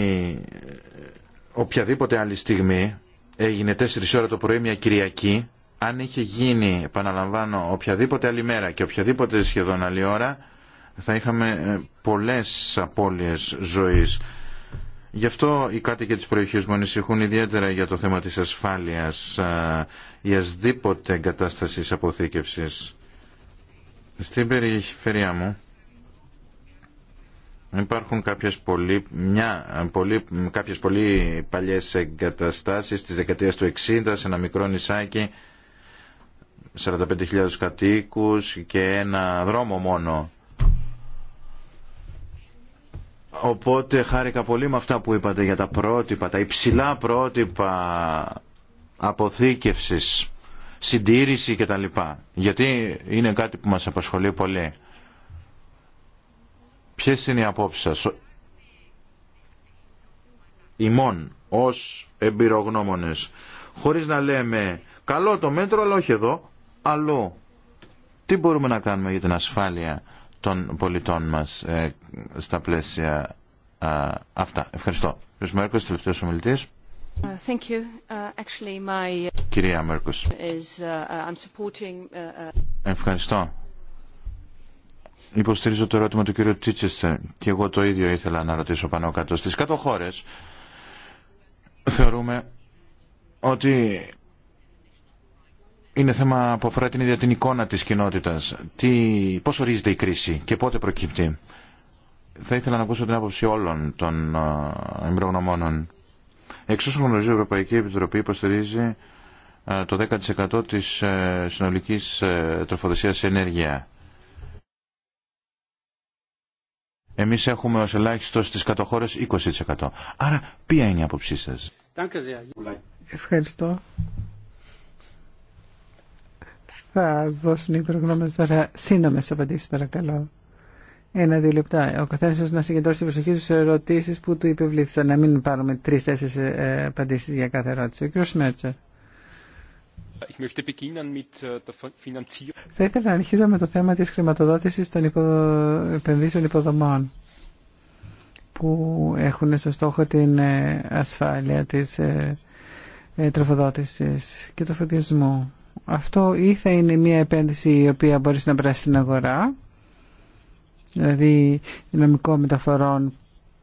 S4: οποιαδήποτε άλλη στιγμή έγινε 4 ώρα το πρωί μια Κυριακή αν είχε γίνει, επαναλαμβάνω, οποιαδήποτε άλλη μέρα και οποιαδήποτε σχεδόν άλλη ώρα θα είχαμε ε, πολλές απώλειες ζωής. Γι' αυτό οι κάτοικοι της περιοχής μου ανησυχούν ιδιαίτερα για το θέμα της ασφάλειας ή ασδήποτε εγκατάστασης αποθήκευσης. Στην περιφερειά μου Υπάρχουν κάποιες πολύ, μια, πολύ, κάποιες πολύ παλιές εγκαταστάσεις της δεκαετίας του 60 σε ένα μικρό νησάκι 45.000 κατοίκους και ένα δρόμο μόνο. Οπότε χάρηκα πολύ με αυτά που είπατε για τα πρότυπα, τα υψηλά πρότυπα αποθήκευσης, συντήρηση κτλ. Γιατί είναι κάτι που μας απασχολεί πολύ. Ποιες είναι οι απόψεις σας ημών ως εμπειρογνώμονες χωρίς να λέμε καλό το μέτρο αλλά όχι εδώ, αλλού. Τι μπορούμε να κάνουμε για την ασφάλεια των πολιτών μας ε, στα πλαίσια αυτά. Ευχαριστώ. Κύριος Μέρκος, τελευταίος ομιλητής.
S2: Uh, uh,
S4: Κυρία Μέρκος. Uh, Ευχαριστώ. Υποστηρίζω το ερώτημα του κ. Τσίτσεστερ και εγώ το ίδιο ήθελα να ρωτήσω πάνω κάτω. Στις κάτω χώρες θεωρούμε ότι είναι θέμα που αφορά την ίδια την εικόνα της κοινότητας. Τι, πώς ορίζεται η κρίση και πότε προκύπτει. Θα ήθελα να ακούσω την άποψη όλων των εμπειρογνωμόνων. Εξ όσων γνωρίζω, η Ευρωπαϊκή Επιτροπή υποστηρίζει το 10% της ε, συνολικής ε, τροφοδοσίας ενέργεια. Εμείς έχουμε ως ελάχιστο στις κατοχώρες 20%. Άρα ποια είναι η άποψή σας.
S1: Ευχαριστώ. Θα δώσουν οι προγνώμες τώρα σύντομες απαντήσεις παρακαλώ. Ένα-δύο λεπτά. Ο καθένα να συγκεντρώσει την προσοχή στις ερωτήσει που του υπευλήθησαν. Να μην πάρουμε τρει-τέσσερι ε, απαντήσει για κάθε ερώτηση. Ο κ. Σμέρτσερ. Äh, θα ήθελα να αρχίσω με το θέμα της χρηματοδότησης των επενδύσεων υποδομών που έχουν σε στόχο την ε, ασφάλεια της ε, ε, τροφοδότησης και του φωτισμού. Αυτό ή θα είναι μια επένδυση η οποία μπορεί να περάσει στην αγορά, δηλαδή δυναμικό μεταφορών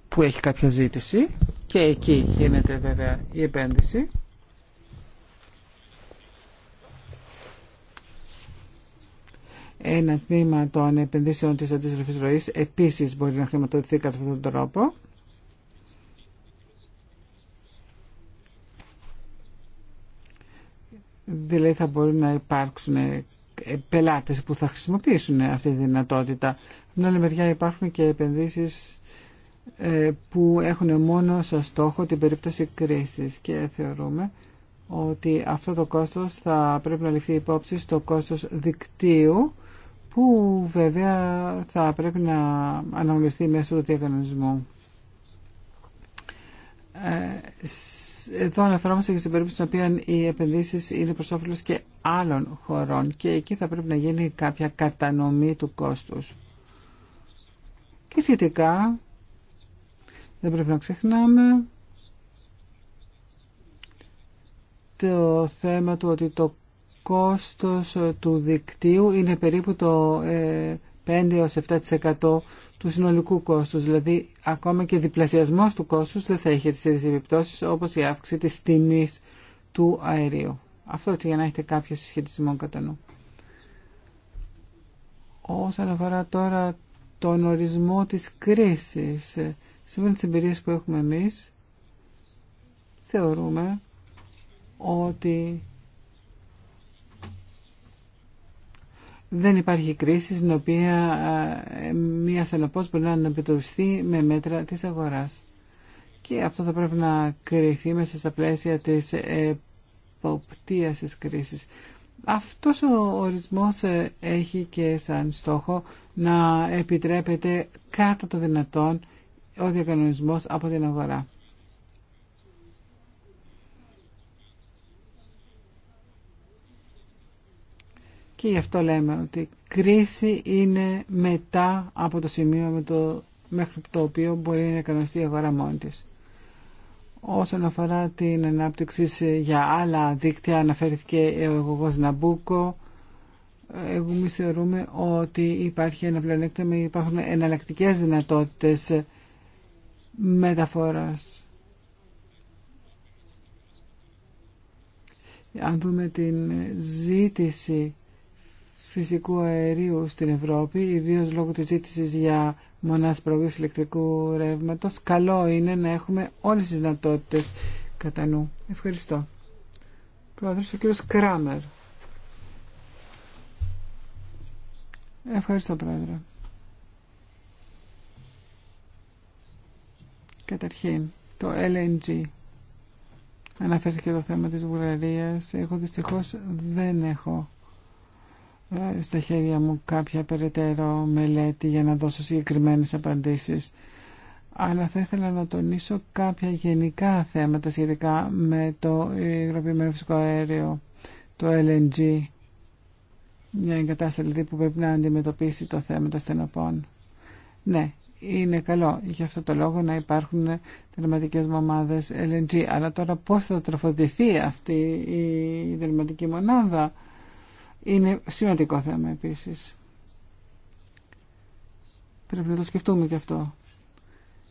S1: που έχει κάποια ζήτηση και εκεί γίνεται βέβαια η επένδυση Ένα τμήμα των επενδύσεων της αντίστροφης ροής επίσης μπορεί να χρηματοδοτηθεί κατά αυτόν τον τρόπο. Δηλαδή θα μπορούν να υπάρξουν ε, ε, πελάτες που θα χρησιμοποιήσουν αυτή τη δυνατότητα. Από την άλλη μεριά υπάρχουν και επενδύσεις ε, που έχουν μόνο σε στόχο την περίπτωση κρίσης και θεωρούμε ότι αυτό το κόστος θα πρέπει να ληφθεί υπόψη στο κόστος δικτύου που βέβαια θα πρέπει να αναγνωριστεί μέσω του διακανονισμού. Ε, εδώ αναφερόμαστε και στην περίπτωση στην οποία οι επενδύσεις είναι προ και άλλων χωρών και εκεί θα πρέπει να γίνει κάποια κατανομή του κόστους. Και σχετικά δεν πρέπει να ξεχνάμε το θέμα του ότι το κόστος ε, του δικτύου είναι περίπου το 5-7% ε, του συνολικού κόστους. Δηλαδή ακόμα και διπλασιασμός του κόστους δεν θα είχε τις ίδιες επιπτώσεις όπως η αύξηση της τιμής του αερίου. Αυτό έτσι για να έχετε κάποιο συσχετισμό κατά νου. Όσον αφορά τώρα τον ορισμό της κρίσης, ε, σύμφωνα τις εμπειρίες που έχουμε εμείς, θεωρούμε ότι δεν υπάρχει κρίση στην οποία ε, μία σαλοπός μπορεί να αντιμετωπιστεί με μέτρα της αγοράς. Και αυτό θα πρέπει να κρυθεί μέσα στα πλαίσια της εποπτείας της κρίσης. Αυτός ο ορισμός ε, έχει και σαν στόχο να επιτρέπεται κάτω το δυνατόν ο διακανονισμός από την αγορά. Και γι' αυτό λέμε ότι κρίση είναι μετά από το σημείο με το, μέχρι το οποίο μπορεί να κανονιστεί η αγορά μόνη της. Όσον αφορά την ανάπτυξη για άλλα δίκτυα, αναφέρθηκε ο εγωγός Ναμπούκο. Εγώ εμεί θεωρούμε ότι υπάρχει ένα πλεονέκτημα, υπάρχουν εναλλακτικέ δυνατότητες μεταφοράς. Αν δούμε την ζήτηση φυσικού αερίου στην Ευρώπη, ιδίως λόγω της ζήτησης για μονάς παραγωγής ηλεκτρικού ρεύματος, καλό είναι να έχουμε όλες τις δυνατότητες κατά νου. Ευχαριστώ. Πρόεδρος, ο κύριος Κράμερ. Ευχαριστώ, Πρόεδρε. Καταρχήν, το LNG. Αναφέρθηκε το θέμα της Βουλγαρίας. Εγώ δυστυχώς δεν έχω ε, στα χέρια μου κάποια περαιτέρω μελέτη για να δώσω συγκεκριμένες απαντήσεις. Αλλά θα ήθελα να τονίσω κάποια γενικά θέματα σχετικά με το υγροποιημένο φυσικό αέριο, το LNG, μια εγκατάσταση που πρέπει να αντιμετωπίσει το θέμα των στενοπών. Ναι, είναι καλό για αυτό το λόγο να υπάρχουν δερματικές μονάδες LNG. Αλλά τώρα πώς θα τροφοδηθεί αυτή η δερματική μονάδα είναι σημαντικό θέμα επίσης. Πρέπει να το σκεφτούμε και αυτό.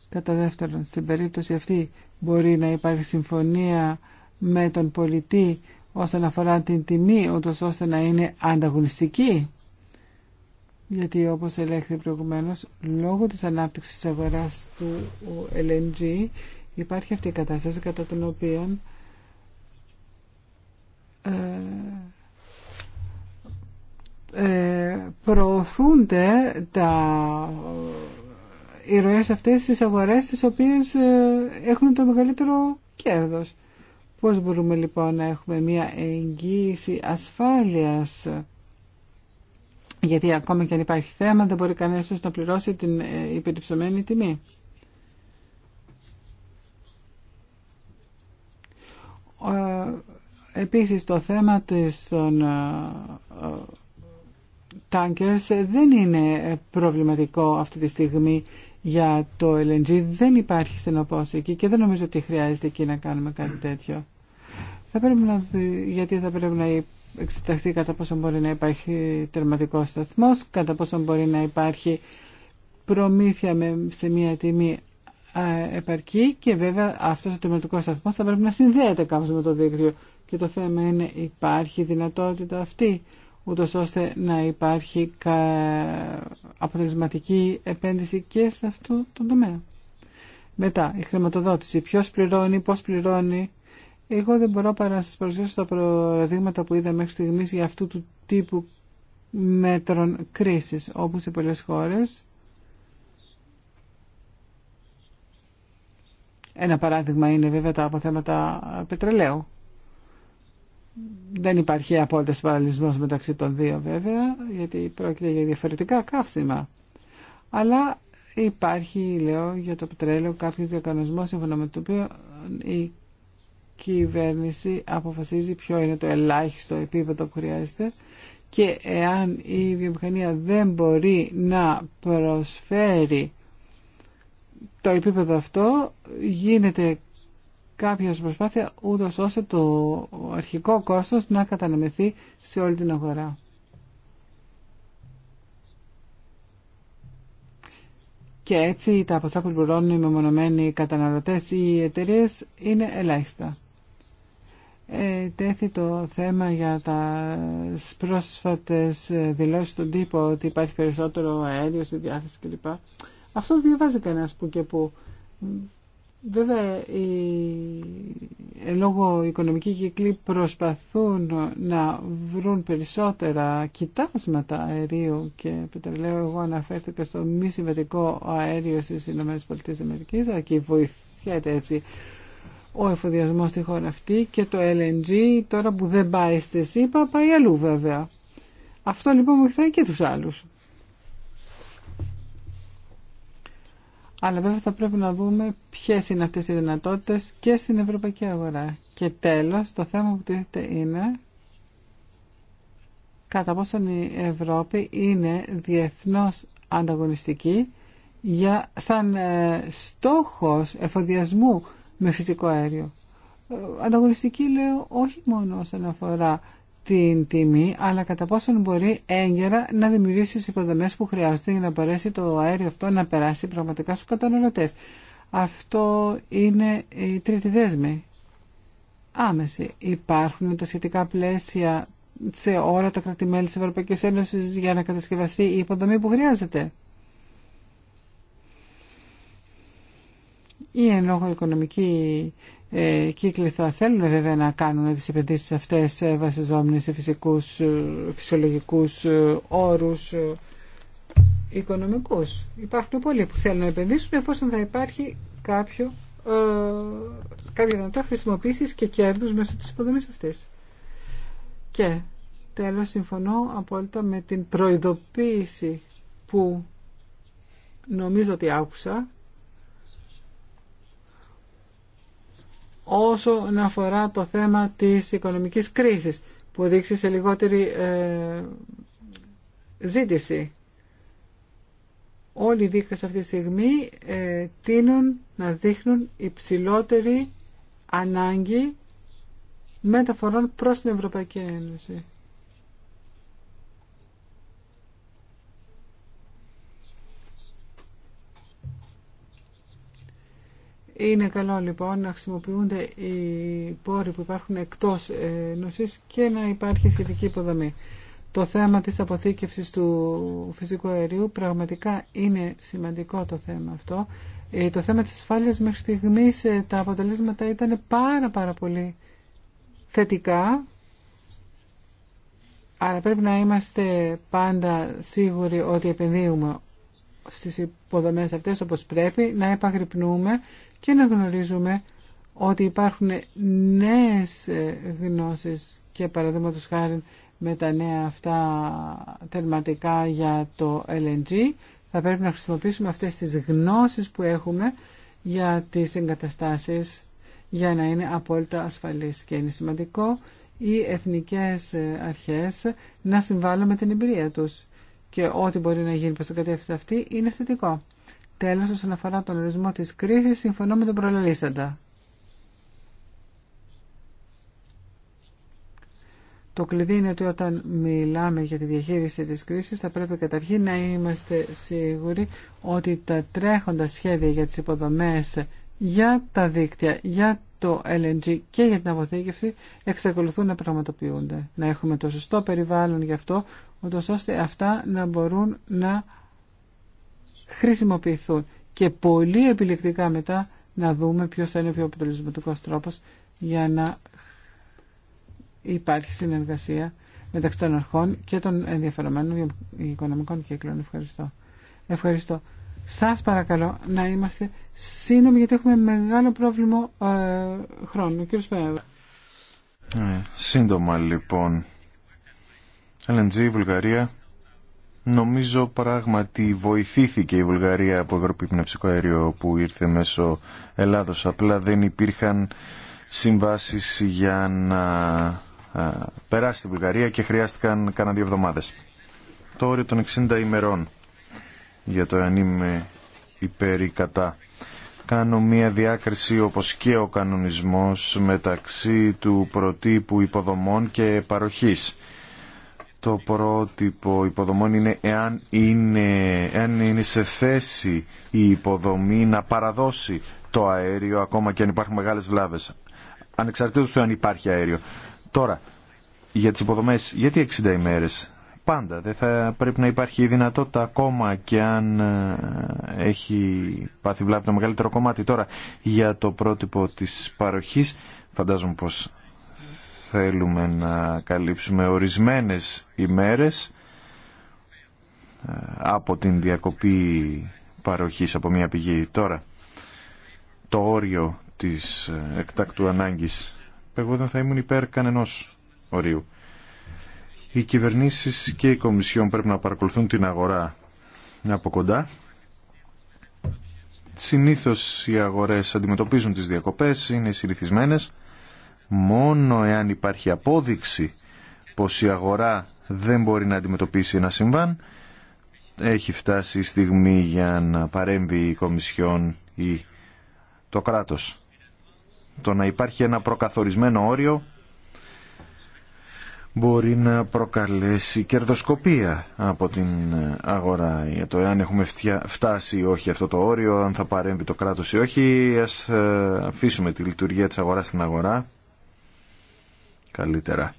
S1: Κατά δεύτερον, στην περίπτωση αυτή μπορεί να υπάρχει συμφωνία με τον πολιτή όσον αφορά την τιμή, ούτως ώστε να είναι ανταγωνιστική. Γιατί όπως ελέγχθη προηγουμένως, λόγω της ανάπτυξης της αγοράς του LNG υπάρχει αυτή η κατάσταση κατά την οποία ε, ε, προωθούνται τα οι ροές αυτές στις αγορές τις οποίες ε, έχουν το μεγαλύτερο κέρδος. Πώς μπορούμε λοιπόν να έχουμε μια εγγύηση ασφάλειας γιατί ακόμα και αν υπάρχει θέμα δεν μπορεί κανένας να πληρώσει την ε, υπερυψωμένη τιμή. Επίσης το θέμα της των tankers ε, δεν είναι προβληματικό αυτή τη στιγμή για το LNG. Δεν υπάρχει στενοπόση εκεί και δεν νομίζω ότι χρειάζεται εκεί να κάνουμε κάτι τέτοιο. Θα πρέπει να γιατί θα πρέπει να εξεταστεί κατά πόσο μπορεί να υπάρχει τερματικό σταθμό, κατά πόσο μπορεί να υπάρχει προμήθεια με, σε μια τιμή επαρκή και βέβαια αυτό ο τερματικό σταθμό θα πρέπει να συνδέεται κάπω με το δίκτυο. Και το θέμα είναι υπάρχει δυνατότητα αυτή ούτως ώστε να υπάρχει αποτελεσματική επένδυση και σε αυτό το τομέα. Μετά, η χρηματοδότηση. Ποιος πληρώνει, πώς πληρώνει. Εγώ δεν μπορώ παρά να σας παρουσιάσω τα παραδείγματα που είδα μέχρι στιγμής για αυτού του τύπου μέτρων κρίσης, όπως σε πολλές χώρες Ένα παράδειγμα είναι βέβαια τα αποθέματα πετρελαίου. Δεν υπάρχει απόλυτα παραλυσμός μεταξύ των δύο βέβαια, γιατί πρόκειται για διαφορετικά καύσιμα. Αλλά υπάρχει, λέω, για το πετρέλαιο κάποιος διακανονισμός σύμφωνα με το οποίο η κυβέρνηση αποφασίζει ποιο είναι το ελάχιστο επίπεδο που χρειάζεται και εάν η βιομηχανία δεν μπορεί να προσφέρει το επίπεδο αυτό γίνεται κάποια προσπάθεια ούτως ώστε το αρχικό κόστος να κατανεμηθεί σε όλη την αγορά. Και έτσι τα ποσά που πληρώνουν οι μεμονωμένοι καταναλωτές ή οι εταιρείε είναι ελάχιστα. Ε, τέθη το θέμα για τα πρόσφατες δηλώσεις του τύπου ότι υπάρχει περισσότερο αέριο στη διάθεση κλπ. Αυτό διαβάζει κανένας που και που Βέβαια, οι ε, λόγω οικονομική κύκλοι προσπαθούν να βρουν περισσότερα κοιτάσματα αερίου και πετρελαίου. Εγώ αναφέρθηκα στο μη συμβατικό αέριο στις ΗΠΑ και βοηθιέται έτσι ο εφοδιασμός στη χώρα αυτή και το LNG τώρα που δεν πάει στη ΣΥΠΑ πάει αλλού βέβαια. Αυτό λοιπόν βοηθάει και τους άλλους. Αλλά βέβαια θα πρέπει να δούμε ποιε είναι αυτές οι δυνατότητες και στην ευρωπαϊκή αγορά. Και τέλος, το θέμα που τίθεται είναι κατά πόσον η Ευρώπη είναι διεθνώς ανταγωνιστική για, σαν ε, στόχος εφοδιασμού με φυσικό αέριο. Ε, ανταγωνιστική λέω όχι μόνο όσον αφορά την τιμή, αλλά κατά πόσον μπορεί έγκαιρα να δημιουργήσει τι υποδομέ που χρειάζονται για να μπορέσει το αέριο αυτό να περάσει πραγματικά στου καταναλωτέ. Αυτό είναι η τρίτη δέσμη. Άμεση. Υπάρχουν τα σχετικά πλαίσια σε όλα τα κρατημέλη τη Ευρωπαϊκή Ένωση για να κατασκευαστεί η υποδομή που χρειάζεται. Η οικονομική ε, κύκλοι θα θέλουν βέβαια να κάνουν τις επενδύσεις αυτές ε, βασιζόμενες σε φυσικούς, ε, φυσιολογικούς όρους οικονομικούς. Υπάρχουν πολλοί που θέλουν να επενδύσουν εφόσον θα υπάρχει κάποιο, ε, κάποια δυνατότητα χρησιμοποίηση και κέρδους μέσω της υποδομής αυτής. Και τέλος συμφωνώ απόλυτα με την προειδοποίηση που νομίζω ότι άκουσα όσον αφορά το θέμα της οικονομικής κρίσης που δείξει σε λιγότερη ε, ζήτηση. Όλοι οι δείκτες αυτή τη στιγμή ε, τείνουν να δείχνουν υψηλότερη ανάγκη μεταφορών προς την Ευρωπαϊκή Ένωση. Είναι καλό λοιπόν να χρησιμοποιούνται οι πόροι που υπάρχουν εκτός νοσής και να υπάρχει σχετική υποδομή. Το θέμα της αποθήκευσης του φυσικού αερίου πραγματικά είναι σημαντικό το θέμα αυτό. Ε, το θέμα της ασφάλειας μέχρι στιγμής ε, τα αποτελέσματα ήταν πάρα πάρα πολύ θετικά. Άρα πρέπει να είμαστε πάντα σίγουροι ότι επενδύουμε στις υποδομές αυτές όπως πρέπει, να επαγρυπνούμε και να γνωρίζουμε ότι υπάρχουν νέες ε, γνώσεις και παραδείγματο χάρη με τα νέα αυτά τερματικά για το LNG θα πρέπει να χρησιμοποιήσουμε αυτές τις γνώσεις που έχουμε για τις εγκαταστάσεις για να είναι απόλυτα ασφαλής και είναι σημαντικό οι εθνικές ε, αρχές να συμβάλλουν με την εμπειρία τους και ό,τι μπορεί να γίνει προς την κατεύθυνση αυτή είναι θετικό. Τέλος, όσον αφορά τον ορισμό της κρίσης, συμφωνώ με τον προλαλήσαντα. Το κλειδί είναι ότι όταν μιλάμε για τη διαχείριση της κρίσης θα πρέπει καταρχήν να είμαστε σίγουροι ότι τα τρέχοντα σχέδια για τις υποδομές, για τα δίκτυα, για το LNG και για την αποθήκευση εξακολουθούν να πραγματοποιούνται. Να έχουμε το σωστό περιβάλλον γι' αυτό, ούτως ώστε αυτά να μπορούν να χρησιμοποιηθούν και πολύ επιλεκτικά μετά να δούμε ποιος θα είναι ο πιο αποτελεσματικός τρόπος για να υπάρχει συνεργασία μεταξύ των αρχών και των ενδιαφερομένων οικονομικών κύκλων. Ευχαριστώ. Ευχαριστώ. Σας παρακαλώ να είμαστε σύντομοι γιατί έχουμε μεγάλο πρόβλημα ε, χρόνου. Κύριε
S3: Ε, σύντομα λοιπόν. Βουλγαρία. Νομίζω πράγματι βοηθήθηκε η Βουλγαρία από Πνευσικό αέριο που ήρθε μέσω Ελλάδος. Απλά δεν υπήρχαν συμβάσεις για να περάσει τη Βουλγαρία και χρειάστηκαν κανένα δύο εβδομάδες. Το όριο των 60 ημερών για το αν είμαι υπέρ ή κατά. Κάνω μία διάκριση όπως και ο κανονισμός μεταξύ του προτύπου υποδομών και παροχής το πρότυπο υποδομών είναι εάν είναι, εάν είναι σε θέση η υποδομή να παραδώσει το αέριο ακόμα και αν υπάρχουν μεγάλες βλάβες. Ανεξαρτήτως του αν υπάρχει αέριο. Τώρα, για τις υποδομές, γιατί 60 ημέρες. Πάντα δεν θα πρέπει να υπάρχει η δυνατότητα ακόμα και αν ε, έχει πάθει βλάβη το μεγαλύτερο κομμάτι. Τώρα, για το πρότυπο της παροχής, φαντάζομαι πως θέλουμε να καλύψουμε ορισμένες ημέρες ε, από την διακοπή παροχής από μια πηγή. Τώρα, το όριο της ε, εκτάκτου ανάγκης, εγώ δεν θα ήμουν υπέρ κανενός ορίου. Οι κυβερνήσεις και οι κομισιόν πρέπει να παρακολουθούν την αγορά από κοντά. Συνήθως οι αγορές αντιμετωπίζουν τις διακοπές, είναι συνηθισμένες μόνο εάν υπάρχει απόδειξη πως η αγορά δεν μπορεί να αντιμετωπίσει ένα συμβάν, έχει φτάσει η στιγμή για να παρέμβει η Κομισιόν ή το κράτος. Το να υπάρχει ένα προκαθορισμένο όριο μπορεί να προκαλέσει κερδοσκοπία από την αγορά για το εάν έχουμε φτάσει ή όχι αυτό το όριο, αν θα παρέμβει το κράτος ή όχι. Ας ε, αφήσουμε τη λειτουργία της αγοράς στην αγορά καλύτερα.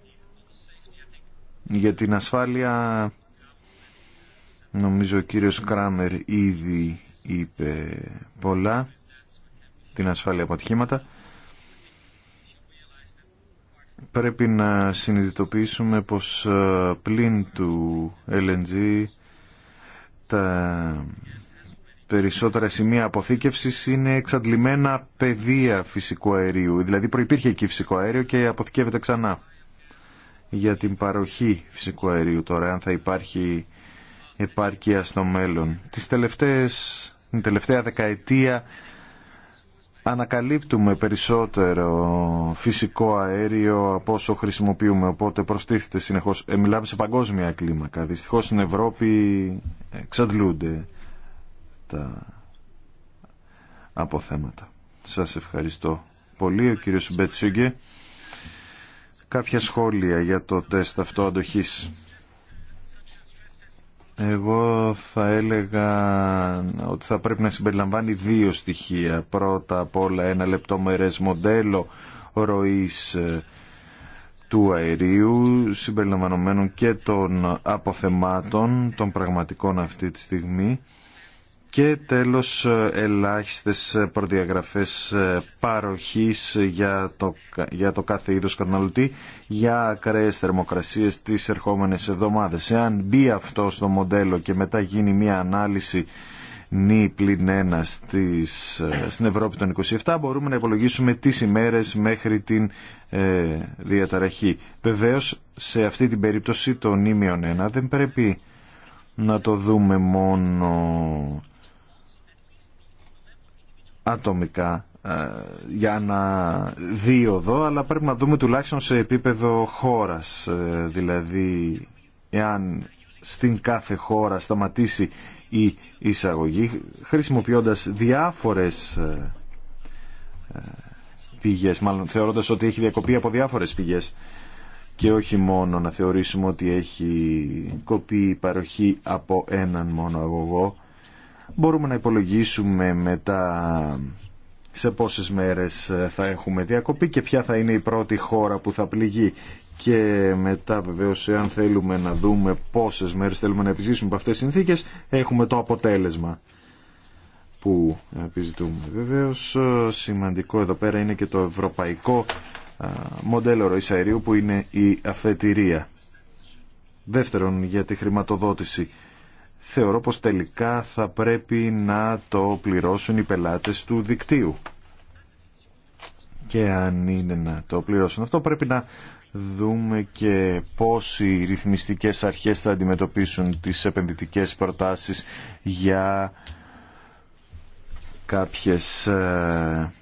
S3: Για την ασφάλεια νομίζω ο κύριος Κράμερ ήδη είπε πολλά την ασφάλεια από ατυχήματα. Πρέπει να συνειδητοποιήσουμε πως ε, πλην του LNG τα περισσότερα σημεία αποθήκευση είναι εξαντλημένα πεδία φυσικού αερίου. Δηλαδή προϋπήρχε εκεί φυσικό αέριο και αποθηκεύεται ξανά για την παροχή φυσικού αερίου τώρα, αν θα υπάρχει επάρκεια στο μέλλον. Τις τελευταίες, την τελευταία δεκαετία ανακαλύπτουμε περισσότερο φυσικό αέριο από όσο χρησιμοποιούμε, οπότε προστίθεται συνεχώς. Ε, μιλάμε σε παγκόσμια κλίμακα. Δυστυχώς στην Ευρώπη εξαντλούνται αποθέματα. Σας ευχαριστώ πολύ ο κύριος Μπετσούγκε. Κάποια σχόλια για το τεστ αυτό αντοχής. Εγώ θα έλεγα ότι θα πρέπει να συμπεριλαμβάνει δύο στοιχεία. Πρώτα απ' όλα ένα λεπτομερές μοντέλο ροής ε, του αερίου συμπεριλαμβανομένων και των αποθεμάτων των πραγματικών αυτή τη στιγμή και τέλος ελάχιστες προδιαγραφές παροχής για το, για το κάθε είδος καταναλωτή για ακραίες θερμοκρασίες τις ερχόμενες εβδομάδες. Εάν μπει αυτό στο μοντέλο και μετά γίνει μια ανάλυση νη πλην ένα στις, στην Ευρώπη των 27 μπορούμε να υπολογίσουμε τις ημέρες μέχρι την ε, διαταραχή. Βεβαίως σε αυτή την περίπτωση το νη 1 δεν πρέπει να το δούμε μόνο ατομικά ε, για να δει εδώ, αλλά πρέπει να δούμε τουλάχιστον σε επίπεδο χώρας. Ε, δηλαδή, εάν στην κάθε χώρα σταματήσει η εισαγωγή, χρησιμοποιώντας διάφορες ε, πηγές, μάλλον θεωρώντας ότι έχει διακοπεί από διάφορες πηγές και όχι μόνο να θεωρήσουμε ότι έχει κοπεί η παροχή από έναν μόνο αγωγό, μπορούμε να υπολογίσουμε μετά σε πόσες μέρες θα έχουμε διακοπή και ποια θα είναι η πρώτη χώρα που θα πληγεί. Και μετά βεβαίως εάν θέλουμε να δούμε πόσες μέρες θέλουμε να επιζήσουμε από αυτές τις συνθήκες έχουμε το αποτέλεσμα που επιζητούμε. Βεβαίως σημαντικό εδώ πέρα είναι και το ευρωπαϊκό μοντέλο ροής αερίου που είναι η αφετηρία. Δεύτερον για τη χρηματοδότηση θεωρώ πως τελικά θα πρέπει να το πληρώσουν οι πελάτες του δικτύου. Και αν είναι να το πληρώσουν αυτό πρέπει να δούμε και πώς οι ρυθμιστικές αρχές θα αντιμετωπίσουν τις επενδυτικές προτάσεις για κάποιες ε,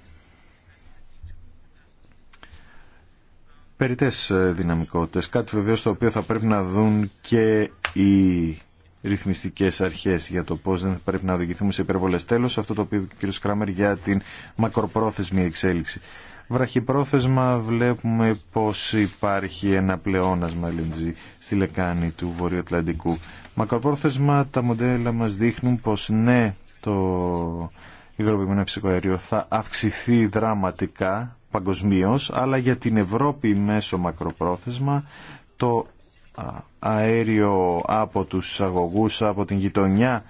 S3: περιτές ε, δυναμικότητες. Κάτι βεβαίως το οποίο θα πρέπει να δουν και οι ρυθμιστικέ αρχές για το πώς δεν πρέπει να οδηγηθούμε σε υπερβολέ. τέλο. αυτό το οποίο και ο κ. Κράμερ για την μακροπρόθεσμη εξέλιξη. Βραχυπρόθεσμα βλέπουμε πως υπάρχει ένα πλεόνασμα LNG στη λεκάνη του Βορειοατλαντικού. Μακροπρόθεσμα τα μοντέλα μας δείχνουν πως ναι, το υγροποιημένο φυσικό αέριο θα αυξηθεί δραματικά παγκοσμίω, αλλά για την Ευρώπη μέσω μακροπρόθεσμα το αέριο από τους αγωγούς από την γειτονιά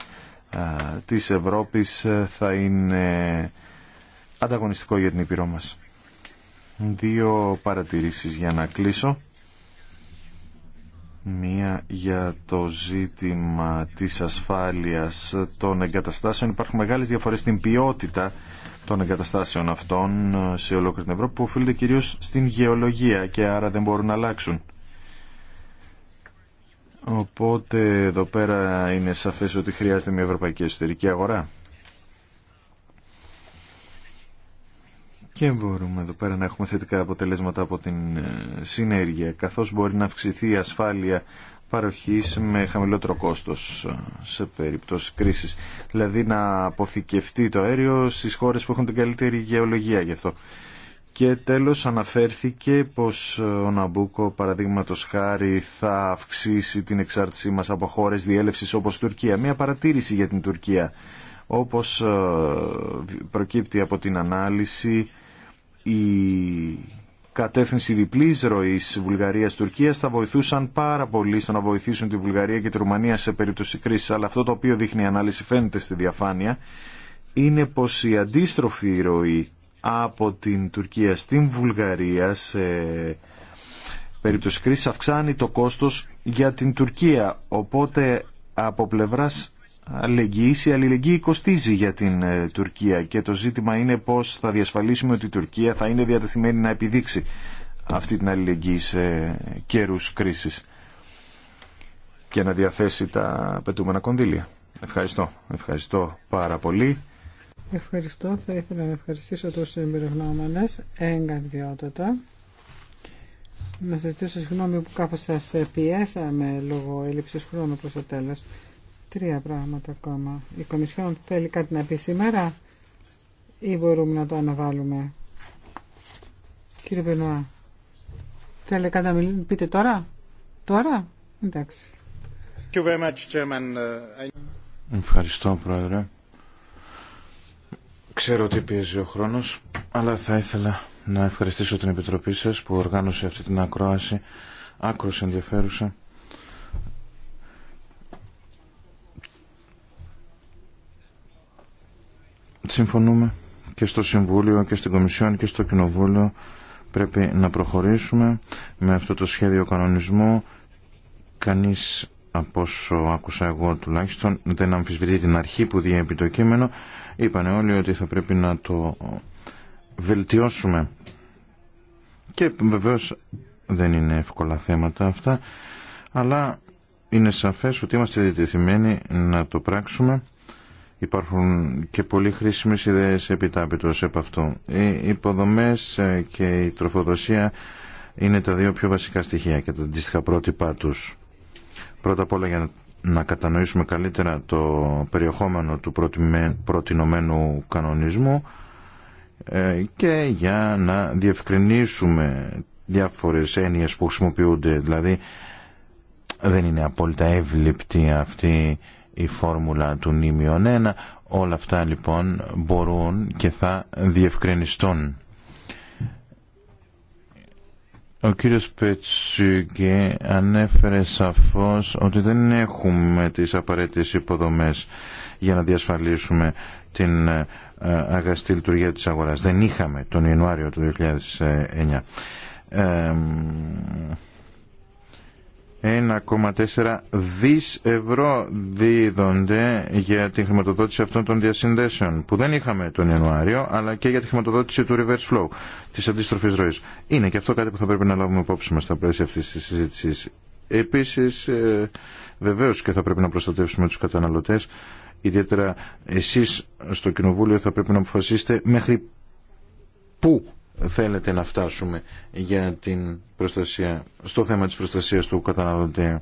S3: της Ευρώπης ε, θα είναι ανταγωνιστικό για την Ήπειρό μας. Δύο παρατηρήσεις για να κλείσω. Μία για το ζήτημα της ασφάλειας των εγκαταστάσεων. Υπάρχουν μεγάλες διαφορές στην ποιότητα των εγκαταστάσεων αυτών ε, σε ολόκληρη την Ευρώπη που οφείλονται κυρίως στην γεωλογία και άρα δεν μπορούν να αλλάξουν. Οπότε εδώ πέρα είναι σαφές ότι χρειάζεται μια ευρωπαϊκή εσωτερική αγορά. Και μπορούμε εδώ πέρα να έχουμε θετικά αποτελέσματα από την ε, συνέργεια, καθώς μπορεί να αυξηθεί η ασφάλεια παροχής με χαμηλότερο κόστος ε, σε περίπτωση κρίσης. Δηλαδή να αποθηκευτεί το αέριο στις χώρες που έχουν την καλύτερη γεωλογία γι' αυτό. Και τέλος αναφέρθηκε πως ο Ναμπούκο παραδείγματο χάρη θα αυξήσει την εξάρτησή μας από χώρες διέλευσης όπως Τουρκία. Μία παρατήρηση για την Τουρκία. Όπως ε, προκύπτει από την ανάλυση, η κατεύθυνση διπλής ροής Βουλγαρίας-Τουρκίας θα βοηθούσαν πάρα πολύ στο να βοηθήσουν τη Βουλγαρία και τη Ρουμανία σε περίπτωση κρίσης. Αλλά αυτό το οποίο δείχνει η ανάλυση φαίνεται στη διαφάνεια είναι πως η αντίστροφη ροή από την Τουρκία στην Βουλγαρία σε περίπτωση κρίσης αυξάνει το κόστος για την Τουρκία. Οπότε από πλευράς αλληλεγγύης η αλληλεγγύη κοστίζει για την ε, Τουρκία και το ζήτημα είναι πώς θα διασφαλίσουμε ότι η Τουρκία θα είναι διατεθειμένη να επιδείξει αυτή την αλληλεγγύη σε καιρούς κρίσης και να διαθέσει τα πετούμενα κονδύλια. Ευχαριστώ. Ευχαριστώ πάρα πολύ.
S1: Ευχαριστώ. Θα ήθελα να ευχαριστήσω τους συμπεριγνώμενες εγκαρδιότατα. Να σας ζητήσω συγγνώμη που κάπως σας πιέσαμε λόγω έλλειψης χρόνου προς το τέλος. Τρία πράγματα ακόμα. Η Κομισιόν θέλει κάτι να πει σήμερα ή μπορούμε να το αναβάλουμε. Κύριε Πενουά, θέλετε κάτι να πείτε τώρα. Τώρα, εντάξει.
S4: Ευχαριστώ, Πρόεδρε. Ξέρω ότι πιέζει ο χρόνος, αλλά θα ήθελα να ευχαριστήσω την Επιτροπή σας που οργάνωσε αυτή την ακρόαση άκρος ενδιαφέρουσα Συμφωνούμε και στο Συμβούλιο και στην Κομισιόν και στο Κοινοβούλιο πρέπει να προχωρήσουμε με αυτό το σχέδιο κανονισμού κανείς από όσο άκουσα εγώ τουλάχιστον δεν αμφισβητεί την αρχή που διέπει το κείμενο Είπανε όλοι ότι θα πρέπει να το βελτιώσουμε. Και βεβαίως δεν είναι εύκολα θέματα αυτά, αλλά είναι σαφές ότι είμαστε διτεθειμένοι να το πράξουμε. Υπάρχουν και πολύ χρήσιμες ιδέες επιτάπητος από αυτό. Οι υποδομές ε, και η τροφοδοσία είναι τα δύο πιο βασικά στοιχεία και τα αντίστοιχα πρότυπά τους. Πρώτα απ' όλα για να να κατανοήσουμε καλύτερα το περιεχόμενο του προτινομένου κανονισμού ε, και για να διευκρινίσουμε διάφορες έννοιες που χρησιμοποιούνται. Δηλαδή δεν είναι απόλυτα εύληπτη αυτή η φόρμουλα του νήμιον 1. Όλα αυτά λοιπόν μπορούν και θα διευκρινιστούν. Ο κύριος Πετσούγκε ανέφερε σαφώς ότι δεν έχουμε τις απαραίτητες υποδομές για να διασφαλίσουμε την ε, αγαστή λειτουργία της αγοράς. Δεν είχαμε τον Ιανουάριο του 2009. 1,4 δις ευρώ δίδονται για τη χρηματοδότηση αυτών των διασυνδέσεων που δεν είχαμε τον Ιανουάριο αλλά και για τη χρηματοδότηση του reverse flow της αντίστροφης ροής. Είναι και αυτό κάτι που θα πρέπει να λάβουμε υπόψη μας στα πλαίσια αυτής της συζήτησης. Επίσης ε, βεβαίως και θα πρέπει να προστατεύσουμε τους καταναλωτές ιδιαίτερα εσείς στο Κοινοβούλιο θα πρέπει να αποφασίσετε μέχρι πού θέλετε να φτάσουμε για την προστασία, στο θέμα της προστασίας του καταναλωτή.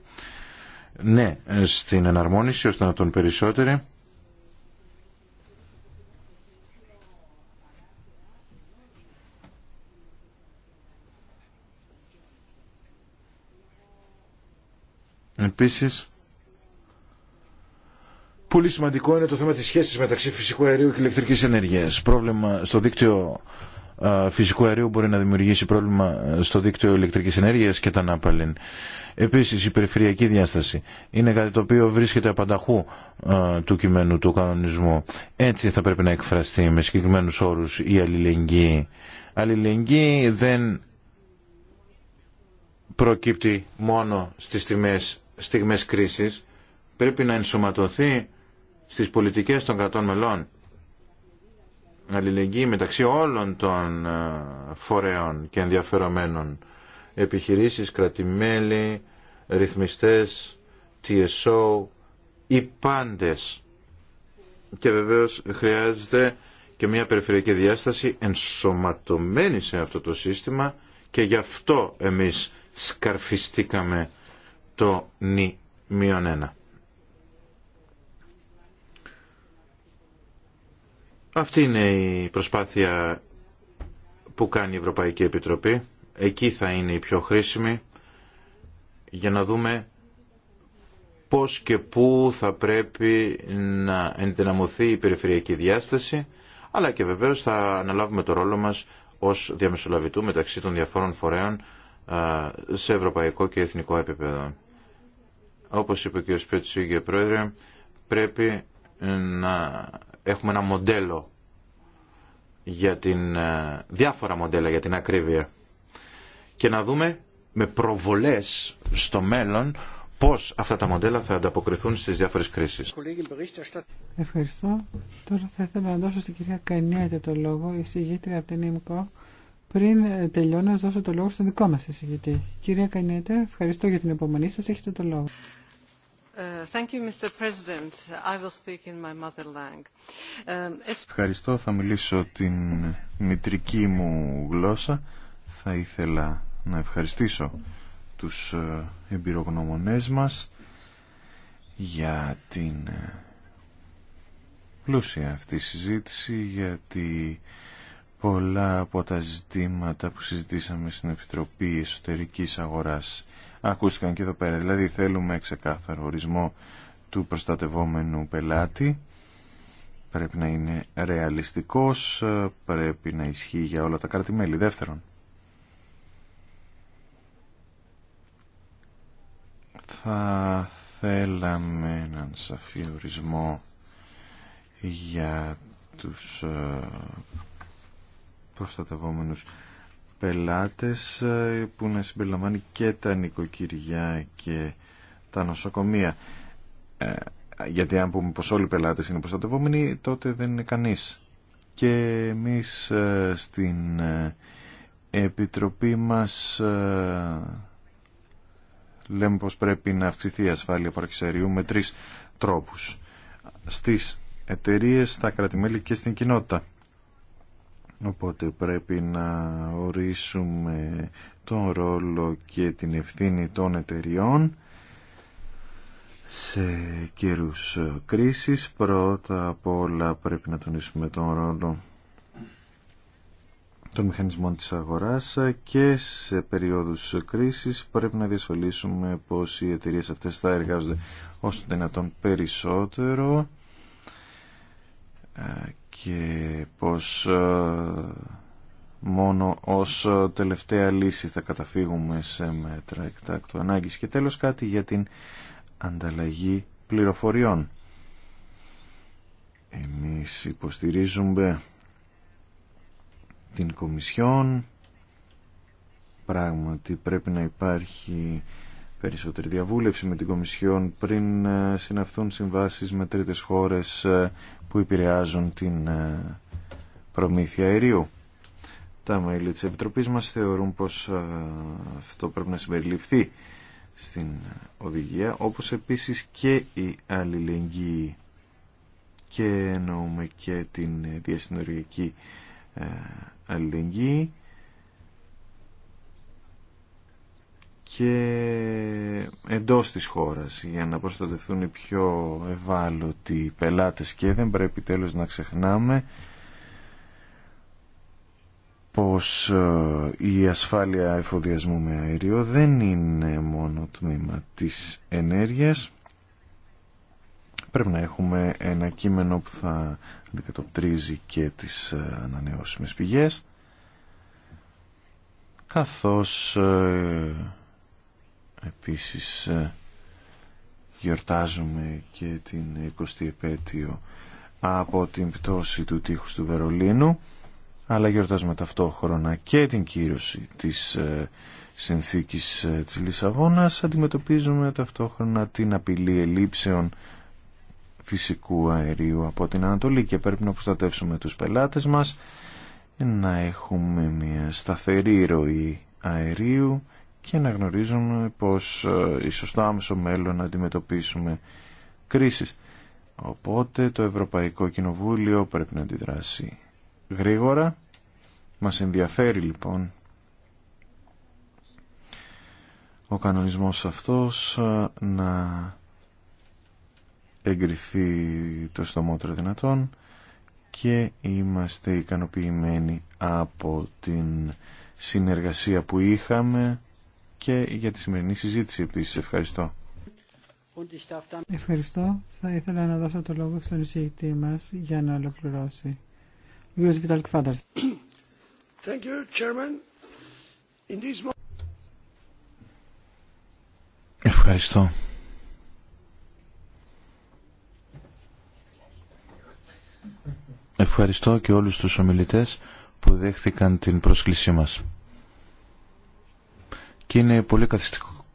S4: Ναι, στην εναρμόνιση ώστε να τον περισσότεροι. Επίσης, πολύ σημαντικό είναι το θέμα της σχέσης μεταξύ φυσικού αερίου και ηλεκτρικής ενέργειας. Πρόβλημα στο δίκτυο φυσικού αερίου μπορεί να δημιουργήσει πρόβλημα στο δίκτυο ηλεκτρικής ενέργειας και τα νάπαλιν. Επίσης η περιφερειακή διάσταση είναι κάτι το οποίο βρίσκεται απανταχού του κειμένου του κανονισμού. Έτσι θα πρέπει να εκφραστεί με συγκεκριμένου όρους η αλληλεγγύη. Αλληλεγγύη δεν προκύπτει μόνο στις στιγμές, στιγμές κρίσης. Πρέπει να ενσωματωθεί στις πολιτικές των κρατών μελών αλληλεγγύη μεταξύ όλων των ε, φορέων και ενδιαφερομένων επιχειρήσεις, κρατημέλη, ρυθμιστές, TSO, οι πάντες. Και βεβαίως χρειάζεται και μια περιφερειακή διάσταση ενσωματωμένη σε αυτό το σύστημα και γι' αυτό εμείς σκαρφιστήκαμε το νη 1 Αυτή είναι η προσπάθεια που κάνει η Ευρωπαϊκή Επιτροπή. Εκεί θα είναι η πιο χρήσιμη για να δούμε πώς και πού θα πρέπει να ενδυναμωθεί η περιφερειακή διάσταση, αλλά και βεβαίως θα αναλάβουμε το ρόλο μας ως διαμεσολαβητού μεταξύ των διαφόρων φορέων σε ευρωπαϊκό και εθνικό επίπεδο. Όπως είπε ο κ. Σπιώτη Πρόεδρε, πρέπει να Έχουμε ένα μοντέλο για την, ε, διάφορα μοντέλα για την ακρίβεια και να δούμε με προβολές στο μέλλον πώς αυτά τα μοντέλα θα ανταποκριθούν στις διάφορες κρίσεις.
S1: Ευχαριστώ. Τώρα θα ήθελα να δώσω στην κυρία Κανιέτε το λόγο, η συγγήτρια από την ΕΜΚΟ. Πριν ε, τελειώνω, να δώσω το λόγο στον δικό μας εισηγητή. Κυρία Κανιέτε, ευχαριστώ για την υπομονή σας. Έχετε το λόγο. Ευχαριστώ.
S3: Θα μιλήσω την μητρική μου γλώσσα. Θα ήθελα να ευχαριστήσω τους ε, εμπειρογνωμονές μας για την ε, πλούσια αυτή συζήτηση, γιατί πολλά από τα ζητήματα που συζητήσαμε στην Επιτροπή Εσωτερικής Αγοράς ακούστηκαν και εδώ πέρα. Δηλαδή θέλουμε ξεκάθαρο ορισμό του προστατευόμενου πελάτη. Πρέπει να είναι ρεαλιστικός, πρέπει να ισχύει για όλα τα κράτη-μέλη. Δεύτερον, θα θέλαμε έναν σαφή ορισμό για τους ε, προστατευόμενους πελάτες ε, που να συμπεριλαμβάνει και τα νοικοκυριά και τα νοσοκομεία. Ε, γιατί αν πούμε πως όλοι οι πελάτες είναι προστατευόμενοι, τότε δεν είναι κανείς. Και εμείς ε, στην Επιτροπή μας λέμε πως πρέπει να αυξηθεί η ασφάλεια παραξιαρίου με τρεις τρόπους. Στις εταιρείες, στα κρατημέλη και στην κοινότητα. Οπότε πρέπει να ορίσουμε τον ρόλο και την ευθύνη των εταιριών σε καιρούς κρίσης. Πρώτα απ' όλα πρέπει να τονίσουμε τον ρόλο των μηχανισμών της αγοράς και σε περίοδους κρίσης πρέπει να διασφαλίσουμε πως οι εταιρείες αυτές θα εργάζονται να δυνατόν περισσότερο και πως ε, μόνο ως ε, τελευταία λύση θα καταφύγουμε σε μέτρα εκτάκτου ανάγκης και τέλος κάτι για την ανταλλαγή πληροφοριών. Εμείς υποστηρίζουμε την Κομισιόν πράγματι πρέπει να υπάρχει περισσότερη διαβούλευση με την Κομισιόν πριν ε, συναυθούν συμβάσεις με τρίτες χώρες ε, που επηρεάζουν την ε, προμήθεια αερίου. Τα μέλη της Επιτροπής μας θεωρούν πως αυτό πρέπει να συμπεριληφθεί στην οδηγία, όπως επίσης και η αλληλεγγύη και εννοούμε και την διασυνοριακή αλληλεγγύη και εντός της χώρας για να προστατευτούν οι πιο ευάλωτοι πελάτες και δεν πρέπει τέλος να ξεχνάμε πως ε, η ασφάλεια εφοδιασμού με αέριο δεν είναι μόνο τμήμα της ενέργειας πρέπει να έχουμε ένα κείμενο που θα αντικατοπτρίζει και τις ε, ανανεώσιμες πηγές καθώς ε, Επίσης ε, γιορτάζουμε και την 20η επέτειο από την πτώση του τείχους του Βερολίνου αλλά γιορτάζουμε ταυτόχρονα και την κύρωση της ε, συνθήκης ε, της Λισαβόνας αντιμετωπίζουμε ταυτόχρονα την απειλή ελήψεων φυσικού αερίου από την Ανατολή και πρέπει να προστατεύσουμε τους πελάτες μας να έχουμε μια σταθερή ροή αερίου και να γνωρίζουμε πως ε, ίσως το άμεσο μέλλον να αντιμετωπίσουμε κρίσεις. Οπότε το Ευρωπαϊκό Κοινοβούλιο πρέπει να αντιδράσει γρήγορα. Μας ενδιαφέρει λοιπόν ο κανονισμός αυτός ε, να εγκριθεί το στομότερο δυνατόν και είμαστε ικανοποιημένοι από την συνεργασία που είχαμε και για τη σημερινή συζήτηση επίσης.
S1: Ευχαριστώ. Ευχαριστώ. Θα ήθελα να δώσω το λόγο στον εισηγητή μας για να ολοκληρώσει.
S4: Ευχαριστώ. Ευχαριστώ και όλους τους ομιλητές που δέχθηκαν την πρόσκλησή μας και είναι πολύ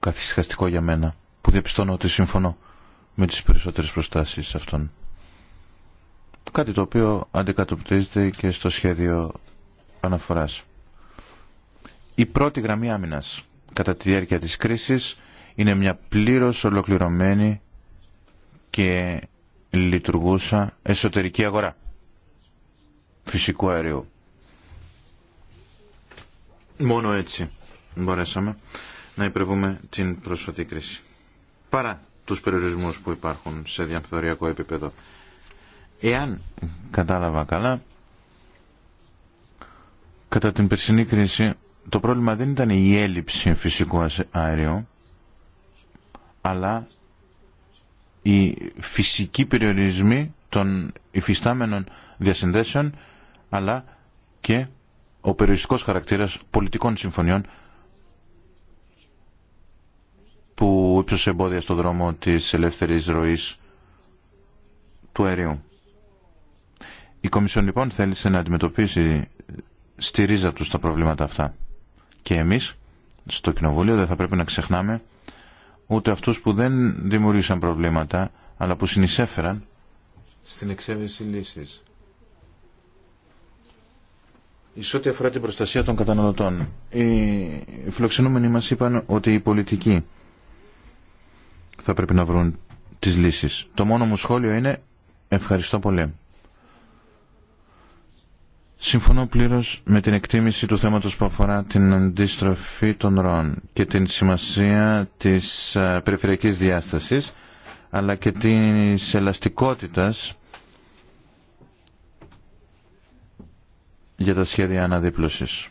S4: καθυσχαστικό για μένα που διαπιστώνω ότι συμφωνώ με τις περισσότερες προστάσεις αυτών. Κάτι το οποίο αντικατοπτρίζεται και στο σχέδιο αναφοράς. Η πρώτη γραμμή άμυνας κατά τη διάρκεια της κρίσης είναι μια πλήρως ολοκληρωμένη και λειτουργούσα εσωτερική αγορά φυσικού αερίου. Μόνο έτσι μπορέσαμε να υπερβούμε την προσφατή κρίση. Παρά τους περιορισμούς που υπάρχουν σε διαμφθοριακό επίπεδο. Εάν κατάλαβα καλά, κατά την περσινή κρίση το πρόβλημα δεν ήταν η έλλειψη φυσικού αέριου, αλλά οι φυσικοί περιορισμοί των υφιστάμενων διασυνδέσεων, αλλά και ο περιοριστικός χαρακτήρας πολιτικών συμφωνιών που ύψωσε εμπόδια στον δρόμο της ελεύθερης ροής του αερίου. Η Κομισιόν λοιπόν θέλησε να αντιμετωπίσει στη ρίζα τους τα προβλήματα αυτά. Και εμείς στο Κοινοβούλιο δεν θα πρέπει να ξεχνάμε ούτε αυτούς που δεν δημιούργησαν προβλήματα αλλά που συνεισέφεραν στην εξέβεση λύσης. Εις ό,τι αφορά την προστασία των καταναλωτών, οι φιλοξενούμενοι μας είπαν ότι η πολιτική θα πρέπει να βρουν τις λύσεις. Το μόνο μου σχόλιο είναι ευχαριστώ πολύ. Συμφωνώ πλήρως με την εκτίμηση του θέματος που αφορά την αντίστροφη των ροών και την σημασία της ε, περιφερειακής διάστασης αλλά και της ελαστικότητας για τα σχέδια αναδίπλωσης.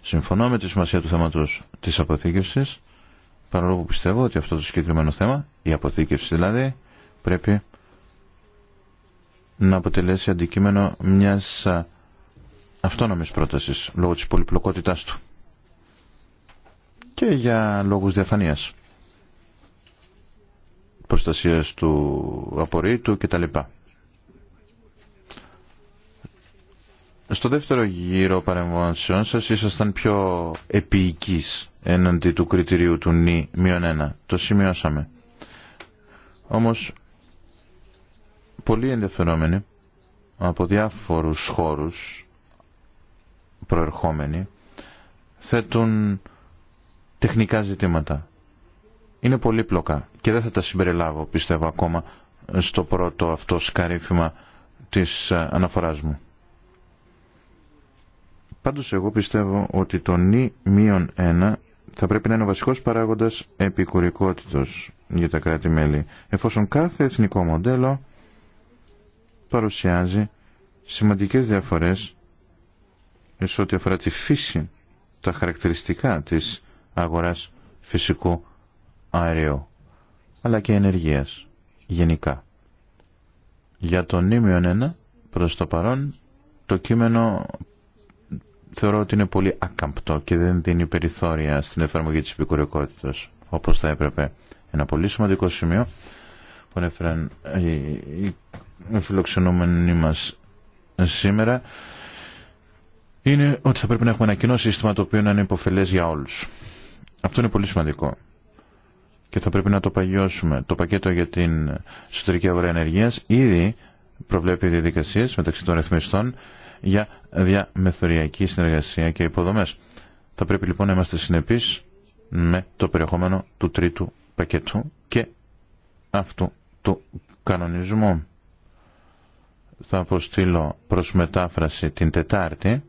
S4: Συμφωνώ με τη σημασία του θέματος της αποθήκευσης παρόλο που πιστεύω ότι αυτό το συγκεκριμένο θέμα, η αποθήκευση δηλαδή, πρέπει να αποτελέσει αντικείμενο μιας αυτόνομης πρότασης λόγω της πολυπλοκότητάς του και για λόγους διαφανείας προστασίας του απορρίτου κτλ. Στο δεύτερο γύρο παρεμβάσεων σας ήσασταν πιο επίοικείς έναντι του κριτηρίου του νη 1. Το σημειώσαμε. Όμως, πολλοί ενδιαφερόμενοι από διάφορους χώρους προερχόμενοι θέτουν τεχνικά ζητήματα. Είναι πολύπλοκα και δεν θα τα συμπεριλάβω, πιστεύω ακόμα, στο πρώτο αυτό σκαρίφημα της ε, αναφοράς μου. Πάντως εγώ πιστεύω ότι το νη μείον 1 θα πρέπει να είναι ο βασικός παράγοντας επικουρικότητος για τα κράτη-μέλη, εφόσον κάθε εθνικό μοντέλο παρουσιάζει σημαντικές διαφορές σε ό,τι αφορά τη φύση, τα χαρακτηριστικά της αγοράς φυσικού αερίου, αλλά και ενεργείας γενικά. Για τον Ήμιον 1, προς το παρόν, το κείμενο θεωρώ ότι είναι πολύ ακαμπτό και δεν δίνει περιθώρια στην εφαρμογή της επικουρικότητας όπως θα έπρεπε. Ένα πολύ σημαντικό σημείο που έφεραν οι φιλοξενούμενοι μας σήμερα είναι ότι θα πρέπει να έχουμε ένα κοινό σύστημα το οποίο να είναι υποφελές για όλους. Αυτό είναι πολύ σημαντικό και θα πρέπει να το παγιώσουμε. Το πακέτο για την εσωτερική αγορά ενεργείας ήδη προβλέπει διαδικασίες μεταξύ των ρυθμιστών για διαμεθοριακή συνεργασία και υποδομές. Θα πρέπει λοιπόν να είμαστε συνεπείς με το περιεχόμενο του τρίτου πακέτου και αυτού του κανονισμού. Θα αποστείλω προς μετάφραση την Τετάρτη